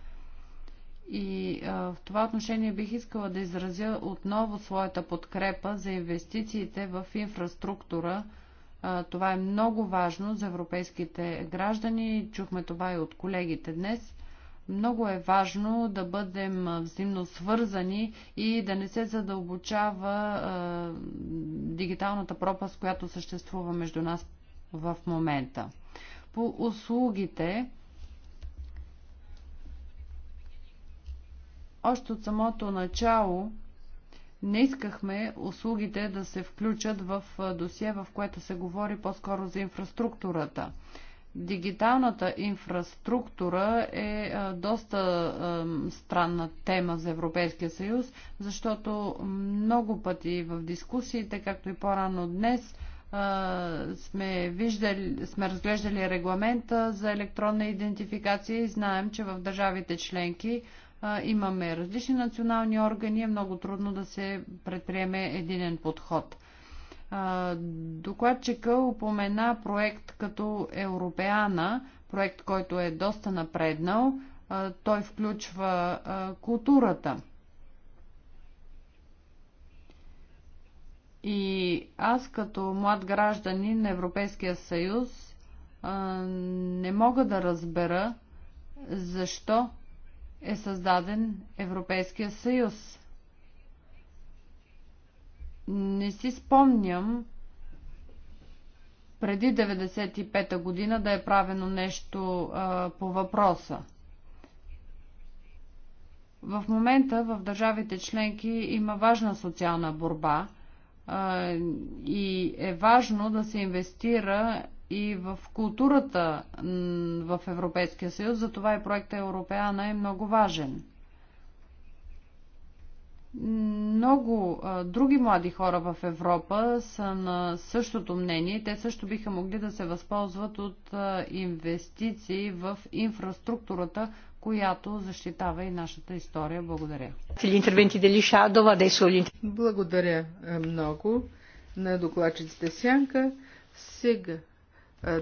и а, в това отношение бих искала да изразя отново своята подкрепа за инвестициите в инфраструктура. А, това е много важно за европейските граждани. Чухме това и от колегите днес. Много е важно да бъдем взаимно свързани и да не се задълбочава а, дигиталната пропаст, която съществува между нас в момента. По услугите Още от самото начало не искахме услугите да се включат в досие, в което се говори по-скоро за инфраструктурата. Дигиталната инфраструктура е доста странна тема за Европейския съюз, защото много пъти в дискусиите, както и по-рано днес, сме, виждали, сме разглеждали регламента за електронна идентификация и знаем, че в държавите членки имаме различни национални органи, е много трудно да се предприеме единен подход. Докладчика упомена проект като Европеана, проект, който е доста напреднал. Той включва културата. И аз като млад гражданин на Европейския съюз не мога да разбера защо е създаден Европейския съюз. Не си спомням преди 95-та година да е правено нещо а, по въпроса. В момента в държавите членки има важна социална борба а, и е важно да се инвестира и в културата в Европейския съюз, затова и проекта Европеана е много важен. Много а, други млади хора в Европа са на същото мнение. Те също биха могли да се възползват от а, инвестиции в инфраструктурата, която защитава и нашата история. Благодаря. Благодаря много на докладчиците Сянка. Сега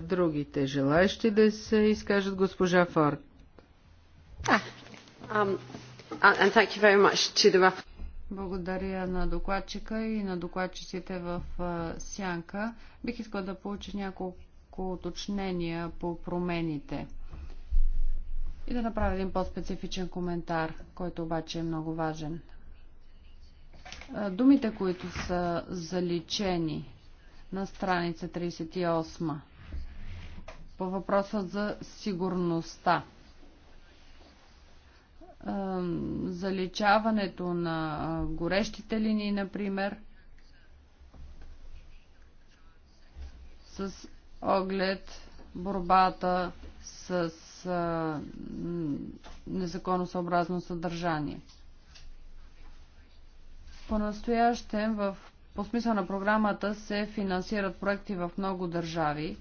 Другите желаещи да се изкажат госпожа Форд. благодаря на докладчика и на докладчиците в Сянка. Бих искал да получа няколко уточнения по промените и да направя един по-специфичен коментар, който обаче е много важен. Думите, които са заличени на страница 38 по въпроса за сигурността. Заличаването на горещите линии, например, с оглед борбата с а, незаконосъобразно съдържание. По-настоящем в по смисъл на програмата се финансират проекти в много държави,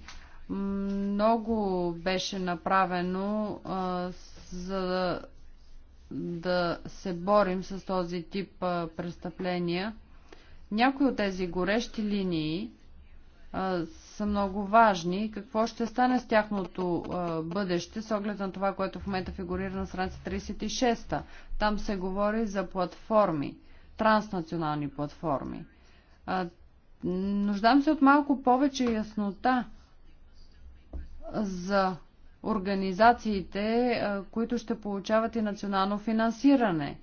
много беше направено а, за да, да се борим с този тип а, престъпления. Някои от тези горещи линии а, са много важни. Какво ще стане с тяхното а, бъдеще, с оглед на това, което в момента фигурира на страница 36? Там се говори за платформи, транснационални платформи. А, нуждам се от малко повече яснота за организациите, които ще получават и национално финансиране.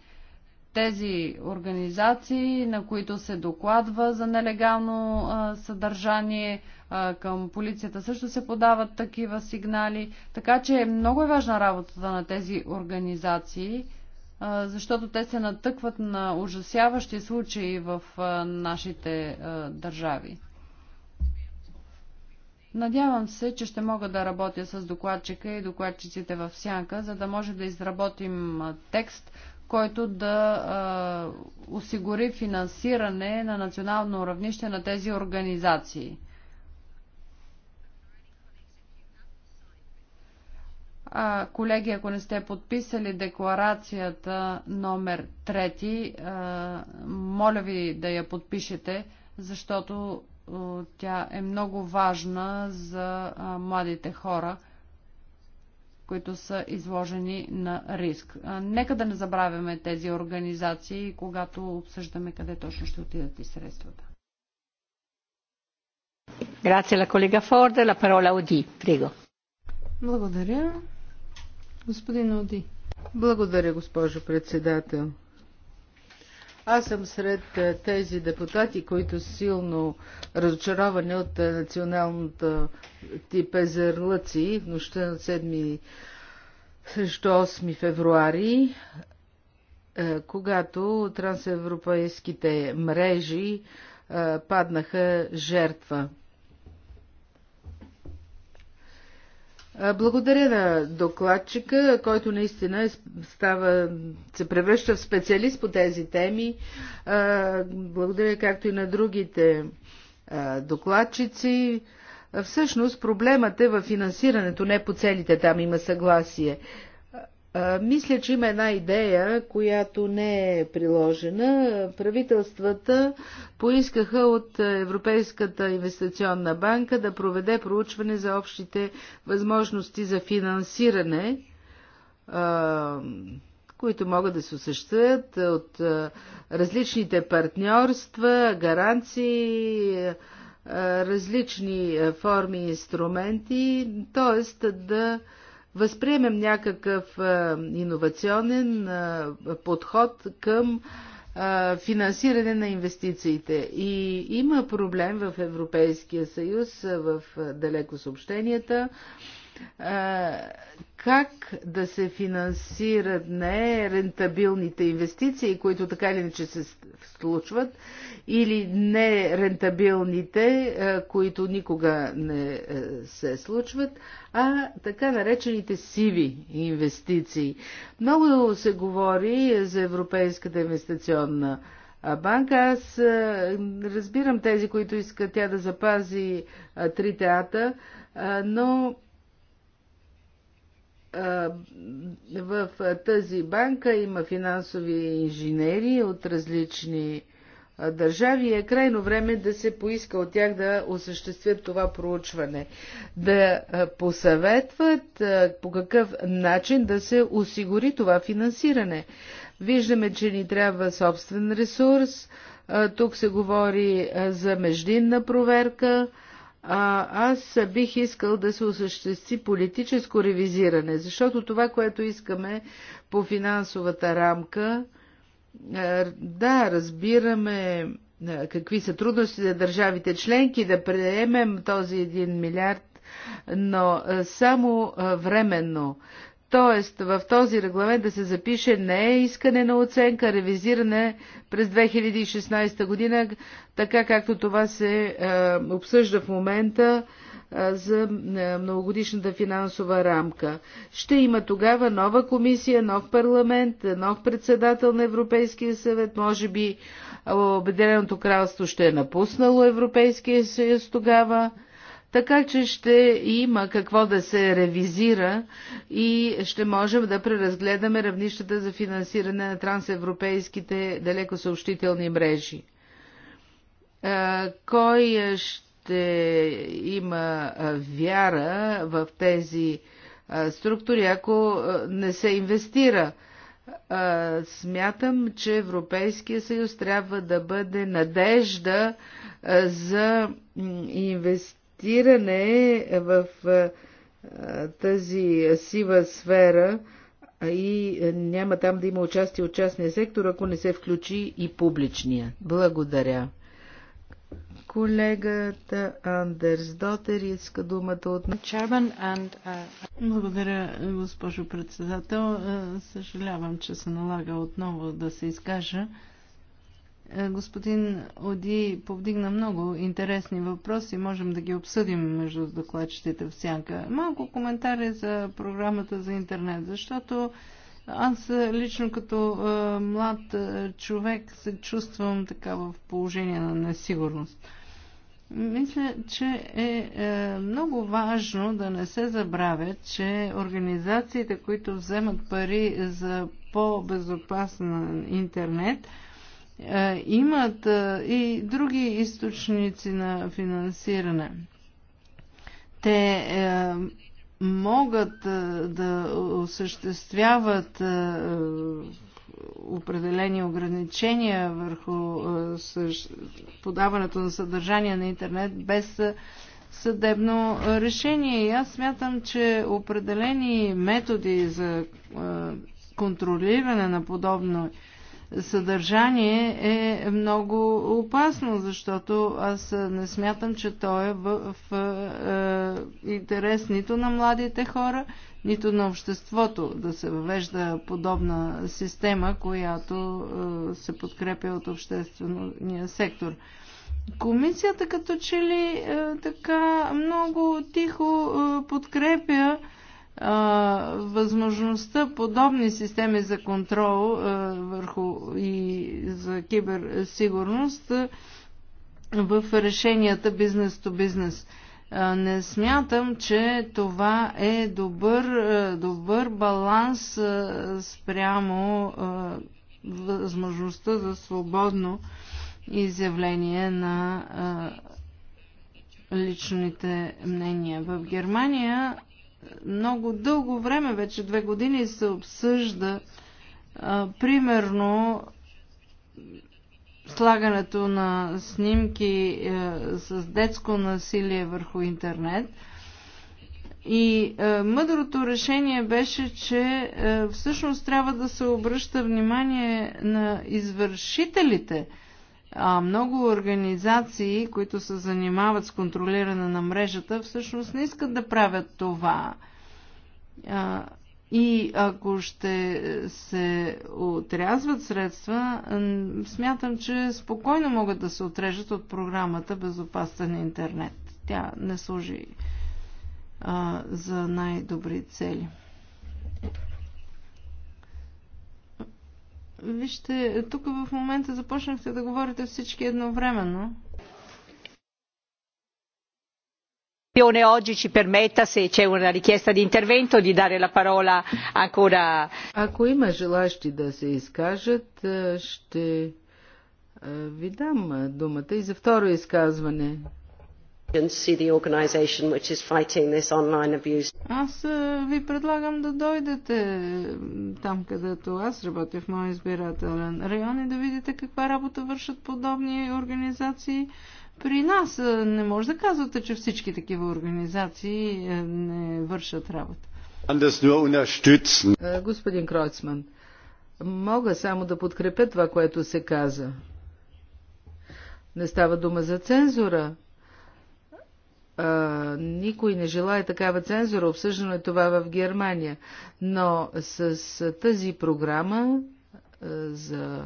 Тези организации, на които се докладва за нелегално съдържание, към полицията също се подават такива сигнали. Така че е много е важна работата на тези организации, защото те се натъкват на ужасяващи случаи в нашите държави. Надявам се, че ще мога да работя с докладчика и докладчиците в сянка, за да може да изработим текст, който да а, осигури финансиране на национално равнище на тези организации. А, колеги, ако не сте подписали декларацията номер 3, а, моля ви да я подпишете, защото тя е много важна за младите хора, които са изложени на риск. Нека да не забравяме тези организации, когато обсъждаме къде точно ще отидат и средствата. Благодаря. Господин Оди. Благодаря, госпожо председател. Аз съм сред е, тези депутати, които силно разочаровани от е, националната е, тип езерлъци в нощта на 7 срещу 8 февруари, когато трансевропейските мрежи паднаха жертва. Благодаря на докладчика, който наистина е става, се превръща в специалист по тези теми. Благодаря както и на другите докладчици. Всъщност проблемът е в финансирането, не по целите там има съгласие. Мисля, че има една идея, която не е приложена. Правителствата поискаха от Европейската инвестиционна банка да проведе проучване за общите възможности за финансиране, които могат да се осъществят от различните партньорства, гаранции, различни форми и инструменти, т.е. да възприемем някакъв иновационен подход към финансиране на инвестициите. И има проблем в Европейския съюз в далеко съобщенията как да се финансират нерентабилните инвестиции, които така или иначе се случват, или не рентабилните, които никога не се случват, а така наречените сиви инвестиции. Много се говори за Европейската инвестиционна банка. Аз разбирам тези, които искат тя да запази трите ата, но в тази банка има финансови инженери от различни държави и е крайно време да се поиска от тях да осъществят това проучване, да посъветват по какъв начин да се осигури това финансиране. Виждаме, че ни трябва собствен ресурс, тук се говори за междинна проверка, а, аз бих искал да се осъществи политическо ревизиране, защото това, което искаме по финансовата рамка, е, да, разбираме е, какви са трудности за държавите членки да приемем този 1 милиард, но е, само временно. Тоест, в този регламент да се запише не е искане на оценка, ревизиране през 2016 година, така както това се е, обсъжда в момента е, за е, многогодишната финансова рамка. Ще има тогава нова комисия, нов парламент, нов председател на Европейския съвет, може би Обединеното кралство ще е напуснало Европейския съюз тогава. Така че ще има какво да се ревизира и ще можем да преразгледаме равнищата за финансиране на трансевропейските далекосъобщителни мрежи. Кой ще има вяра в тези структури, ако не се инвестира? смятам, че Европейския съюз трябва да бъде надежда за инвестиции инвестиране в тази сива сфера и няма там да има участие от частния сектор, ако не се включи и публичния. Благодаря. Колегата Андерс Дотер иска думата от uh, Благодаря, госпожо председател. Е, съжалявам, че се налага отново да се изкажа. Е, господин Оди повдигна много интересни въпроси. Можем да ги обсъдим между докладчетите в сянка. Малко коментари за програмата за интернет, защото аз е, лично като е, млад е, човек се чувствам така в положение на несигурност. Мисля, че е, е много важно да не се забравя, че организациите, които вземат пари за по-безопасен интернет, е, е, имат е, и други източници на финансиране. Те е, могат да осъществяват определени ограничения върху подаването на съдържание на интернет без съдебно решение. И аз смятам, че определени методи за контролиране на подобно съдържание е много опасно, защото аз не смятам, че то е в, в е, интерес нито на младите хора, нито на обществото да се въвежда подобна система, която е, се подкрепя от обществения сектор. Комисията като че ли е, така много тихо е, подкрепя е, възможността подобни системи за контрол а, върху и за киберсигурност в решенията бизнес то бизнес. Не смятам, че това е добър, добър баланс спрямо възможността за свободно изявление на личните мнения. В Германия много дълго време, вече две години се обсъжда а, примерно слагането на снимки а, е, с детско насилие върху интернет. И а, е, мъдрото решение беше, че а, е, всъщност трябва да се обръща внимание на извършителите – а много организации, които се занимават с контролиране на мрежата, всъщност не искат да правят това. И ако ще се отрязват средства, смятам, че спокойно могат да се отрежат от програмата Безопасен интернет. Тя не служи а, за най-добри цели. Вижте, тук в момента започнахте да говорите всички едновременно. oggi ci permetta, se c'è una richiesta di intervento, di dare la parola ancora. Ако има желащи да се изкажат, ще ви дам думата и за второ изказване. Аз е, ви предлагам да дойдете там, където аз работя в моя избирателен район и да видите каква работа вършат подобни организации при нас. Е, не може да казвате, че всички такива организации е, не вършат работа. Господин Кройцман, мога само да подкрепя това, което се каза. Не става дума за цензура, никой не желая такава цензура. Обсъждано е това в Германия. Но с тази програма за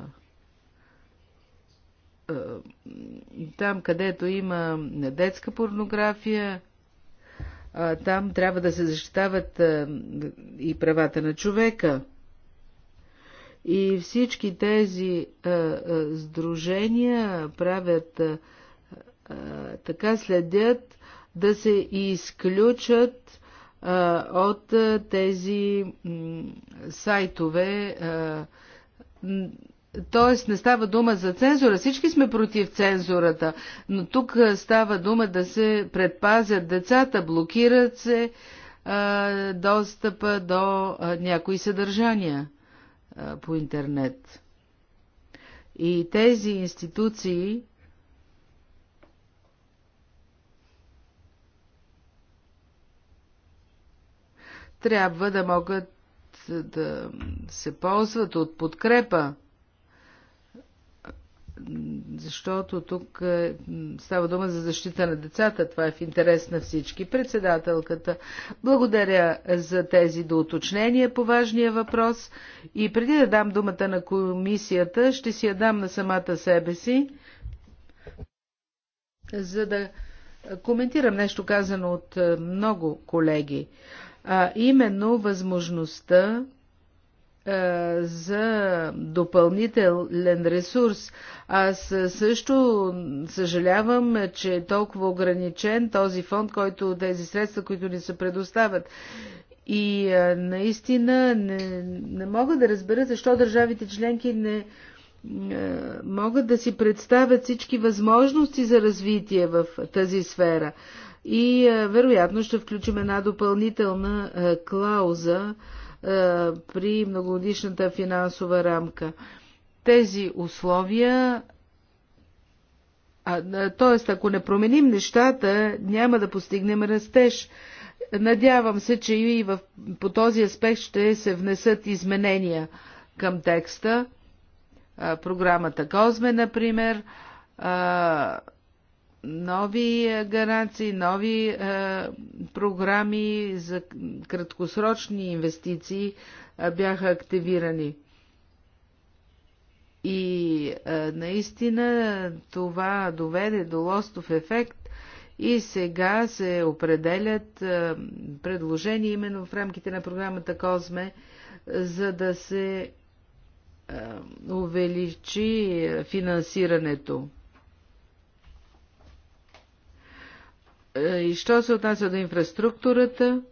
там, където има детска порнография, там трябва да се защитават и правата на човека. И всички тези сдружения правят така, следят да се изключат а, от а, тези м, сайтове. А, Тоест не става дума за цензура. Всички сме против цензурата, но тук става дума да се предпазят децата, блокират се а, достъпа до а, някои съдържания а, по интернет. И тези институции трябва да могат да се ползват от подкрепа, защото тук е, става дума за защита на децата. Това е в интерес на всички. Председателката, благодаря за тези доуточнения по важния въпрос. И преди да дам думата на комисията, ще си я дам на самата себе си, за да коментирам нещо казано от е, много колеги а именно възможността за допълнителен ресурс. Аз също съжалявам, че е толкова ограничен този фонд, който тези средства, които ни се предоставят. И а, наистина не, не мога да разбера защо държавите членки не а, могат да си представят всички възможности за развитие в тази сфера и е, вероятно ще включим една допълнителна е, клауза е, при многогодишната финансова рамка. Тези условия т.е. ако не променим нещата, няма да постигнем растеж. Надявам се, че и в, по този аспект ще се внесат изменения към текста. А, програмата Козме, например, а, нови е, гаранции, нови е, програми за краткосрочни инвестиции е, бяха активирани. И наистина това доведе до лостов ефект и сега се определят е, предложения именно в рамките на програмата Козме, за да се е, увеличи финансирането. Е, и що се отнася до инфраструктурата,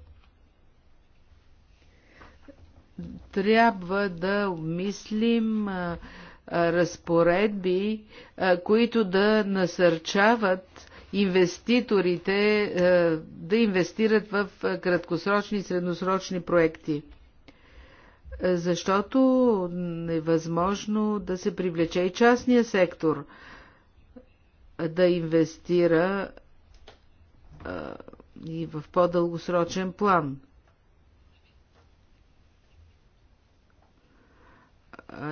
трябва да обмислим разпоредби, които да насърчават инвеститорите да инвестират в краткосрочни и средносрочни проекти. Защото е възможно да се привлече и частния сектор да инвестира и в по-дългосрочен план.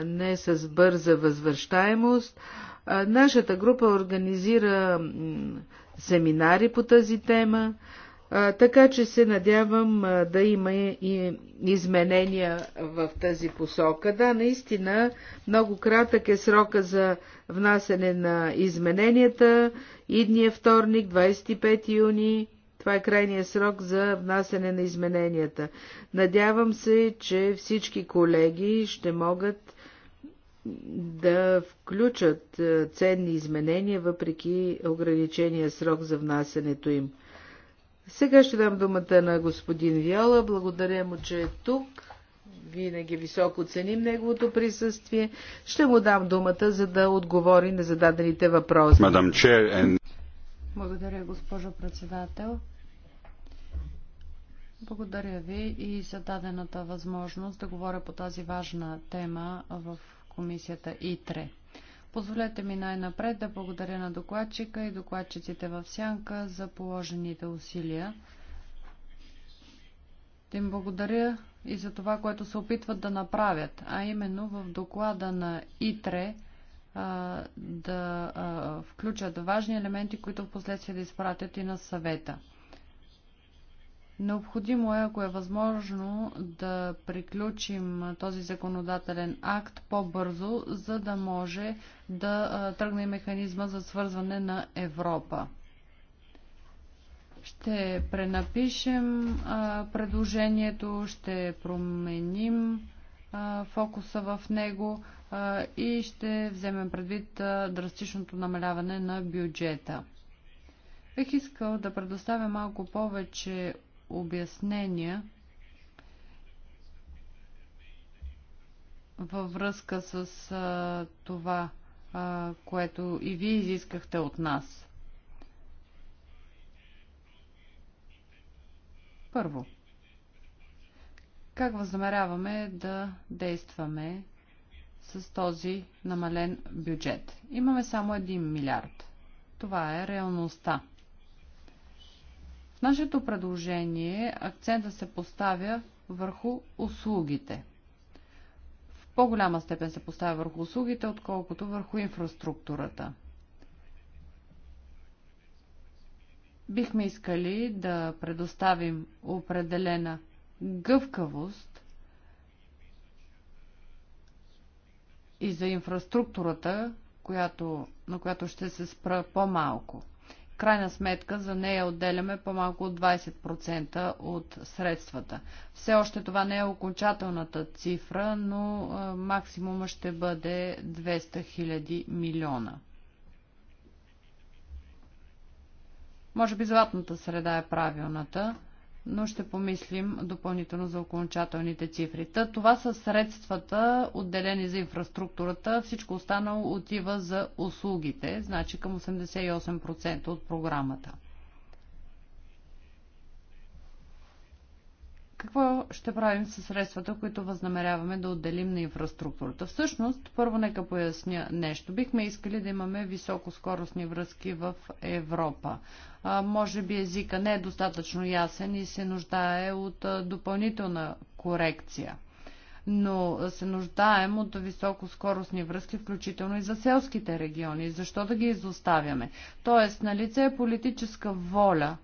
Не с бърза възвръщаемост. Нашата група организира семинари по тази тема, така че се надявам да има и изменения в тази посока. Да, наистина много кратък е срока за внасене на измененията. Идния вторник, 25 юни, това е крайния срок за внасене на измененията. Надявам се, че всички колеги ще могат да включат е, ценни изменения, въпреки ограничения срок за внасенето им. Сега ще дам думата на господин Виола. Благодаря му, че е тук. Винаги високо ценим неговото присъствие. Ще му дам думата, за да отговори на зададените въпроси. Благодаря, госпожо председател. Благодаря ви и за дадената възможност да говоря по тази важна тема в комисията ИТРЕ. Позволете ми най-напред да благодаря на докладчика и докладчиците в Сянка за положените усилия им благодаря и за това, което се опитват да направят, а именно в доклада на ИТРЕ а, да а, включат важни елементи, които в последствие да изпратят и на съвета. Необходимо е, ако е възможно, да приключим този законодателен акт по-бързо, за да може да тръгне механизма за свързване на Европа. Ще пренапишем а, предложението, ще променим а, фокуса в него а, и ще вземем предвид а, драстичното намаляване на бюджета. Бих искал да предоставя малко повече обяснения във връзка с а, това, а, което и вие изискахте от нас. Първо, как възнамеряваме да действаме с този намален бюджет? Имаме само 1 милиард. Това е реалността. В нашето предложение акцента се поставя върху услугите. В по-голяма степен се поставя върху услугите, отколкото върху инфраструктурата. бихме искали да предоставим определена гъвкавост и за инфраструктурата, която, на която ще се спра по-малко. Крайна сметка за нея отделяме по-малко от 20% от средствата. Все още това не е окончателната цифра, но максимума ще бъде 200 000 милиона. Може би златната среда е правилната, но ще помислим допълнително за окончателните цифри. Та, това са средствата, отделени за инфраструктурата. Всичко останало отива за услугите, значи към 88% от програмата. какво ще правим с средствата, които възнамеряваме да отделим на инфраструктурата? Всъщност, първо нека поясня нещо. Бихме искали да имаме високоскоростни връзки в Европа може би езика не е достатъчно ясен и се нуждае от допълнителна корекция. Но се нуждаем от високоскоростни връзки, включително и за селските региони. Защо да ги изоставяме? Тоест, налице е политическа воля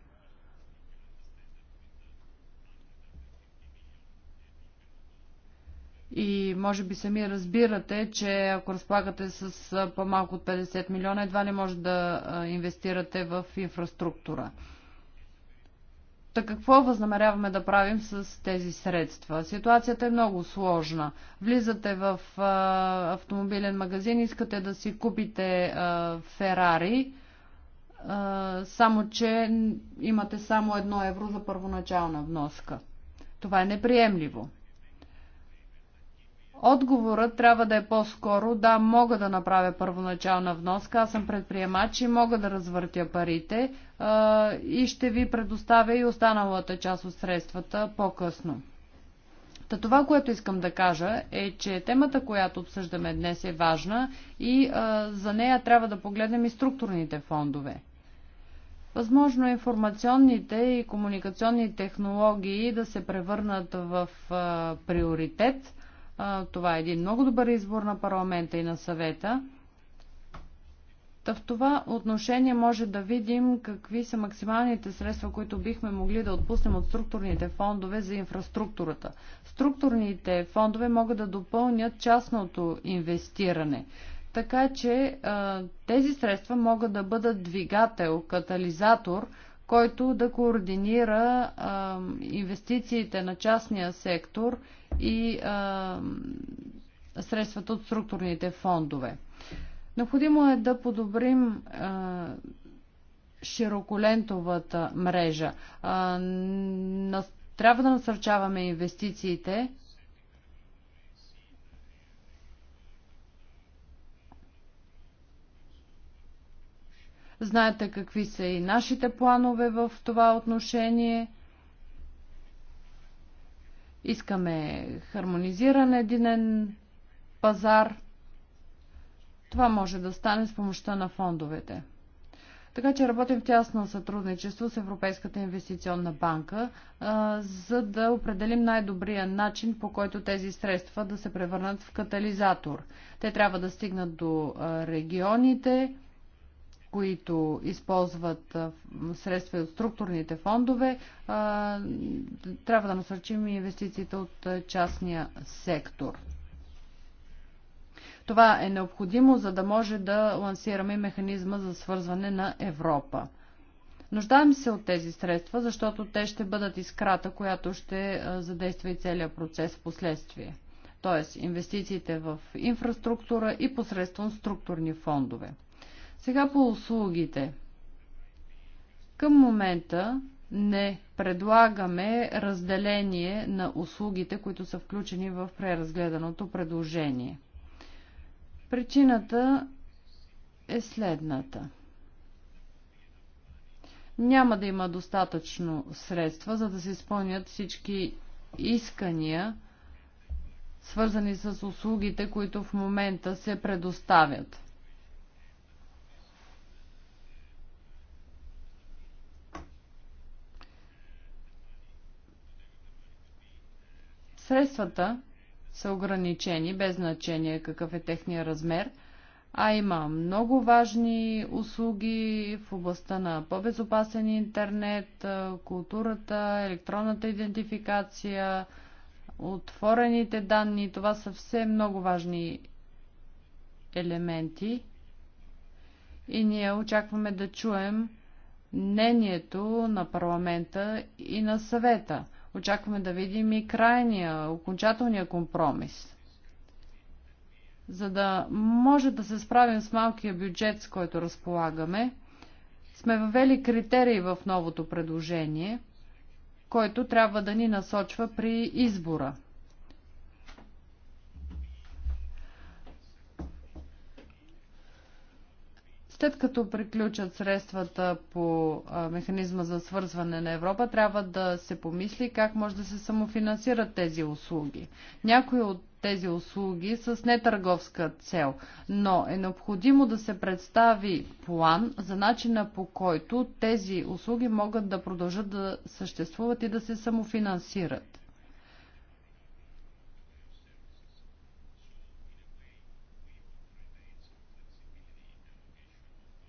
И може би сами разбирате, че ако разполагате с по-малко от 50 милиона, едва ли може да инвестирате в инфраструктура. Така, какво възнамеряваме да правим с тези средства? Ситуацията е много сложна. Влизате в а, автомобилен магазин, искате да си купите Ферари, само че имате само едно евро за първоначална вноска. Това е неприемливо. Отговорът трябва да е по-скоро да, мога да направя първоначална вноска, аз съм предприемач и мога да развъртя парите а, и ще ви предоставя и останалата част от средствата по-късно. Та това, което искам да кажа е, че темата, която обсъждаме днес е важна и а, за нея трябва да погледнем и структурните фондове. Възможно е информационните и комуникационни технологии да се превърнат в а, приоритет – това е един много добър избор на парламента и на съвета. Та в това отношение може да видим какви са максималните средства, които бихме могли да отпуснем от структурните фондове за инфраструктурата. Структурните фондове могат да допълнят частното инвестиране. Така че тези средства могат да бъдат двигател, катализатор, който да координира инвестициите на частния сектор и а, средствата от структурните фондове. Необходимо е да подобрим а, широколентовата мрежа. А, на, трябва да насърчаваме инвестициите. Знаете какви са и нашите планове в това отношение – Искаме хармонизиран единен пазар. Това може да стане с помощта на фондовете. Така че работим в тясно сътрудничество с Европейската инвестиционна банка, а, за да определим най-добрия начин, по който тези средства да се превърнат в катализатор. Те трябва да стигнат до а, регионите, които използват средства от структурните фондове, трябва да насърчим инвестициите от частния сектор. Това е необходимо, за да може да лансираме механизма за свързване на Европа. Нуждаем се от тези средства, защото те ще бъдат изкрата, която ще задейства и целият процес в последствие. Тоест инвестициите в инфраструктура и посредством структурни фондове. Сега по услугите. Към момента не предлагаме разделение на услугите, които са включени в преразгледаното предложение. Причината е следната. Няма да има достатъчно средства, за да се изпълнят всички искания, свързани с услугите, които в момента се предоставят. Средствата са ограничени, без значение какъв е техния размер, а има много важни услуги в областта на по-безопасен интернет, културата, електронната идентификация, отворените данни. Това са все много важни елементи и ние очакваме да чуем мнението на парламента и на съвета – Очакваме да видим и крайния, окончателния компромис. За да може да се справим с малкия бюджет, с който разполагаме, сме въвели критерии в новото предложение, който трябва да ни насочва при избора – След като приключат средствата по механизма за свързване на Европа, трябва да се помисли как може да се самофинансират тези услуги. Някои от тези услуги с нетърговска цел, но е необходимо да се представи план за начина по който тези услуги могат да продължат да съществуват и да се самофинансират.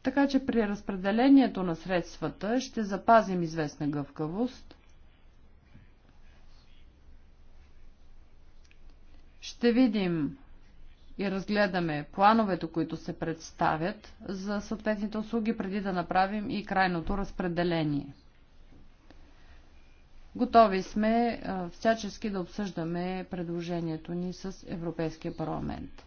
Така че при разпределението на средствата ще запазим известна гъвкавост. Ще видим и разгледаме плановете, които се представят за съответните услуги, преди да направим и крайното разпределение. Готови сме всячески да обсъждаме предложението ни с Европейския парламент.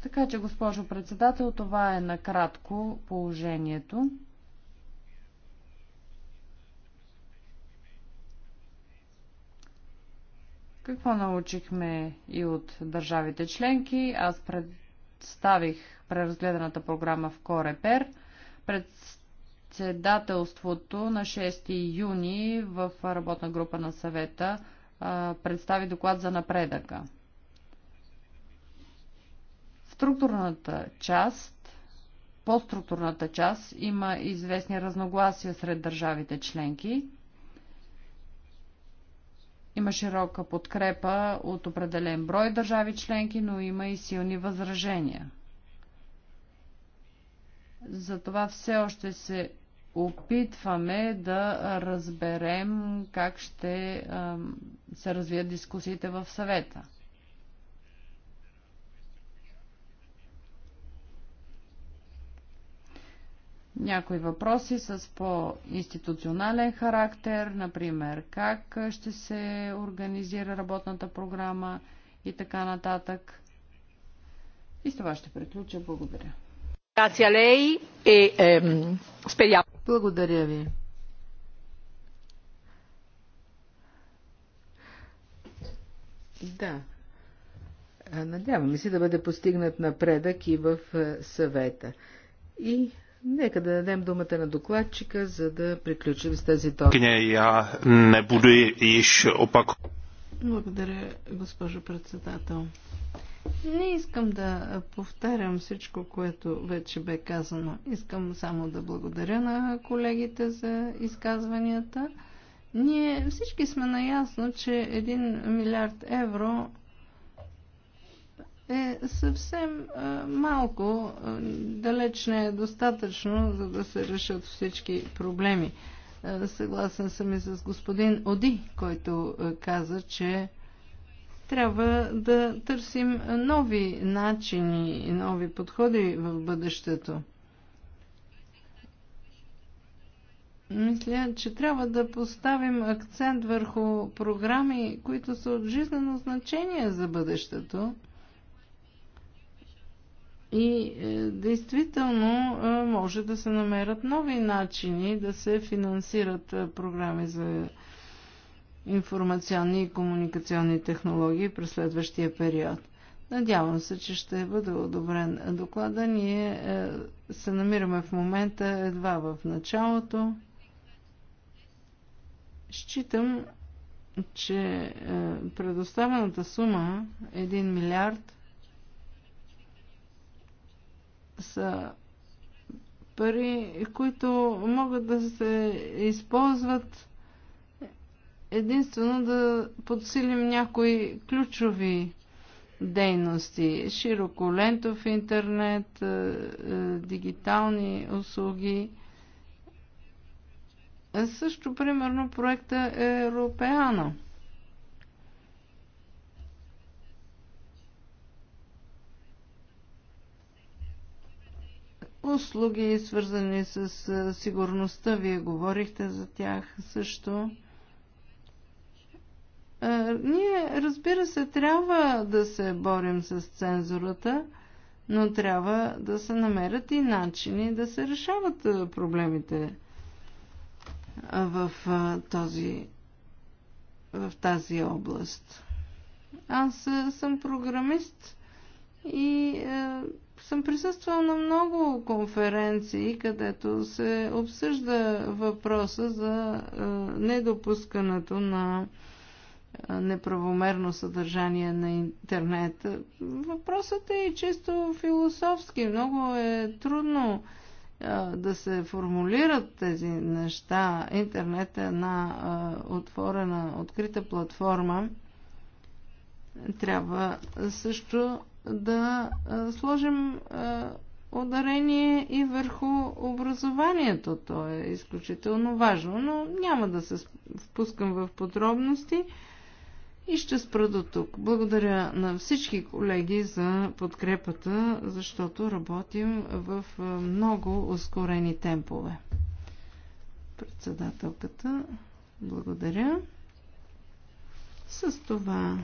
Така че, госпожо председател, това е накратко положението. Какво научихме и от държавите членки? Аз представих преразгледаната програма в Корепер. Председателството на 6 юни в работна група на съвета представи доклад за напредъка. Структурната част по структурната част има известни разногласия сред държавите членки. Има широка подкрепа от определен брой държави членки, но има и силни възражения. Затова все още се опитваме да разберем как ще се развият дискусиите в съвета. някои въпроси с по-институционален характер, например как ще се организира работната програма и така нататък. И с това ще приключа. Благодаря. Благодаря ви. Да. Надяваме се да бъде постигнат напредък и в е, съвета. И Нека да дадем думата на докладчика, за да приключим с тази точка. Я не буду иш опак. Благодаря, госпожо председател. Не искам да повтарям всичко, което вече бе казано. Искам само да благодаря на колегите за изказванията. Ние всички сме наясно, че 1 милиард евро е съвсем малко, далеч не е достатъчно, за да се решат всички проблеми. Съгласен съм и с господин Оди, който каза, че трябва да търсим нови начини и нови подходи в бъдещето. Мисля, че трябва да поставим акцент върху програми, които са от жизнено значение за бъдещето и е, действително е, може да се намерят нови начини да се финансират е, програми за информационни и комуникационни технологии през следващия период. Надявам се, че ще бъде одобрен доклада. Ние е, се намираме в момента едва в началото. Считам, че е, предоставената сума 1 милиард са пари, които могат да се използват единствено да подсилим някои ключови дейности. Широколентов интернет, е, е, дигитални услуги. Е, също, примерно, проекта Европеана – услуги, свързани с сигурността, вие говорихте за тях също. Ние, разбира се, трябва да се борим с цензурата, но трябва да се намерят и начини да се решават проблемите в, този, в тази област. Аз съм програмист и съм присъствал на много конференции, където се обсъжда въпроса за недопускането на неправомерно съдържание на интернет. Въпросът е и чисто философски. Много е трудно да се формулират тези неща. Интернет е една отворена, открита платформа. Трябва също да сложим ударение и върху образованието. То е изключително важно, но няма да се впускам в подробности и ще спра до тук. Благодаря на всички колеги за подкрепата, защото работим в много ускорени темпове. Председателката, благодаря. С това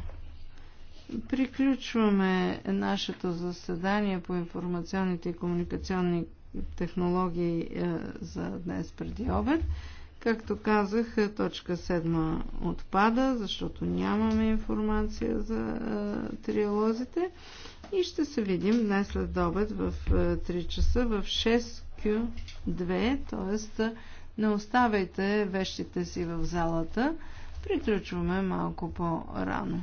Приключваме нашето заседание по информационните и комуникационни технологии е, за днес преди обед. Както казах, е, точка 7 отпада, защото нямаме информация за е, триалозите. И ще се видим днес след обед в 3 часа в 6Q2, т.е. не оставайте вещите си в залата. Приключваме малко по-рано.